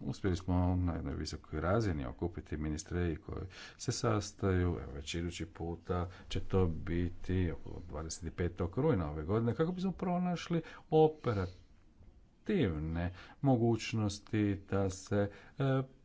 uspjeli smo na jednoj visokoj razini okupiti ministre i koji se sastaju, evo već idući puta će to biti oko 25. rujna ove godine, kako bismo pronašli operativne mogućnosti da se e,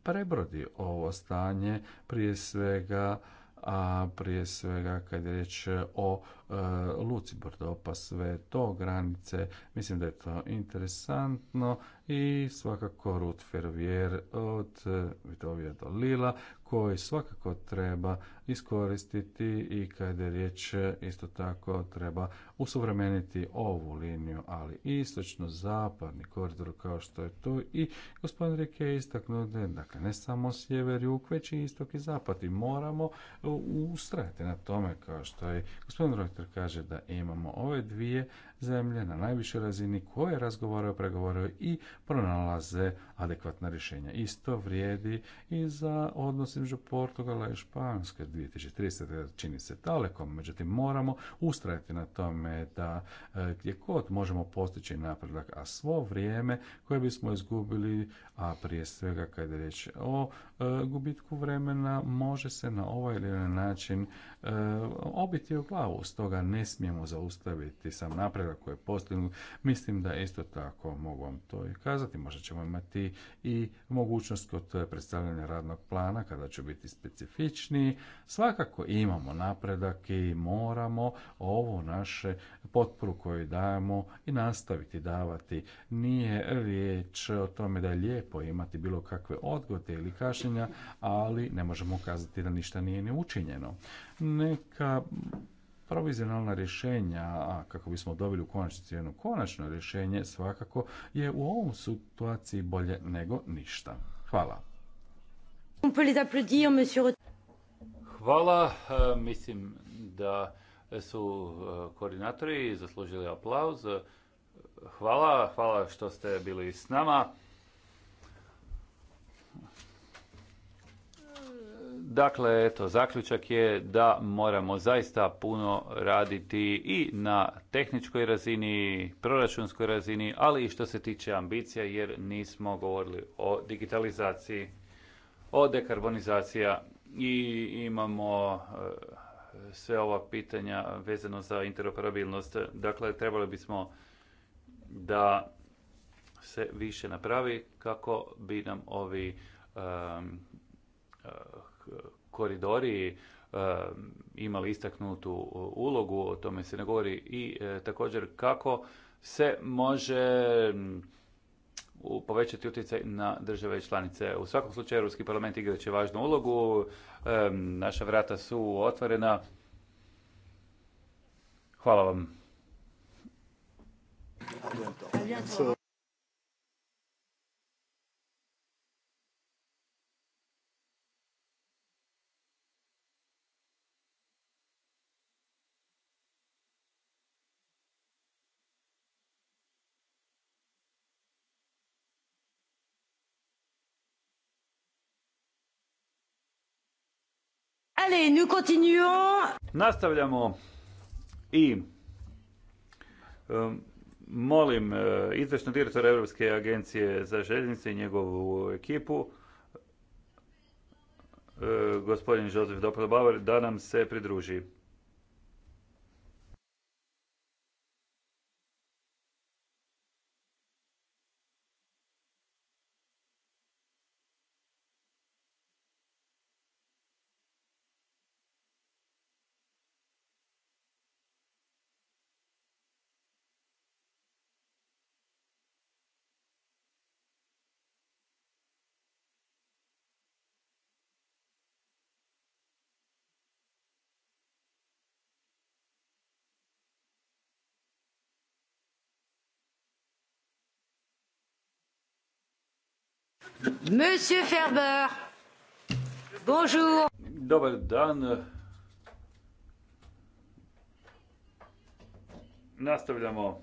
prebrodi ovo stanje, prije svega a prije svega kad je riječ o e, Luci pa sve to, granice. Mislim da je to interesantno i svakako Ruth Fervier od eh, Vitovija do Lila koji svakako treba iskoristiti i kada je riječ eh, isto tako treba usuvremeniti ovu liniju, ali istočno-zapadni koridor kao što je to i gospodin Rike je istaknuo dakle ne samo sjever, juk, već i istok i zapad i moramo eh, ustrajati na tome kao što je gospodin Reuter kaže da imamo ove dvije zemlje na najvišoj razini koje razgovaraju, pregovaraju i pronalaze adekvatna rješenja. Isto vrijedi i za odnos između Portugala i Španjolske 2030. čini se daleko, međutim moramo ustrajati na tome da e, gdje kod možemo postići napredak, a svo vrijeme koje bismo izgubili, a prije svega kada je riječ o e, gubitku vremena, može se na ovaj ili na način E, obiti u glavu. Stoga ne smijemo zaustaviti sam napredak koji je postignut. Mislim da isto tako mogu vam to i kazati. Možda ćemo imati i mogućnost kod predstavljanja radnog plana kada će biti specifičniji. Svakako imamo napredak i moramo ovo naše potporu koju dajemo i nastaviti davati. Nije riječ o tome da je lijepo imati bilo kakve odgode ili kašnjenja, ali ne možemo kazati da ništa nije ne učinjeno neka provizionalna rješenja, a kako bismo dobili u konačnici jedno konačno rješenje, svakako je u ovom situaciji bolje nego ništa. Hvala. Hvala, e, mislim da su e, koordinatori zaslužili aplauz. E, hvala, hvala što ste bili s nama. Dakle, eto, zaključak je da moramo zaista puno raditi i na tehničkoj razini, proračunskoj razini, ali i što se tiče ambicija, jer nismo govorili o digitalizaciji, o dekarbonizaciji i imamo e, sve ova pitanja vezano za interoperabilnost. Dakle, trebali bismo da se više napravi kako bi nam ovi e, koridori imali istaknutu ulogu, o tome se ne govori i e, također kako se može povećati utjecaj na države i članice. U svakom slučaju Europski parlament igraće važnu ulogu, naša vrata su otvorena. Hvala vam. Allez, nous continuons. Nastavljamo i e, molim uh, izvršnog direktora Europske agencije za željeznice i njegovu ekipu uh, gospodin Josef Doppelbauer da nam se pridruži. Monsieur Ferber, bonjour. Dobar dan. Nastavljamo.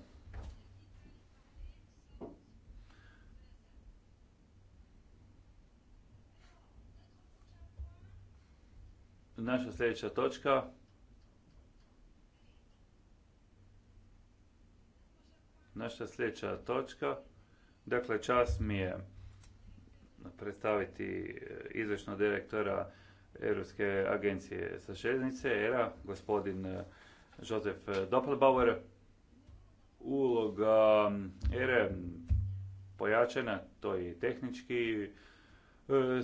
Naša sljedeća točka. Naša sljedeća točka. Dakle, čas mi je predstaviti e, izvršnog direktora Europske agencije sa željeznice, ERA, gospodin e, Josef e, Doppelbauer. Uloga ERA pojačena, to je tehnički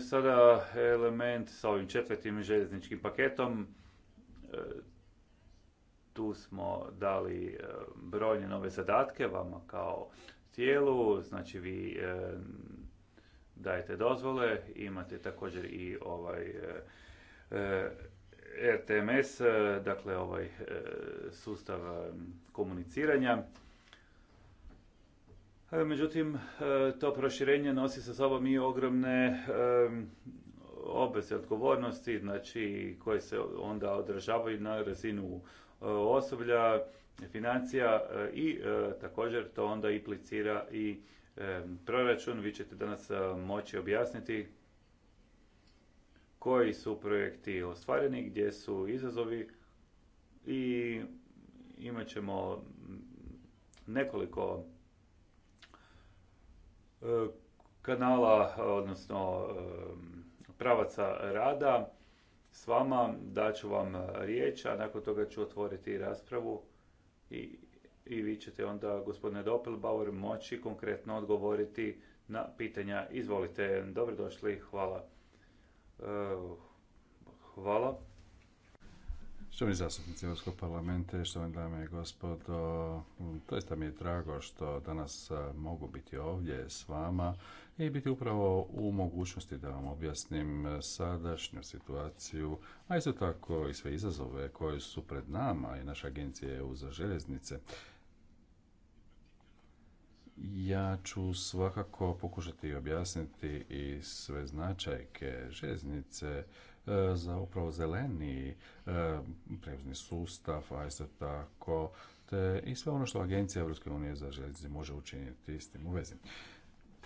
sada element sa ovim četvrtim željezničkim paketom. Tu smo dali brojne nove zadatke vama kao tijelu, znači vi dajete dozvole, imate također i ovaj e, e, RTMS, e, dakle ovaj sustav komuniciranja. Međutim, to proširenje nosi sa sobom i ogromne obveze odgovornosti, znači koje se onda održavaju na razinu osoblja, financija i također to onda implicira i proračun. Vi ćete danas moći objasniti koji su projekti ostvareni, gdje su izazovi i imat ćemo nekoliko e, kanala, odnosno e, pravaca rada s vama, daću vam riječ, a nakon toga ću otvoriti raspravu i i vi ćete onda, gospodine Doppelbauer, moći konkretno odgovoriti na pitanja. Izvolite, dobrodošli, hvala. E, hvala. Štovani zastupnici Europskog parlamenta, štovani dame i gospodo, doista mi je drago što danas e, mogu biti ovdje s vama i biti upravo u mogućnosti da vam objasnim e, sadašnju situaciju, a isto tako i sve izazove koji su pred nama i naša agencija EU za željeznice. Ja ću svakako pokušati objasniti i sve značajke željeznice e, za upravo zeleni e, prevozni sustav, a tako te i sve ono što Agencija Evropske unije za željeznice može učiniti s tim u vezi.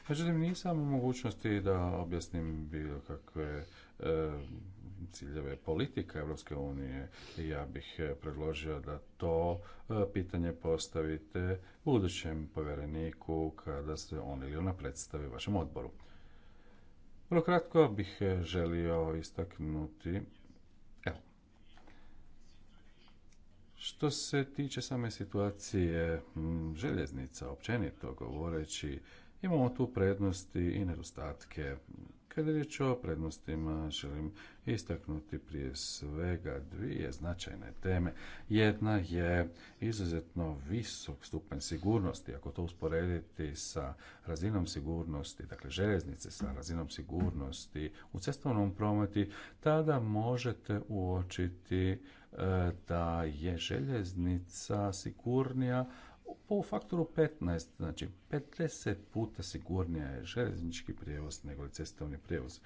Međutim, nisam u mogućnosti da objasnim bilo kakve e, ciljeve politika Europske unije i ja bih e, predložio da to e, pitanje postavite budućem povjereniku kada se on ili ona predstavi vašem odboru. Vrlo kratko bih e, želio istaknuti Što se tiče same situacije željeznica, općenito govoreći, imamo tu prednosti i nedostatke kada riječ o prednostima, želim istaknuti prije svega dvije značajne teme. Jedna je izuzetno visok stupanj sigurnosti, ako to usporediti sa razinom sigurnosti, dakle željeznice sa razinom sigurnosti u cestovnom prometu, tada možete uočiti e, da je željeznica sigurnija po faktoru 15, znači 50 puta sigurnija je željeznički prijevoz nego cestovni prijevoz.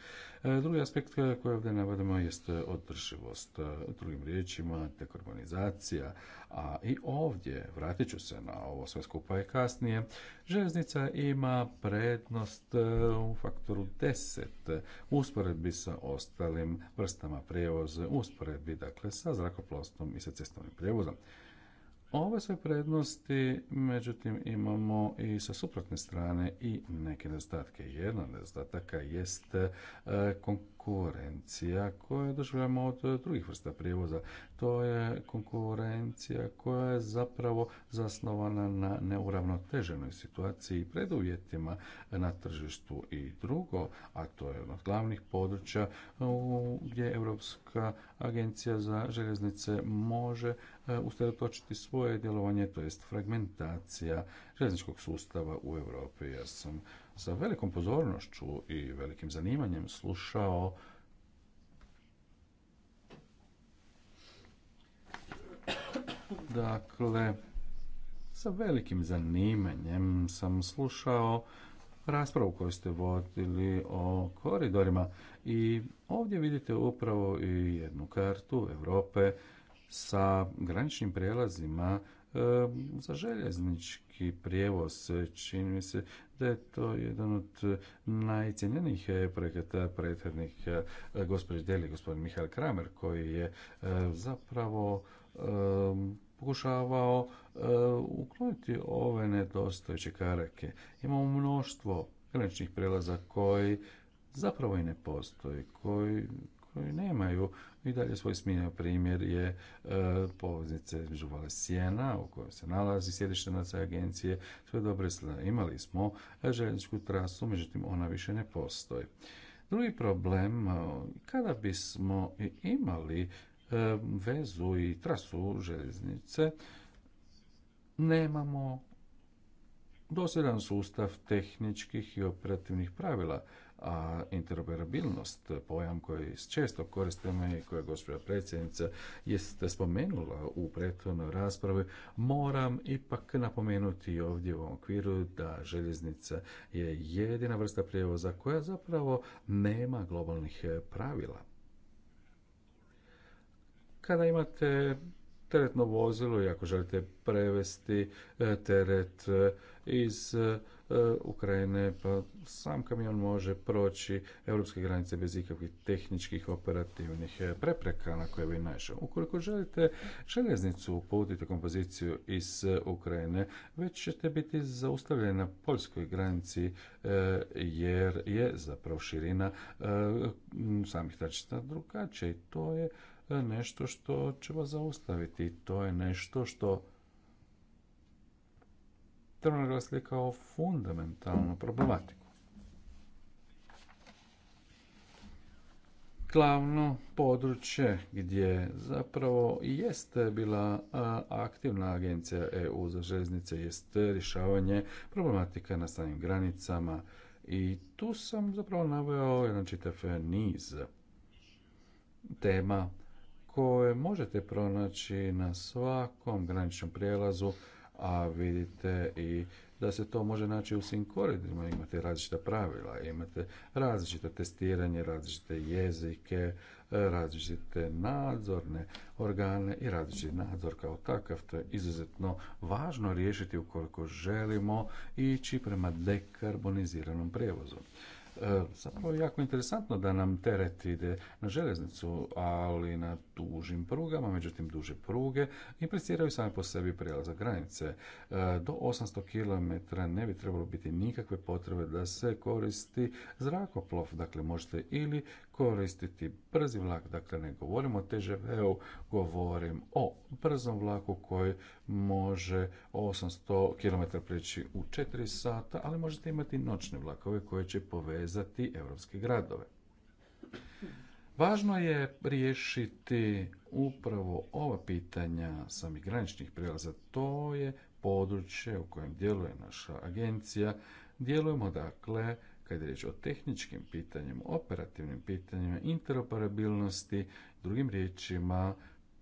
E, drugi aspekt koji ovdje navedemo jest održivost, e, drugim riječima dekarbonizacija, a i ovdje, vratit ću se na ovo sve skupa je kasnije, željeznica ima prednost e, u faktoru 10 usporedbi sa ostalim vrstama prijevoza, usporedbi dakle, sa zrakoplovstvom i sa cestovnim prijevozom. Ove sve prednosti, međutim, imamo i sa suprotne strane i neke nedostatke. Jedan od nedostataka jest e, konkurencija koju doživljamo od drugih vrsta prijevoza. To je konkurencija koja je zapravo zasnovana na neuravnoteženoj situaciji i preduvjetima na tržištu i drugo, a to je jedno od glavnih područja gdje Europska agencija za željeznice može E, usredotočiti svoje djelovanje, to jest fragmentacija željezničkog sustava u Europi. Ja sam sa velikom pozornošću i velikim zanimanjem slušao Dakle, sa velikim zanimanjem sam slušao raspravu koju ste vodili o koridorima i ovdje vidite upravo i jednu kartu Europe sa graničnim prijelazima e, za željeznički prijevoz. Čini mi se da je to jedan od najcjenjenijih e, projekata prethodnih e, gospođe Deli, gospodin Mihael Kramer, koji je zapravo pokušavao ukloniti ove nedostojeće karake. Imamo mnoštvo graničnih prijelaza koji zapravo i ne postoji, koji koji nemaju i dalje svoj smjenja. Primjer je e, poveznice između Sjena u kojoj se nalazi sjedište agencije. Sve dobre imali smo željezničku trasu, međutim ona više ne postoji. Drugi problem, e, kada bismo imali e, vezu i trasu željeznice, nemamo dosljedan sustav tehničkih i operativnih pravila a interoperabilnost, pojam koji često koristimo i koje gospođa predsjednica jeste spomenula u prethodnoj raspravi, moram ipak napomenuti ovdje u ovom okviru da željeznica je jedina vrsta prijevoza koja zapravo nema globalnih pravila. Kada imate teretno vozilo i ako želite prevesti e, teret e, iz E, Ukrajine, pa sam kamion može proći europske granice bez ikakvih tehničkih operativnih e, prepreka na koje bi naišao. Ukoliko želite željeznicu uputiti kompoziciju iz e, Ukrajine, već ćete biti zaustavljeni na poljskoj granici jer je zapravo širina samih tračnica drugačija i to je nešto što će vas zaustaviti. To je nešto što trebalo kao fundamentalnu problematiku. Glavno područje gdje zapravo jeste bila aktivna agencija EU za željeznice jeste rješavanje problematika na samim granicama i tu sam zapravo naveo jedan čitav niz tema koje možete pronaći na svakom graničnom prijelazu a vidite i da se to može naći u svim koridima. Imate različita pravila, imate različite testiranje, različite jezike, različite nadzorne organe i različiti nadzor kao takav. To je izuzetno važno riješiti ukoliko želimo ići prema dekarboniziranom prijevozu. E, zapravo jako interesantno da nam teret ide na železnicu, ali na dužim prugama, međutim duže pruge impliciraju same po sebi prijelaza granice. E, do 800 km ne bi trebalo biti nikakve potrebe da se koristi zrakoplov, dakle možete ili koristiti brzi vlak, dakle ne govorim o TGV-u, govorim o brzom vlaku koji može 800 km preći u 4 sata, ali možete imati noćne vlakove koje će povezati evropske gradove. Važno je riješiti upravo ova pitanja samih graničnih prijelaza. To je područje u kojem djeluje naša agencija. Djelujemo dakle kad je riječ o tehničkim pitanjima, operativnim pitanjima, interoperabilnosti, drugim riječima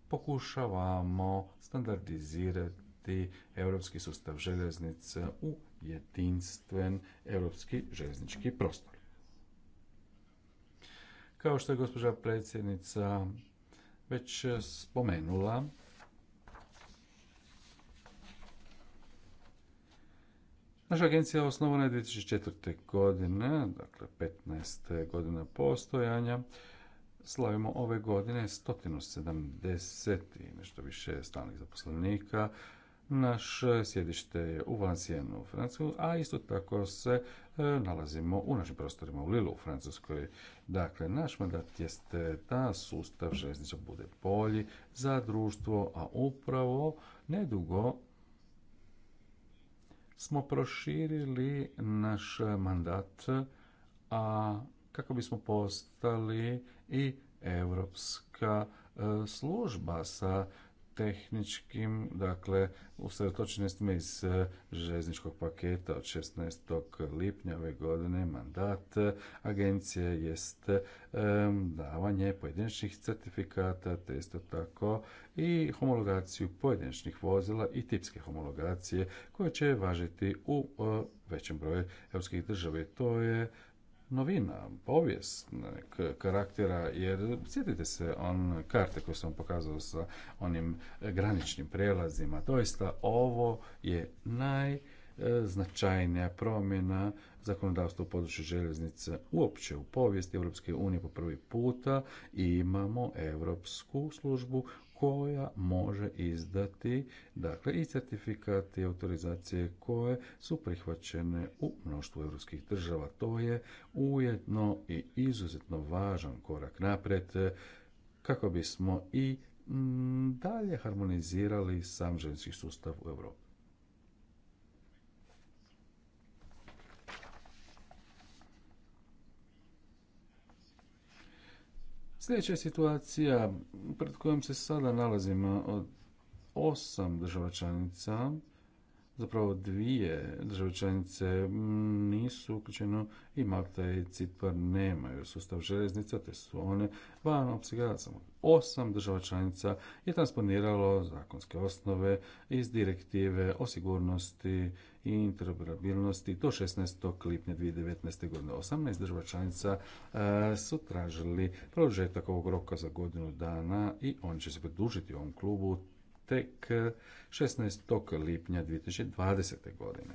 pokušavamo standardizirati europski sustav željeznica u jedinstven europski željeznički prostor. Kao što je gospođa predsjednica već spomenula, Naša agencija osnovana je 2004. godine, dakle 15 godina postojanja. Slavimo ove godine 170 i nešto više stalnih zaposlenika. Naš sjedište je u Valencijenu u Francuskoj, a isto tako se e, nalazimo u našim prostorima u Lilu u Francuskoj. Dakle, naš mandat jeste da sustav željeznica bude bolji za društvo, a upravo nedugo smo proširili naš mandat, a kako bismo postali i europska e, služba sa tehničkim, dakle, u smo iz e, željezničkog paketa od 16. lipnja ove godine. Mandat agencije jest e, davanje pojedinačnih certifikata, te isto tako i homologaciju pojedinačnih vozila i tipske homologacije koje će važiti u e, većem broju europskih država. To je novina, povijest karaktera, jer sjetite se on karte koje sam pokazao sa onim e, graničnim prijelazima. Doista ovo je najznačajnija promjena zakonodavstva u području željeznice uopće u povijesti Europske unije po prvi puta imamo Europsku službu koja može izdati dakle, i certifikati autorizacije koje su prihvaćene u mnoštvu europskih država. To je ujedno i izuzetno važan korak naprijed kako bismo i mm, dalje harmonizirali sam željeznički sustav u Europi. Sljedeća je situacija pred kojom se sada nalazimo od osam država članica zapravo dvije države članice nisu uključene i Malta i Cipar nemaju sustav željeznica, te su one van opsega samo osam država članica je transponiralo zakonske osnove iz direktive o sigurnosti i interoperabilnosti do 16. lipnja 2019. godine. 18 država članica e, su tražili produžetak ovog roka za godinu dana i oni će se produžiti ovom klubu tek 16. Eh, lipnja 2020. godine.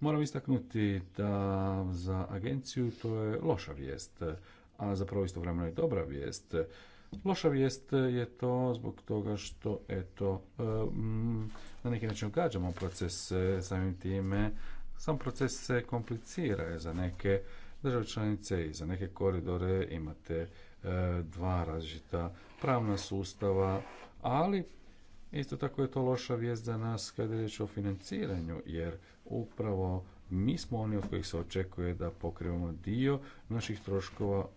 Moram istaknuti da za agenciju to je loša vijest, a zapravo istovremeno je dobra vijest. Loša vijest je to zbog toga što eto, eh, na neki način ugađamo proces samim time. Sam proces se komplicira za neke države članice i za neke koridore imate eh, dva različita pravna sustava ali isto tako je to loša vijest za nas kada je riječ o financiranju, jer upravo mi smo oni od kojih se očekuje da pokrivamo dio naših troškova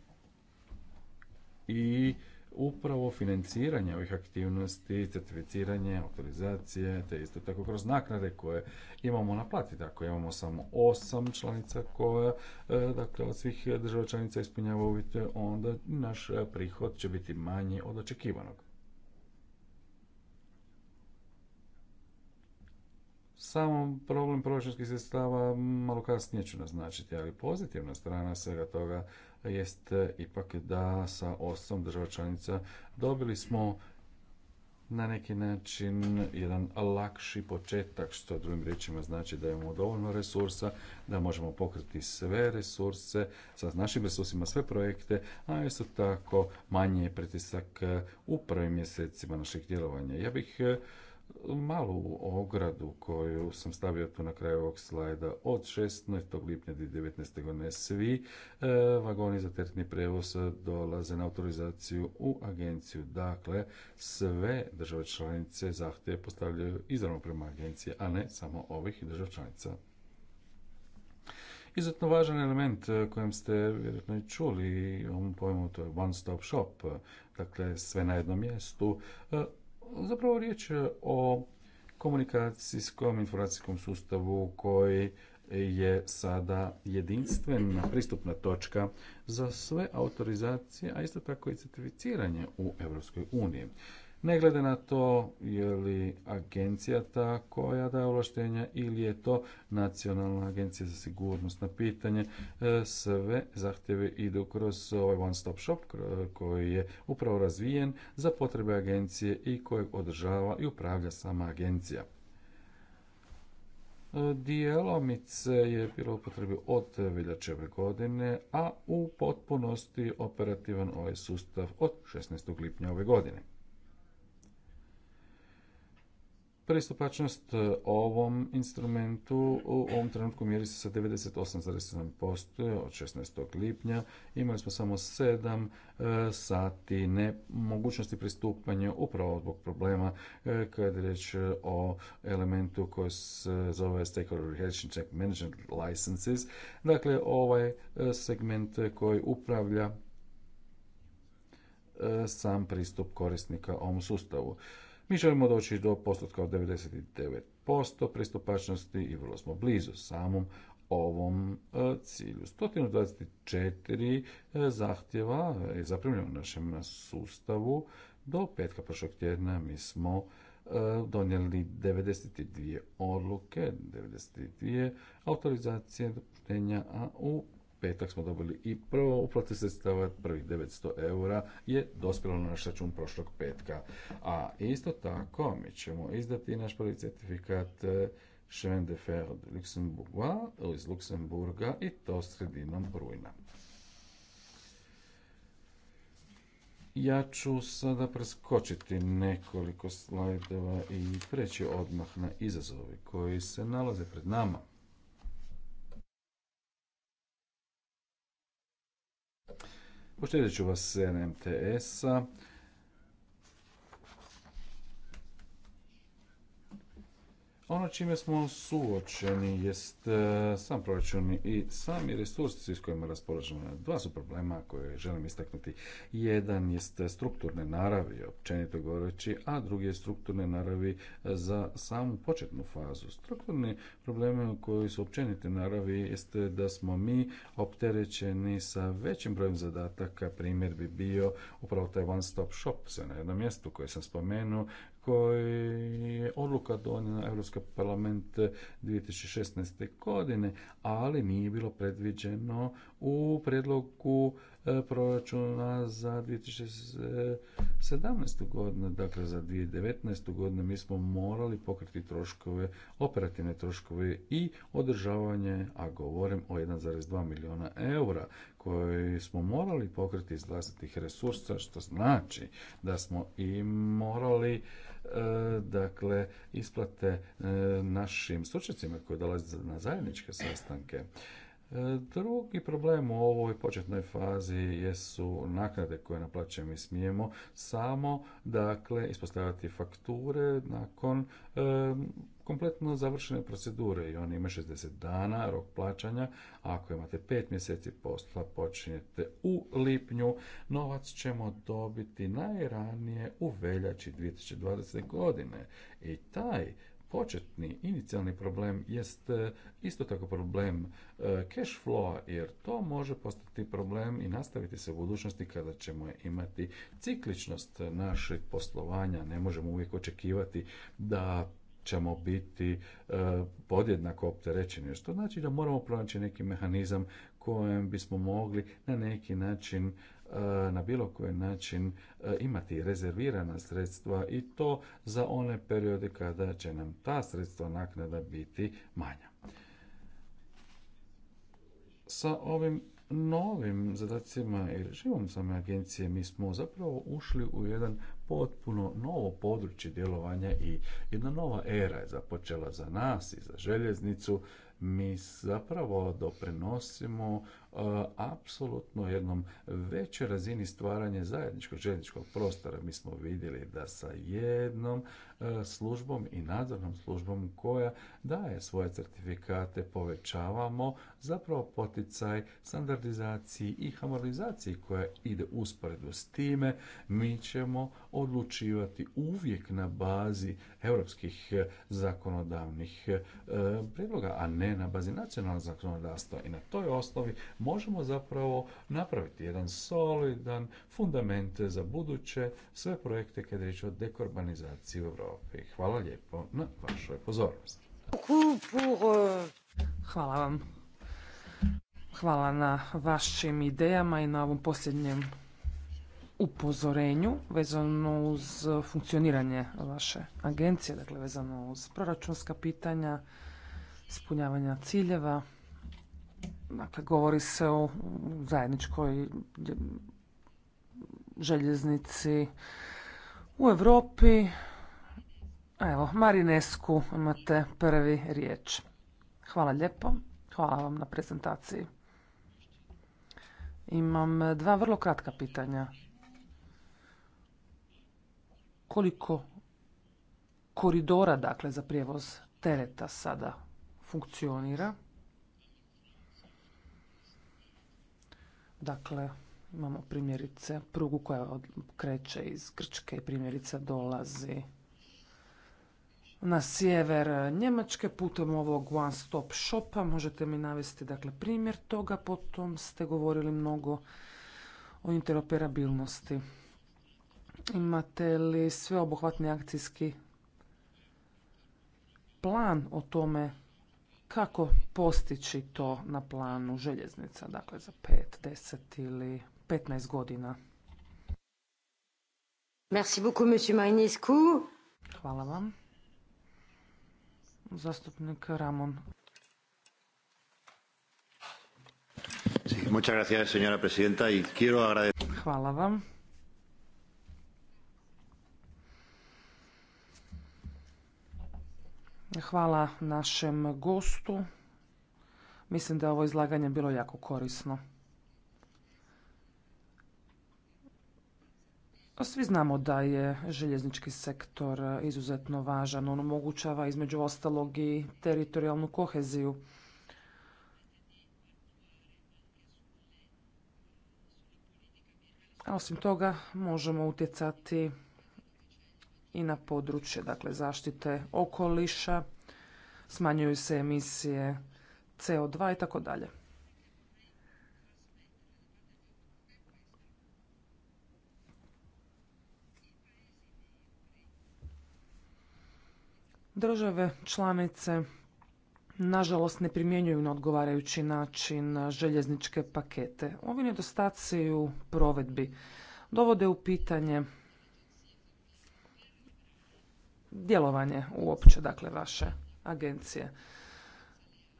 i upravo financiranje ovih aktivnosti, certificiranje, autorizacije, te isto tako kroz naknade koje imamo naplatiti. ako dakle, imamo samo osam članica koja, e, dakle, od svih država članica ispunjava uvjete, onda naš prihod će biti manji od očekivanog. Samo problem proračunskih sredstava malo kasnije ću naznačiti, ali pozitivna strana svega toga jest e, ipak da sa osam država članica dobili smo na neki način jedan lakši početak, što drugim riječima znači da imamo dovoljno resursa, da možemo pokriti sve resurse, sa našim resursima sve projekte, a isto tako manji je pritisak e, u prvim mjesecima naših djelovanja. Ja bih e, malu ogradu koju sam stavio tu na kraju ovog slajda od 16. lipnja 2019. godine svi e, vagoni za teretni prevoz dolaze na autorizaciju u agenciju. Dakle, sve države članice zahtjeve postavljaju izravno prema agenciji, a ne samo ovih država članica. Izuzetno važan element e, kojem ste vjerojatno i čuli, ovom pojmu to je one stop shop, dakle sve na jednom mjestu, e, zapravo riječ je o komunikacijskom informacijskom sustavu koji je sada jedinstvena pristupna točka za sve autorizacije, a isto tako i certificiranje u Europskoj uniji. Ne glede na to je li agencija ta koja daje ovlaštenja ili je to nacionalna agencija za sigurnost na pitanje, sve zahtjeve idu kroz ovaj One Stop Shop koji je upravo razvijen za potrebe agencije i kojeg održava i upravlja sama agencija. E, dijelomice je bilo potrebi od veljače ove godine, a u potpunosti operativan ovaj sustav od 16. lipnja ove godine. Pristupačnost e, ovom instrumentu u ovom trenutku mjeri se sa 98,7% od 16. lipnja. Imali smo samo 7 e, sati mogućnosti pristupanja upravo zbog problema e, kada je riječ o elementu koji se zove Stakeholder Relationship Check Management Licenses. Dakle, ovaj segment koji upravlja sam pristup korisnika ovom sustavu. Mi želimo doći do postotka od 99% pristupačnosti i vrlo smo blizu samom ovom e, cilju. 124 e, zahtjeva je zaprimljeno u našem sustavu. Do petka prošlog tjedna mi smo e, donijeli 92 odluke, 92 autorizacije dopuštenja, a u petak smo dobili i prvo uplate sredstava prvih 900 eura je dospjelo na naš račun prošlog petka. A isto tako mi ćemo izdati naš prvi certifikat eh, Chemin de Fer iz Luksemburga i to sredinom rujna. Ja ću sada preskočiti nekoliko slajdova i preći odmah na izazovi koji se nalaze pred nama. Poštedit ću vas NMTS-a. Ono čime smo suočeni jest e, sam proračun i sami resursi s kojima raspolažemo. Dva su problema koje želim istaknuti. Jedan jest strukturne naravi, općenito govoreći, a drugi je strukturne naravi e, za samu početnu fazu. Strukturni problemi koji su općenite naravi jeste da smo mi opterećeni sa većim brojem zadataka. Primjer bi bio upravo taj one stop shop se na jednom mjestu koje sam spomenuo koji je odluka na Europski parlament 2016. godine, ali nije bilo predviđeno u predlogu e, proračuna za 2017. godinu, dakle za 2019. godinu mi smo morali pokriti troškove, operativne troškove i održavanje, a govorim o 1,2 milijuna eura koji smo morali pokriti iz vlastitih resursa, što znači da smo i morali e, dakle isplate e, našim stručnjacima koji dolaze na zajedničke sastanke E, drugi problem u ovoj početnoj fazi jesu naknade koje naplaćujemo. i smijemo samo dakle, ispostavljati fakture nakon e, kompletno završene procedure i on ima 60 dana rok plaćanja. Ako imate 5 mjeseci posla, počinjete u lipnju. Novac ćemo dobiti najranije u veljači 2020. godine. I taj početni inicijalni problem jest e, isto tako problem e, cash flow jer to može postati problem i nastaviti se u budućnosti kada ćemo imati cikličnost našeg poslovanja. Ne možemo uvijek očekivati da ćemo biti e, podjednako opterećeni. Što znači da moramo pronaći neki mehanizam kojem bismo mogli na neki način Eh, na bilo koji način eh, imati rezervirana sredstva i to za one periode kada će nam ta sredstva naknada biti manja. Sa ovim novim zadacima i režimom same agencije mi smo zapravo ušli u jedan potpuno novo područje djelovanja i jedna nova era je započela za nas i za željeznicu. Mi zapravo doprinosimo apsolutno jednom većoj razini stvaranje zajedničkog željezničkog prostora. Mi smo vidjeli da sa jednom E, službom i nadzornom službom koja daje svoje certifikate, povećavamo zapravo poticaj standardizaciji i harmonizaciji koja ide usporedu s time. Mi ćemo odlučivati uvijek na bazi europskih zakonodavnih e, prijedloga, a ne na bazi nacionalnog zakonodavstva. I na toj osnovi možemo zapravo napraviti jedan solidan fundament za buduće sve projekte kada je riječ o dekorbanizaciji u Europi. Hvala lijepo na vašoj pozornosti. Hvala vam. Hvala na vašim idejama i na ovom posljednjem upozorenju vezano uz funkcioniranje vaše agencije, dakle vezano uz proračunska pitanja, ispunjavanja ciljeva. Dakle, govori se o zajedničkoj željeznici u Europi, Evo, Marinesku imate prvi riječ. Hvala lijepo. Hvala vam na prezentaciji. Imam e, dva vrlo kratka pitanja. Koliko koridora, dakle, za prijevoz tereta sada funkcionira? Dakle, imamo primjerice prugu koja kreće iz Grčke i primjerice dolazi na sjever Njemačke putem ovog one stop shopa. Možete mi navesti dakle, primjer toga, potom ste govorili mnogo o interoperabilnosti. Imate li sveobuhvatni akcijski plan o tome kako postići to na planu željeznica, dakle za 5, 10 ili 15 godina? Merci beaucoup, monsieur Marinescu. Hvala vam. Zastupnik Ramon. Hvala vam. Hvala našem gostu. Mislim da je ovo izlaganje bilo jako korisno. Pa svi znamo da je željeznički sektor izuzetno važan. On omogućava između ostalog i teritorijalnu koheziju. A osim toga možemo utjecati i na područje dakle, zaštite okoliša, smanjuju se emisije CO2 i tako dalje. Države članice nažalost ne primjenjuju na odgovarajući način željezničke pakete. Ovi nedostaci u provedbi dovode u pitanje djelovanje uopće dakle vaše agencije.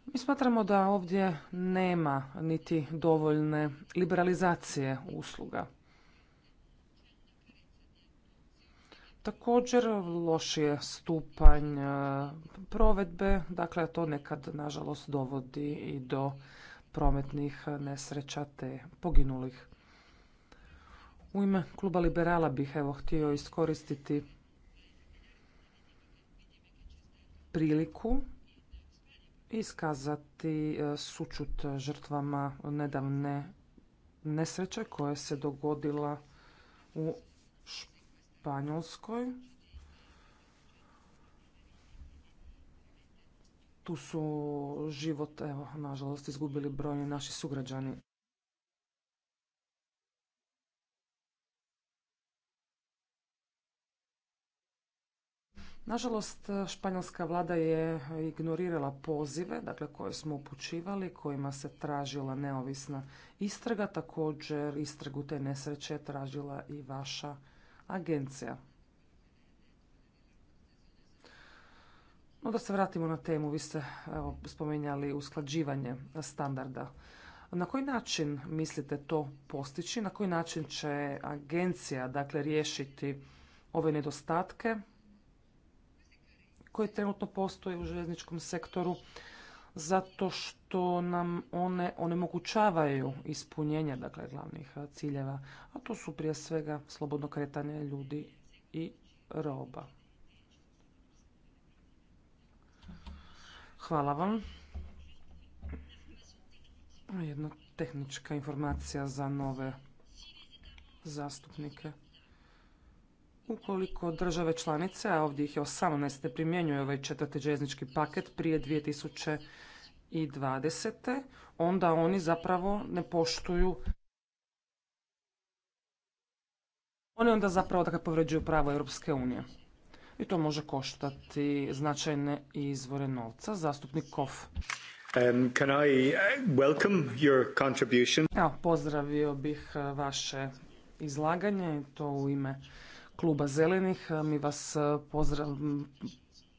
Mi smatramo da ovdje nema niti dovoljne liberalizacije usluga. Također loš je stupanj provedbe, dakle to nekad nažalost dovodi i do prometnih nesreća te poginulih. U ime kluba liberala bih evo htio iskoristiti priliku iskazati e, sučut žrtvama nedavne nesreće koja se dogodila u Španjolskoj Španjolskoj. Tu su život, evo, nažalost, izgubili brojni naši sugrađani. Nažalost, španjolska vlada je ignorirala pozive dakle, koje smo upućivali, kojima se tražila neovisna istraga. Također, istragu te nesreće tražila i vaša agencija. No da se vratimo na temu, vi ste evo, spominjali usklađivanje standarda. Na koji način mislite to postići? Na koji način će agencija dakle, riješiti ove nedostatke koje trenutno postoje u željezničkom sektoru? zato što nam one onemogućavaju ispunjenje dakle, glavnih ciljeva, a to su prije svega slobodno kretanje ljudi i roba. Hvala vam. Jedna tehnička informacija za nove zastupnike. Ukoliko države članice, a ovdje ih je 18, ne primjenjuje ovaj četvrti željeznički paket prije 2020. onda oni zapravo ne poštuju oni onda zapravo dakle povređuju pravo Europske unije. I to može koštati značajne izvore novca. Zastupnik Kof. Um, uh, Evo, pozdravio bih uh, vaše izlaganje, to u ime kluba Zelenih. E, mi vas e,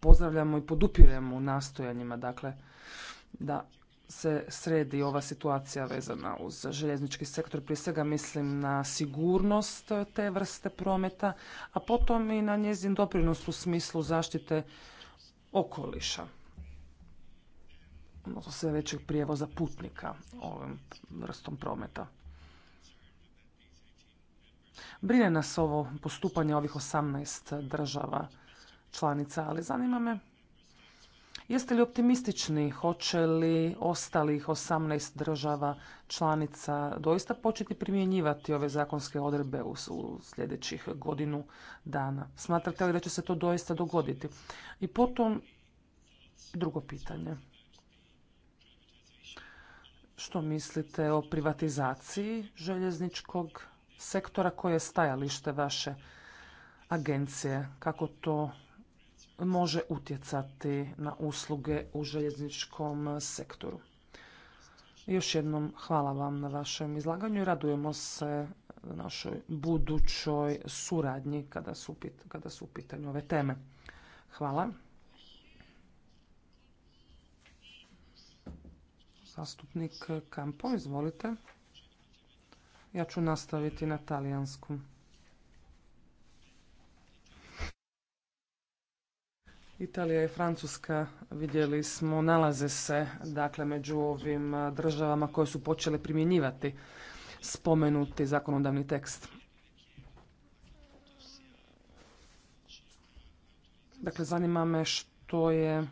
pozdravljamo i podupiremo u nastojanjima dakle, da se sredi ova situacija vezana uz željeznički sektor. Prije svega mislim na sigurnost te vrste prometa, a potom i na njezin doprinos u smislu zaštite okoliša sve većeg prijevoza putnika ovim vrstom prometa. Brine nas ovo postupanje ovih 18 država članica, ali zanima me jeste li optimistični, hoće li ostalih 18 država članica doista početi primjenjivati ove zakonske odredbe u sljedećih godinu dana? Smatrate li da će se to doista dogoditi? I potom drugo pitanje. Što mislite o privatizaciji željezničkog sektora, koje je stajalište vaše agencije, kako to može utjecati na usluge u željezničkom sektoru. Još jednom hvala vam na vašem izlaganju i radujemo se našoj budućoj suradnji kada su, kada su u pitanju ove teme. Hvala. Zastupnik Kampo, izvolite. Ja ću nastaviti na talijanskom. Italija i Francuska, vidjeli smo, nalaze se dakle među ovim državama koje su počele primjenjivati spomenuti zakonodavni tekst. Dakle, zanima me što je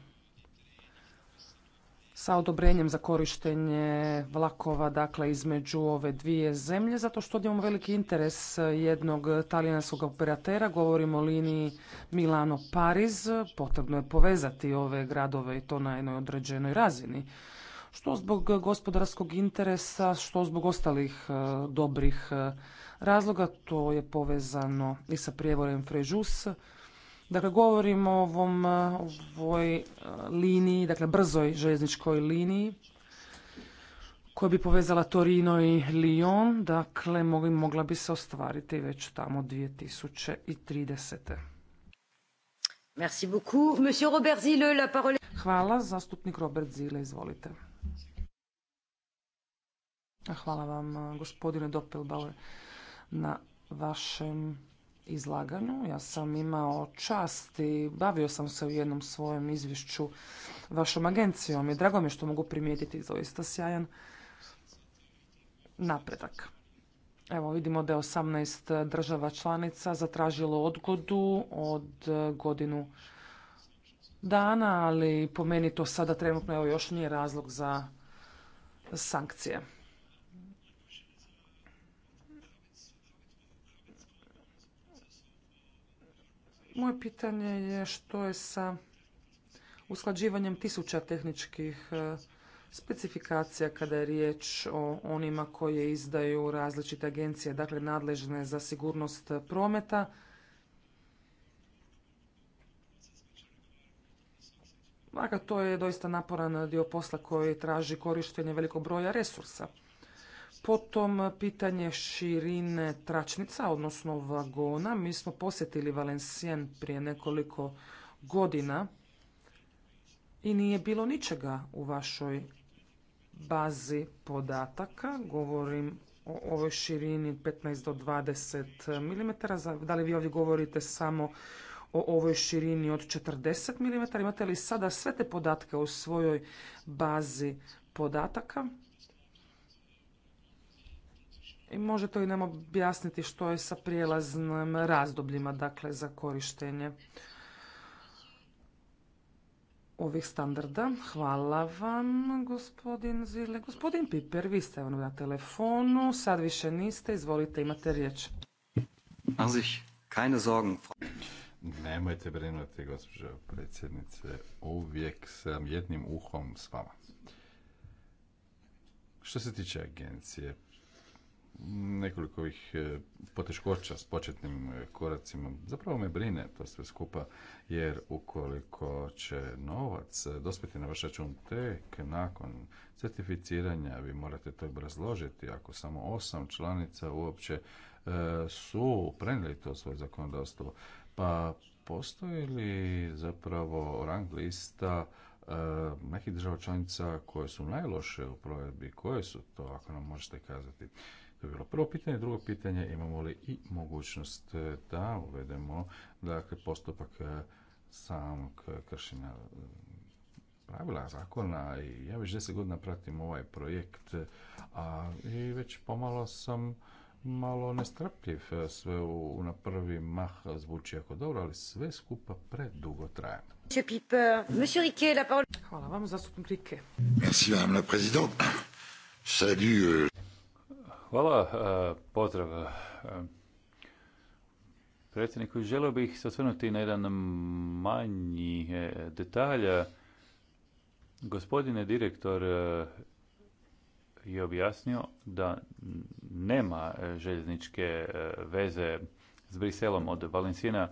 sa odobrenjem za korištenje vlakova dakle između ove dvije zemlje zato što imamo veliki interes eh, jednog talijanskog operatera, govorimo o liniji Milano-Pariz, potrebno je povezati ove gradove i to na jednoj određenoj razini. Što zbog gospodarskog interesa, što zbog ostalih eh, dobrih eh, razloga, to je povezano i sa prijevorem Frejus. Dakle, govorimo o ovom, e, ovoj e, liniji, dakle brzoj željezničkoj liniji koja bi povezala Torino i Lyon, dakle mogla bi se ostvariti već tamo 2030. Merci beaucoup. Monsieur Robert Zille, la parole... Hvala, zastupnik Robert Zile, izvolite. Hvala vam, gospodine Doppelbauer, na vašem izlaganju. Ja sam imao čast i bavio sam se u jednom svojem izvješću vašom agencijom i drago mi je što mogu primijetiti zaista sjajan napredak. Evo vidimo da je 18 država članica zatražilo odgodu od godinu dana, ali po meni to sada trenutno evo još nije razlog za sankcije. Moje pitanje je što je sa usklađivanjem tisuća tehničkih e, specifikacija kada je riječ o onima koje izdaju različite agencije, dakle nadležne za sigurnost prometa. Dakle, to je doista naporan dio posla koji traži korištenje velikog broja resursa. Potom pitanje širine tračnica, odnosno vagona. Mi smo posjetili Valencijen prije nekoliko godina i nije bilo ničega u vašoj bazi podataka. Govorim o ovoj širini 15 do 20 mm. Da li vi ovdje govorite samo o ovoj širini od 40 mm? Imate li sada sve te podatke u svojoj bazi podataka? I možete i nam objasniti što je sa prijelaznim razdobljima, dakle, za korištenje ovih standarda. Hvala vam, gospodin Zile. Gospodin Piper, vi ste ono na telefonu, sad više niste, izvolite, imate riječ. Nemojte brinuti, gospođo predsjednice, uvijek sam jednim uhom s vama. Što se tiče agencije, nekoliko ovih e, poteškoća s početnim e, koracima. Zapravo me brine to sve skupa, jer ukoliko će novac e, dospjeti na vaš račun tek nakon certificiranja, vi morate to obrazložiti ako samo osam članica uopće su prenijeli to svoje zakonodavstvo, pa postoji li zapravo rang lista nekih država članica koje su najloše u provedbi, koje su to, ako nam možete kazati. To je bilo prvo pitanje. Drugo pitanje, imamo li i mogućnost e, da uvedemo dakle, postupak e, samog kršenja e, pravila zakona i ja već deset godina pratim ovaj projekt a i već pomalo sam malo nestrpljiv sve u, na prvi mah zvuči jako dobro, ali sve skupa predugo traje. Hvala vam, zastupnik Rike. Merci, madame la présidente. Salut. Euh, Hvala, e, pozdrav e, predsjedniku. Želio bih se osvrnuti na jedan manji e, detalj. Gospodine direktor je objasnio da nema željezničke veze s Briselom od Valencina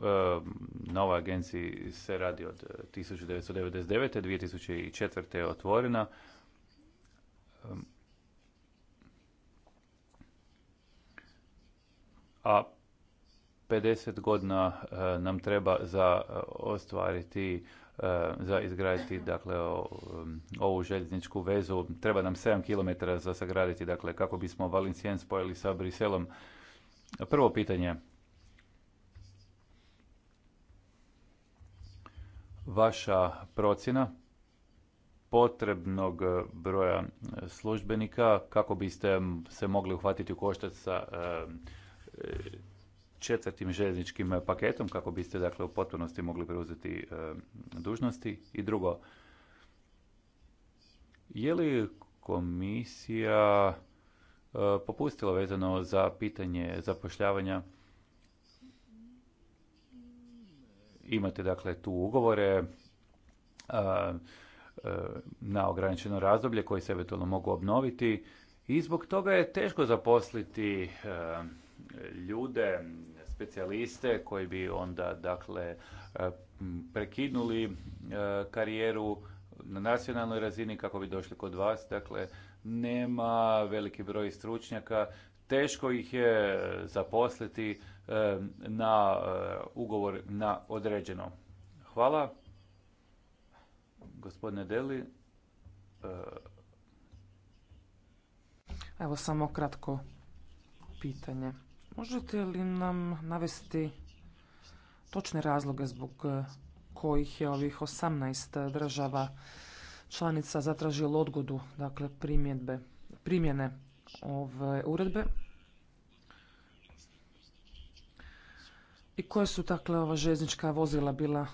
Eh, na ovoj agenciji se radi od 1999. Eh, 2004. je otvorena. Eh, a 50 godina nam treba za ostvariti za izgraditi dakle ovu željezničku vezu. Treba nam 7 km za sagraditi dakle kako bismo Valencijen spojili sa Briselom. Prvo pitanje vaša procjena potrebnog broja službenika kako biste se mogli uhvatiti u koštac sa eh, četvrtim željezničkim paketom kako biste dakle u potpunosti mogli preuzeti eh, dužnosti i drugo je li komisija eh, popustila vezano za pitanje zapošljavanja Imate dakle tu ugovore na ograničeno razdoblje koji se eventualno mogu obnoviti i zbog toga je teško zaposliti ljude, specijaliste koji bi onda dakle prekinuli karijeru na nacionalnoj razini kako bi došli kod vas. Dakle, nema veliki broj stručnjaka, teško ih je zaposliti na eh, ugovor na određeno. Hvala. Gospodine Deli. Eh. Evo samo kratko pitanje. Možete li nam navesti točne razloge zbog eh, kojih je ovih 18 država članica zatražilo odgodu, dakle primjene ove uredbe I koje su dakle ova željeznička vozila bila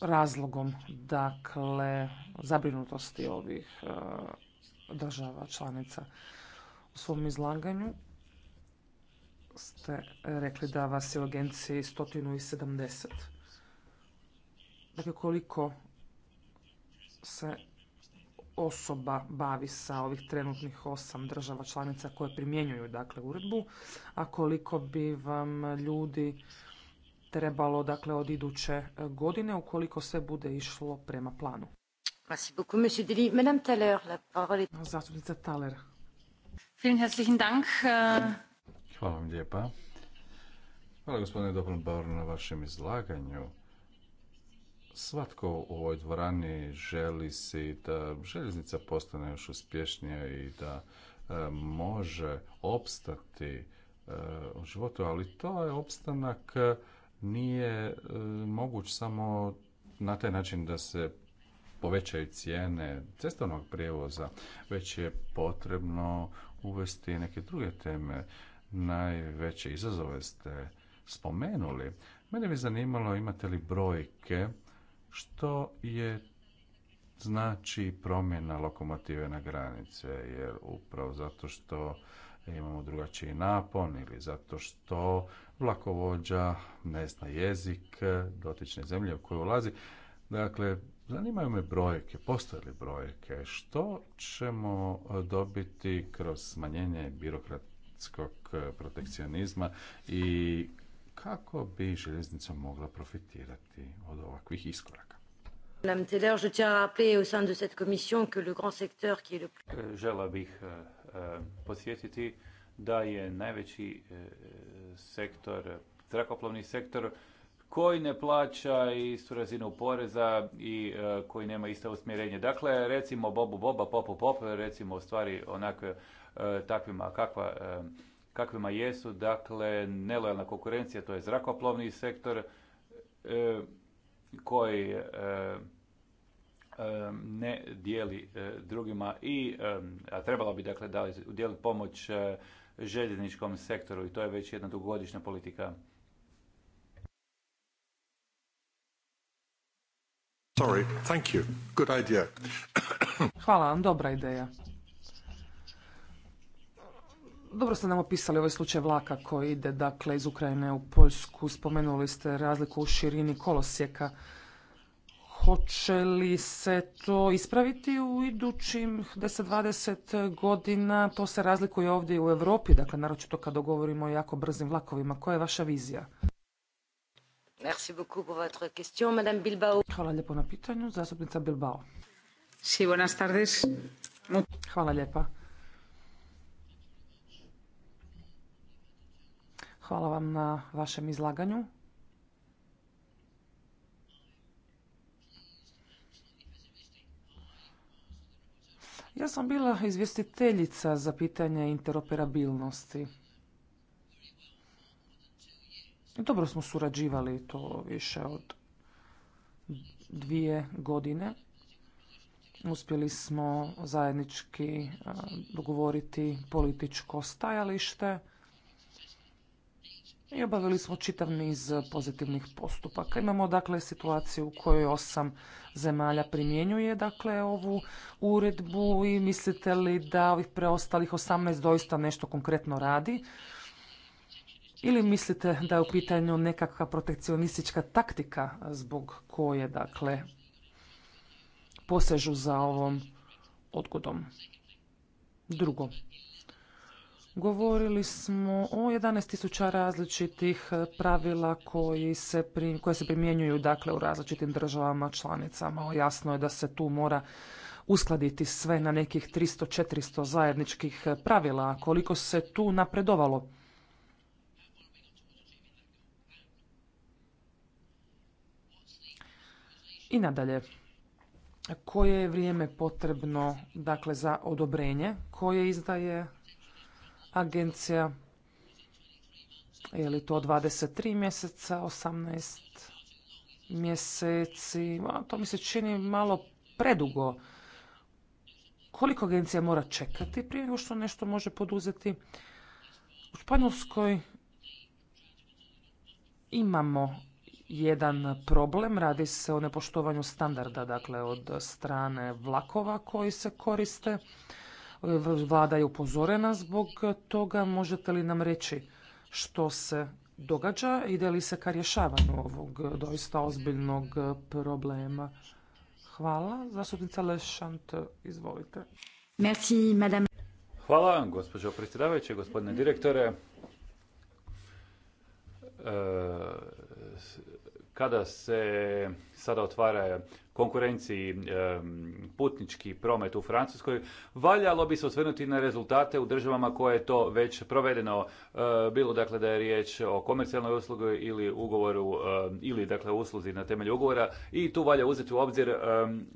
razlogom dakle zabrinutosti ovih e, država članica. U svom izlaganju ste rekli da vas je u agenciji 170. Dakle, koliko se osoba bavi sa ovih trenutnih osam država članica koje primjenjuju dakle uredbu, a koliko bi vam ljudi trebalo dakle od iduće godine ukoliko sve bude išlo prema planu. Hvala vam lijepa. Hvala gospodine na vašem izlaganju svatko u ovoj dvorani želi si da željeznica postane još uspješnija i da e, može opstati e, u životu, ali to je opstanak e, nije moguć samo na taj način da se povećaju cijene cestovnog prijevoza, već je potrebno uvesti neke druge teme. Najveće izazove ste spomenuli. Mene bi zanimalo imate li brojke što je znači promjena lokomotive na granice, jer upravo zato što imamo drugačiji napon ili zato što vlakovođa ne zna jezik dotične zemlje u koju ulazi. Dakle, zanimaju me brojke, postoje li brojke, što ćemo dobiti kroz smanjenje birokratskog protekcionizma i kako bi željeznica mogla profitirati od ovakvih iskoraka. Madame Teller, je tiens à rappeler au sein grand eh, Žela bih eh, eh, podsjetiti da je najveći sektor, zrakoplovni sektor, koji ne plaća istu razinu poreza i koji nema isto usmjerenje. Dakle, recimo Bobu Boba, Popu Pop, recimo stvari onakve takvima kakva kakvima jesu, dakle, nelojalna konkurencija, to je zrakoplovni sektor e, koji e, e, ne dijeli drugima i a trebalo bi dakle da dijeliti pomoć željezničkom sektoru i to je već jedna dugogodišnja politika. Sorry, thank you. Good idea. Hvala vam, dobra ideja dobro ste nam opisali ovaj slučaj vlaka koji ide dakle iz Ukrajine u Poljsku. Spomenuli ste razliku u širini kolosijeka. Hoće li se to ispraviti u idućim 10-20 godina? To se razlikuje ovdje u Europi, dakle naročito kad govorimo o jako brzim vlakovima. Koja je vaša vizija? Merci Hvala lijepo na pitanju. Zastupnica Bilbao. Hvala lijepa. Hvala vam na vašem izlaganju. Ja sam bila izvjestiteljica za pitanje interoperabilnosti. Dobro smo surađivali to više od dvije godine. Uspjeli smo zajednički dogovoriti političko stajalište i obavili smo čitav niz pozitivnih postupaka. Imamo dakle situaciju u kojoj osam zemalja primjenjuje dakle ovu uredbu i mislite li da ovih preostalih 18 doista nešto konkretno radi? Ili mislite da je u pitanju nekakva protekcionistička taktika zbog koje dakle posežu za ovom odgodom? Drugo, Govorili smo o 11.000 različitih e, pravila koji se koje se primjenjuju dakle u različitim državama članicama. Jasno je da se tu mora uskladiti sve na nekih 300-400 zajedničkih e, pravila. Koliko se tu napredovalo? I nadalje, koje je vrijeme potrebno dakle, za odobrenje koje izdaje agencija. Je li to 23 mjeseca, 18 mjeseci? To mi se čini malo predugo. Koliko agencija mora čekati prije nego što nešto može poduzeti? U Španjolskoj imamo jedan problem, radi se o nepoštovanju standarda, dakle od strane vlakova koji se koriste. Vlada je upozorena zbog toga. Možete li nam reći što se događa? da li se ka rješavanju ovog doista ozbiljnog problema? Hvala. Zastupnica Lešant, izvolite. Merci, madame. Hvala, gospođo predsjedavajuće, gospodine direktore. E, kada se sada otvara konkurenciji putnički promet u Francuskoj, valjalo bi se osvrnuti na rezultate u državama koje je to već provedeno, e, bilo dakle da je riječ o komercijalnoj uslugi ili ugovoru e, ili dakle usluzi na temelju ugovora i tu valja uzeti u obzir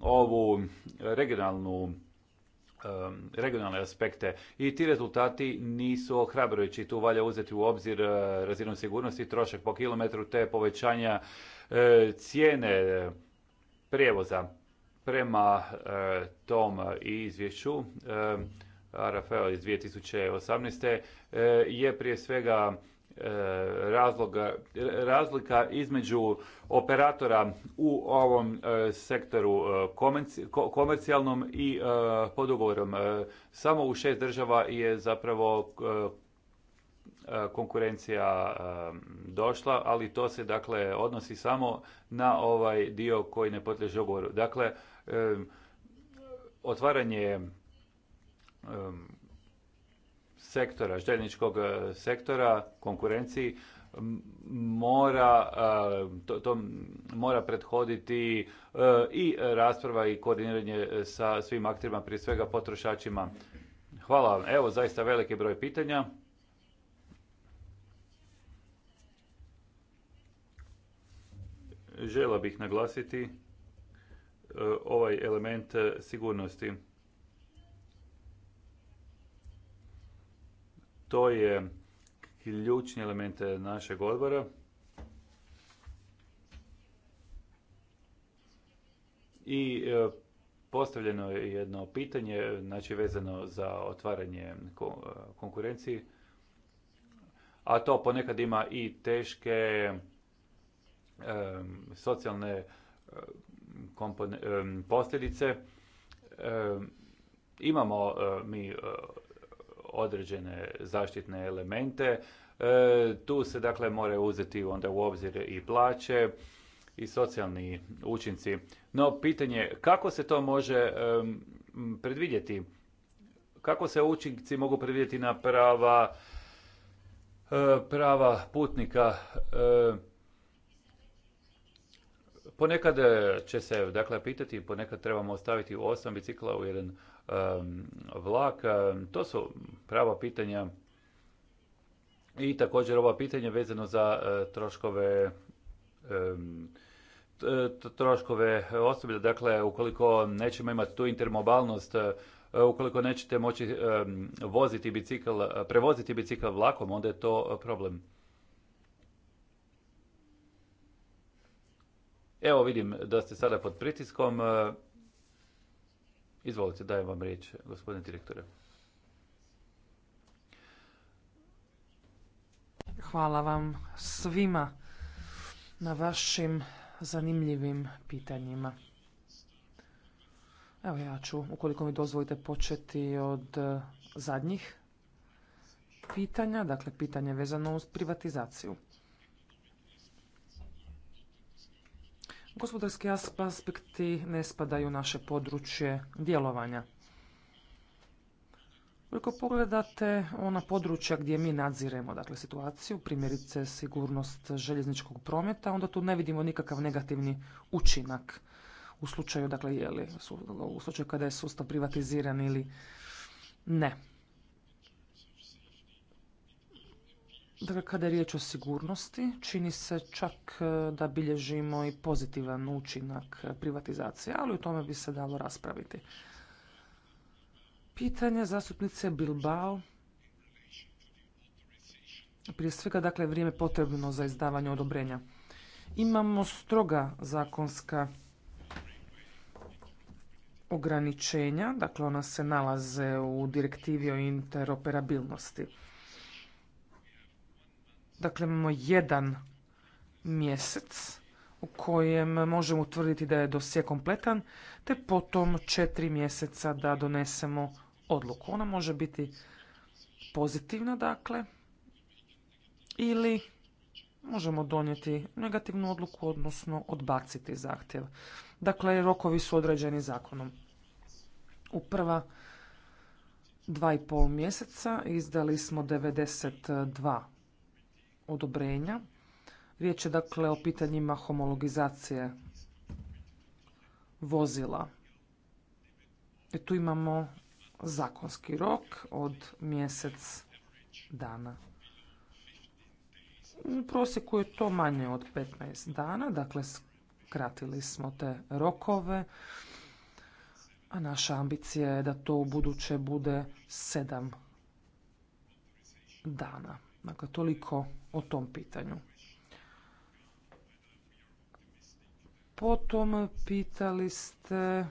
ovu regionalnu regionalne aspekte i ti rezultati nisu ohrabrujući. Tu valja uzeti u obzir e, razinu sigurnosti, trošak po kilometru te povećanja cijene prijevoza. Prema e, tom izvješću e, Rafael iz 2018. E, je prije svega e, razloga, razlika između operatora u ovom e, sektoru komercijalnom i podugovorom. Samo u šest država je zapravo E, konkurencija e, došla, ali to se dakle odnosi samo na ovaj dio koji ne podliježe ugovoru. Dakle, e, otvaranje sektora, željezničkog sektora, konkurenciji, mora, to, to mora prethoditi i rasprava i koordiniranje sa svim akterima, prije svega potrošačima. Hvala vam. Evo, zaista veliki broj pitanja. žela bih naglasiti e, ovaj element e, sigurnosti. To je ključni element e, našeg odbora. I postavljeno je jedno pitanje, znači vezano za otvaranje konkurenciji, a to ponekad ima i teške socijalne eh, posljedice. Imamo eh, mi eh, određene zaštitne elemente. Tu se dakle mora uzeti onda u obzir i plaće i socijalni učinci. No pitanje kako se to može predvidjeti? Kako se učinci mogu predvidjeti na prava prava putnika Ponekad e, će se dakle, pitati, ponekad trebamo ostaviti osam bicikla u jedan vlak. E, to su prava pitanja i također ova pitanja vezano za uh, troškove um, troškove osoblja. Dakle, ukoliko nećemo imati tu intermobalnost, ukoliko nećete moći voziti bicikl, prevoziti bicikl vlakom, onda je to problem. Evo vidim da ste sada pod pritiskom. E, izvolite, dajem vam riječ, gospodine direktore. Hvala vam svima na vašim zanimljivim pitanjima. Evo ja ću, ukoliko mi dozvolite, početi od zadnjih pitanja, dakle pitanje vezano uz privatizaciju. Gospodarski aspekti ne spadaju u naše područje djelovanja. Koliko pogledate ona područja gdje mi nadziremo dakle, situaciju, primjerice sigurnost željezničkog prometa, onda tu ne vidimo nikakav negativni učinak u slučaju, dakle, u slučaju kada je sustav privatiziran ili ne. Dakle, kada je riječ o sigurnosti, čini se čak e, da bilježimo i pozitivan učinak privatizacije, ali o tome bi se dalo raspraviti. Pitanje zastupnice Bilbao. Prije svega, dakle, vrijeme potrebno za izdavanje odobrenja. Imamo stroga zakonska ograničenja, dakle ona se nalaze u direktivi o interoperabilnosti. Dakle, imamo jedan mjesec u kojem možemo utvrditi da je dosje kompletan, te potom četiri mjeseca da donesemo odluku. Ona može biti pozitivna, dakle, ili možemo donijeti negativnu odluku, odnosno odbaciti zahtjev. Dakle, rokovi su određeni zakonom. U prva dva i pol mjeseca izdali smo 92 odobrenja. Riječ je dakle o pitanjima homologizacije vozila. I tu imamo zakonski rok od mjesec dana. U prosjeku je to manje od 15 dana, dakle skratili smo te rokove, a naša ambicija je da to u buduće bude 7 dana. Dakle, toliko o tom pitanju. Potom pitali ste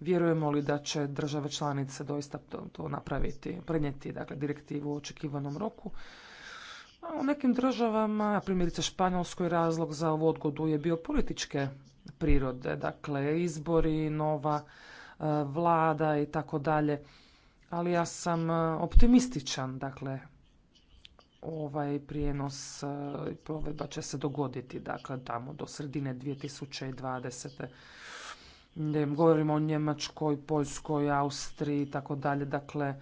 vjerujemo li da će države članice doista to napraviti, prenijeti dakle, direktivu u očekivanom roku. u nekim državama, primjerice Španjolskoj, razlog za ovu odgodu je bio političke prirode, dakle izbori, nova e, vlada i tako dalje. Ali ja sam e, optimističan, dakle ovaj prijenos i e, provedba će se dogoditi, dakle tamo do sredine 2020. Ne govorimo o Njemačkoj, Poljskoj, Austriji i tako dalje, dakle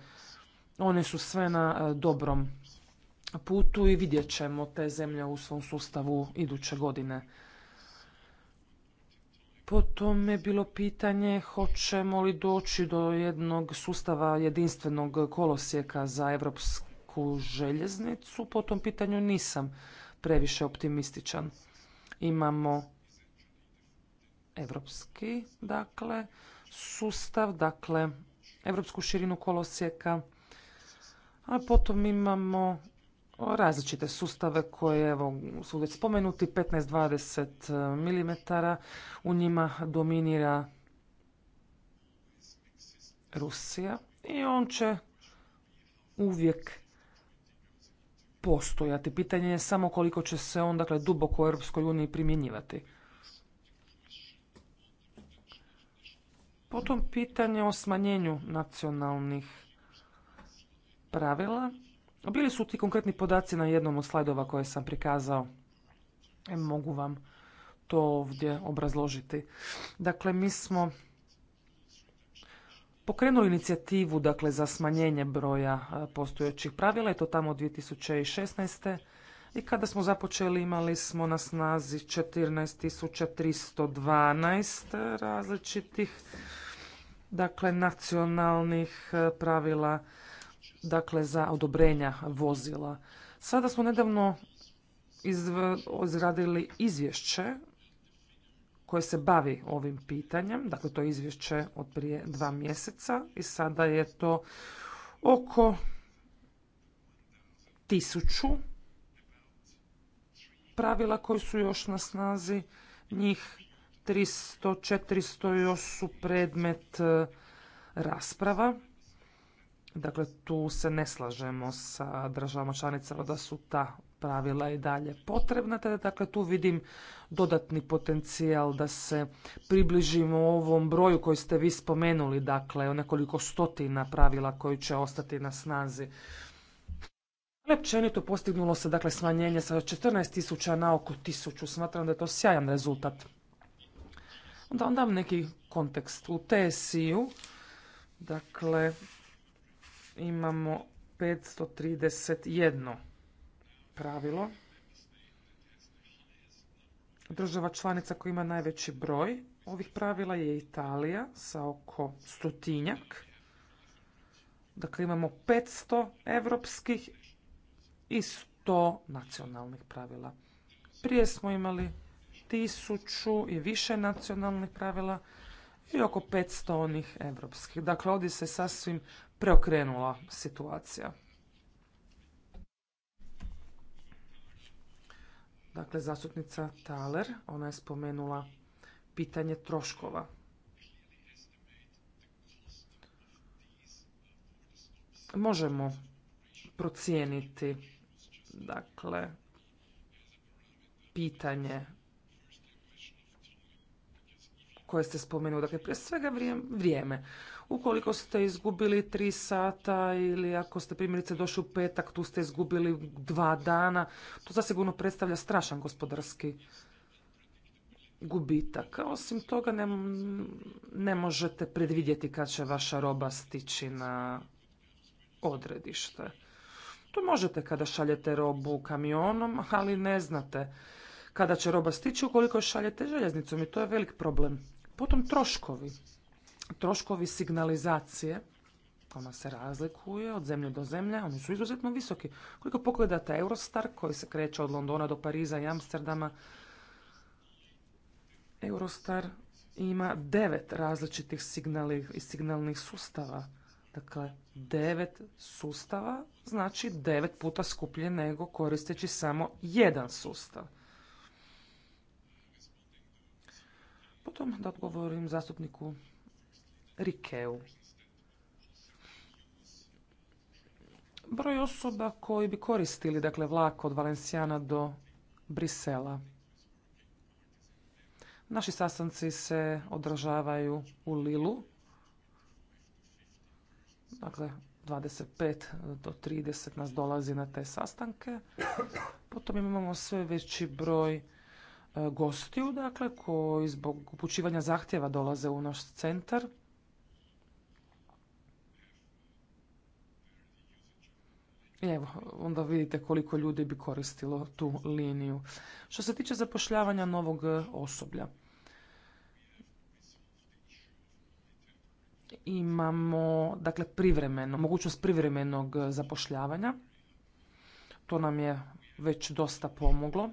one su sve na e, dobrom putu i vidjet ćemo te zemlje u svom sustavu iduće godine. Potom je bilo pitanje hoćemo li doći do jednog sustava jedinstvenog kolosijeka za europsku u željeznicu, po tom pitanju nisam previše optimističan. Imamo europski dakle, sustav, dakle evropsku širinu kolosijeka, a potom imamo različite sustave koje evo, su već spomenuti, 15-20 mm, u njima dominira Rusija i on će uvijek postojati. Pitanje je samo koliko će se on dakle, duboko u Europskoj uniji primjenjivati. Potom pitanje o smanjenju nacionalnih pravila. Bili su ti konkretni podaci na jednom od slajdova koje sam prikazao. E, mogu vam to ovdje obrazložiti. Dakle, mi smo Pokrenuli inicijativu dakle, za smanjenje broja e, postojećih pravila je to tamo od 2016. I kada smo započeli imali smo na snazi 14.312 različitih dakle, nacionalnih e, pravila dakle, za odobrenja vozila. Sada smo nedavno izradili izvješće koje se bavi ovim pitanjem, dakle to je izvješće od prije dva mjeseca i sada je to oko tisuću pravila koji su još na snazi, njih 300, 400 još su predmet e, rasprava. Dakle, tu se ne slažemo sa državama članicama da su ta pravila i dalje potrebna. tada, dakle, tu vidim dodatni potencijal da se približimo ovom broju koji ste vi spomenuli, dakle, nekoliko stotina pravila koji će ostati na snazi. Općenito postignulo se dakle smanjenje sa 14.000 na oko 1.000. Smatram da je to sjajan rezultat. Onda vam dam neki kontekst. U TSI-u dakle, imamo 531 pravilo država članica koja ima najveći broj ovih pravila je Italija sa oko stotinjak. Dakle, imamo 500 europskih i 100 nacionalnih pravila. Prije smo imali tisuću i više nacionalnih pravila i oko 500 onih europskih. Dakle, ovdje se sasvim preokrenula situacija. Dakle, zastupnica Taler, ona je spomenula pitanje troškova. Možemo procijeniti dakle pitanje koje ste spomenuli. Dakle, prije svega vrijeme. Ukoliko ste izgubili tri sata ili ako ste primjerice došli u petak, tu ste izgubili dva dana, to zasigurno predstavlja strašan gospodarski gubitak. Osim toga ne, ne možete predvidjeti kad će vaša roba stići na odredište. To možete kada šaljete robu kamionom, ali ne znate kada će roba stići ukoliko šaljete željeznicom i to je velik problem. Potom troškovi troškovi signalizacije, ona se razlikuje od zemlje do zemlje, oni su izuzetno visoki. Koliko pogledate Eurostar koji se kreće od Londona do Pariza i Amsterdama, Eurostar ima devet različitih i signalnih sustava. Dakle, devet sustava znači devet puta skuplje nego koristeći samo jedan sustav. Potom da odgovorim zastupniku Rikeu. Broj osoba koji bi koristili dakle, vlak od Valencijana do Brisela. Naši sastanci se održavaju u Lilu, dakle 25 do 30 nas dolazi na te sastanke. Potom imamo sve veći broj e, gostiju, dakle, koji zbog upućivanja zahtjeva dolaze u naš centar. Evo, onda vidite koliko ljudi bi koristilo tu liniju. Što se tiče zapošljavanja novog e, osoblja, imamo dakle privremeno, mogućnost privremenog e, zapošljavanja. To nam je već dosta pomoglo.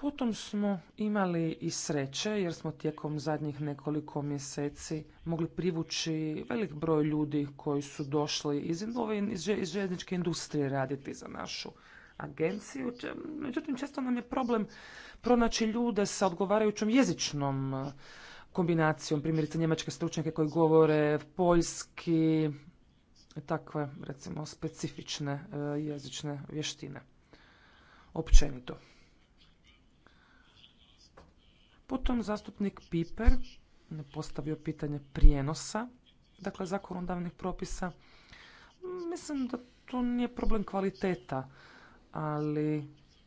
Potom smo imali i sreće jer smo tijekom zadnjih nekoliko mjeseci mogli privući velik broj ljudi koji su došli iz, iz željezničke industrije raditi za našu agenciju. Međutim, često nam je problem pronaći ljude sa odgovarajućom jezičnom e, kombinacijom, primjerice njemačke stručnjake koji govore poljski, takve recimo specifične e, jezične vještine općenito. Potom zastupnik Piper postavio pitanje prijenosa, dakle zakonodavnih propisa. Mislim da to nije problem kvaliteta, ali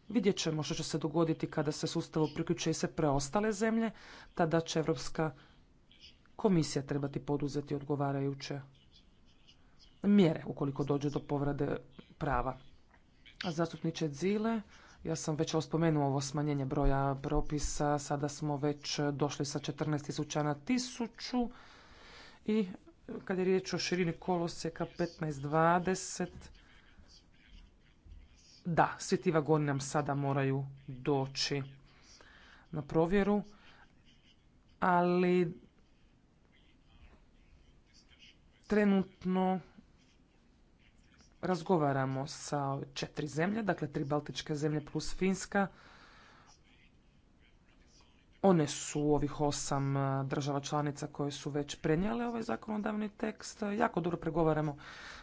vidjet ćemo što će se dogoditi kada se sustavu priključe i sve preostale zemlje. Tada će Evropska komisija trebati poduzeti odgovarajuće mjere ukoliko dođe do povrede prava. A zastupniče Zile, ja sam već spomenuo ovo smanjenje broja propisa, sada smo već došli sa 14.000 na 1000 i kad je riječ o širini koloseka 15-20, da, svi ti vagoni nam sada moraju doći na provjeru, ali trenutno razgovaramo sa četiri zemlje, dakle tri baltičke zemlje plus Finska. One su ovih osam e, država članica koje su već prenijele ovaj zakonodavni tekst. Jako dobro pregovaramo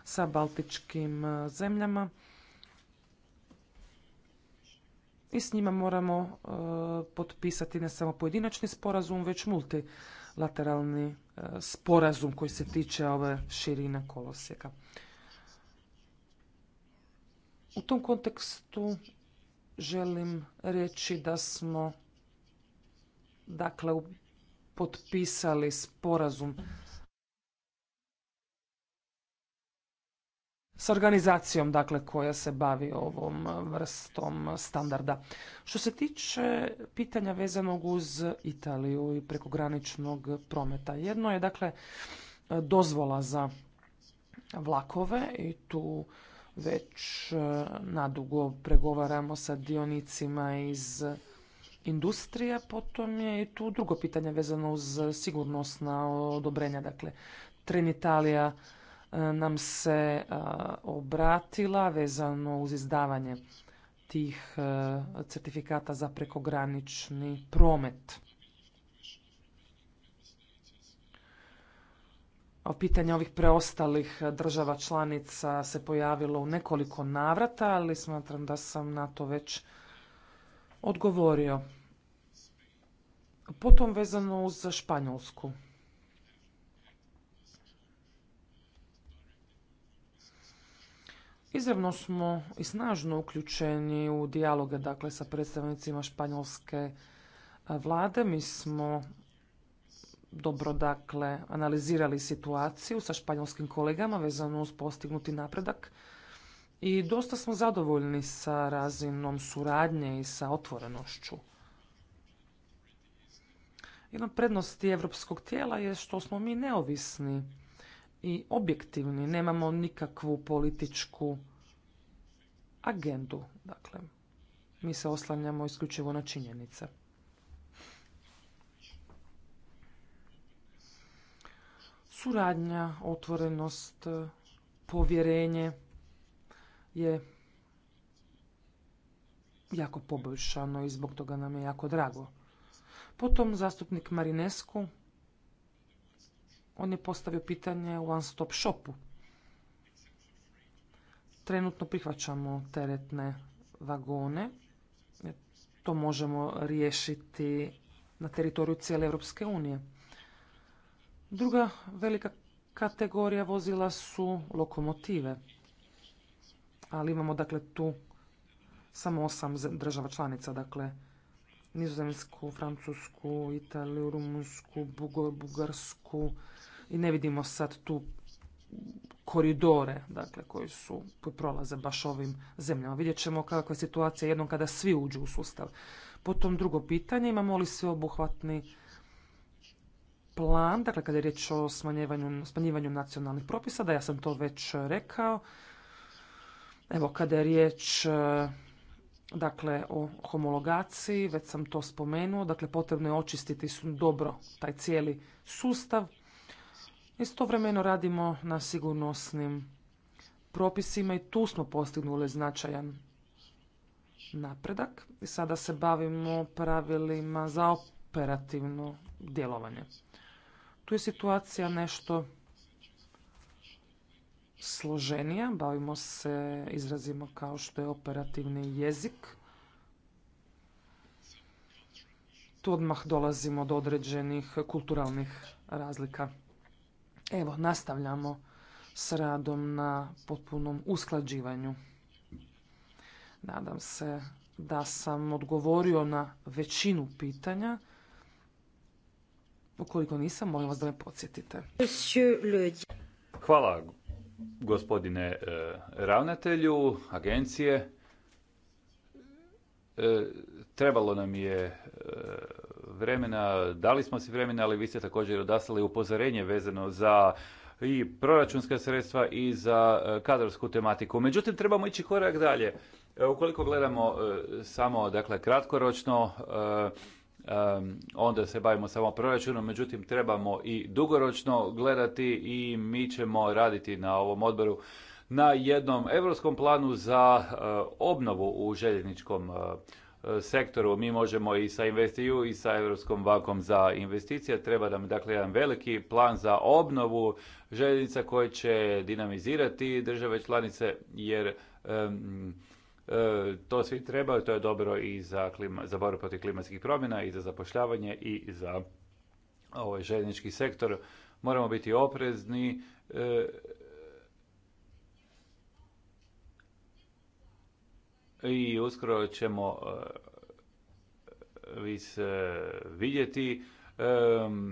sa baltičkim e, zemljama i s njima moramo e, potpisati ne samo pojedinačni sporazum, već multilateralni sporazum koji se tiče ove širine kolosijeka. U tom kontekstu želim reći da smo dakle potpisali sporazum s organizacijom dakle koja se bavi ovom vrstom standarda. Što se tiče pitanja vezanog uz Italiju i prekograničnog prometa, jedno je dakle dozvola za vlakove i tu već e, nadugo pregovaramo sa dionicima iz industrije, potom je i tu drugo pitanje vezano uz sigurnosna odobrenja. Dakle, Trenitalija e, nam se e, obratila vezano uz izdavanje tih certifikata za prekogranični promet. Pitanje ovih preostalih eh, država članica se pojavilo u nekoliko navrata, ali smatram da sam na to već odgovorio. Potom vezano uz Španjolsku. Izravno smo i snažno uključeni u dijaloge dakle, sa predstavnicima španjolske eh, vlade. Mi smo dobro dakle analizirali situaciju sa španjolskim kolegama vezano uz postignuti napredak i dosta smo zadovoljni sa razinom suradnje i sa otvorenošću. Jedna od prednosti europskog tijela je što smo mi neovisni i objektivni, nemamo nikakvu političku agendu. Dakle, mi se oslanjamo isključivo na činjenice. Suradnja, otvorenost, povjerenje je jako poboljšano i zbog toga nam je jako drago. Potom zastupnik Marinesku, on je postavio pitanje u One Stop Shopu. Trenutno prihvaćamo teretne vagone. To možemo riješiti na teritoriju cijele Europske unije. Druga velika kategorija vozila su lokomotive. Ali imamo dakle tu samo osam država članica, dakle Nizozemsku, Francusku, Italiju, Rumunsku, Bugarsku i ne vidimo sad tu koridore dakle, koji su prolaze baš ovim zemljama. Vidjet ćemo kakva je situacija jednom kada svi uđu u sustav. Potom drugo pitanje, imamo li obuhvatni plan, dakle kada je riječ o smanjivanju, nacionalnih propisa, da ja sam to već rekao. Evo, kada je riječ e, dakle, o homologaciji, već sam to spomenuo, dakle potrebno je očistiti dobro taj cijeli sustav. Istovremeno radimo na sigurnosnim propisima i tu smo postignuli značajan napredak i sada se bavimo pravilima za operativno djelovanje. Tu je situacija nešto složenija, bavimo se izrazima kao što je operativni jezik. Tu odmah dolazimo do određenih kulturalnih razlika. Evo, nastavljamo s radom na potpunom usklađivanju. Nadam se da sam odgovorio na većinu pitanja. Ukoliko nisam, molim vas da me podsjetite. Hvala gospodine e, ravnatelju agencije. E, trebalo nam je e, vremena, dali smo si vremena, ali vi ste također odaslali upozorenje vezano za i proračunska sredstva i za kadrovsku tematiku. Međutim, trebamo ići korak dalje. Ukoliko gledamo samo dakle, kratkoročno, onda se bavimo samo proračunom, međutim trebamo i dugoročno gledati i mi ćemo raditi na ovom odboru na jednom europskom planu za eh, obnovu u željezničkom eh, sektoru. Mi možemo i sa Investiju i sa Europskom bankom za investicije. Treba nam dakle jedan veliki plan za obnovu željeznica koje će dinamizirati države članice jer E, to svi trebaju, to je dobro i za, za borbu protiv klimatskih promjena, i za zapošljavanje, i za ovaj željeznički sektor. Moramo biti oprezni, e, i uskoro ćemo e, vis vidjeti.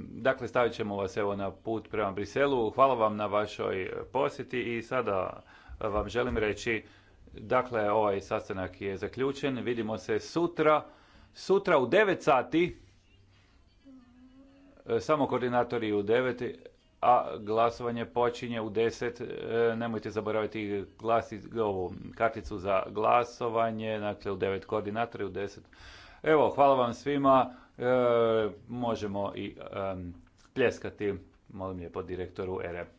Dakle, stavit ćemo vas evo na put prema Briselu. Hvala vam na vašoj posjeti i sada vam želim reći Dakle, ovaj sastanak je zaključen. Vidimo se sutra. Sutra u 9 sati, e, samo koordinatori u 9, a glasovanje počinje u 10. E, nemojte zaboraviti glasi, ovu karticu za glasovanje, dakle u 9 koordinatori, u 10. Evo, hvala vam svima. E, možemo i e, pljeskati, molim po direktoru ERE.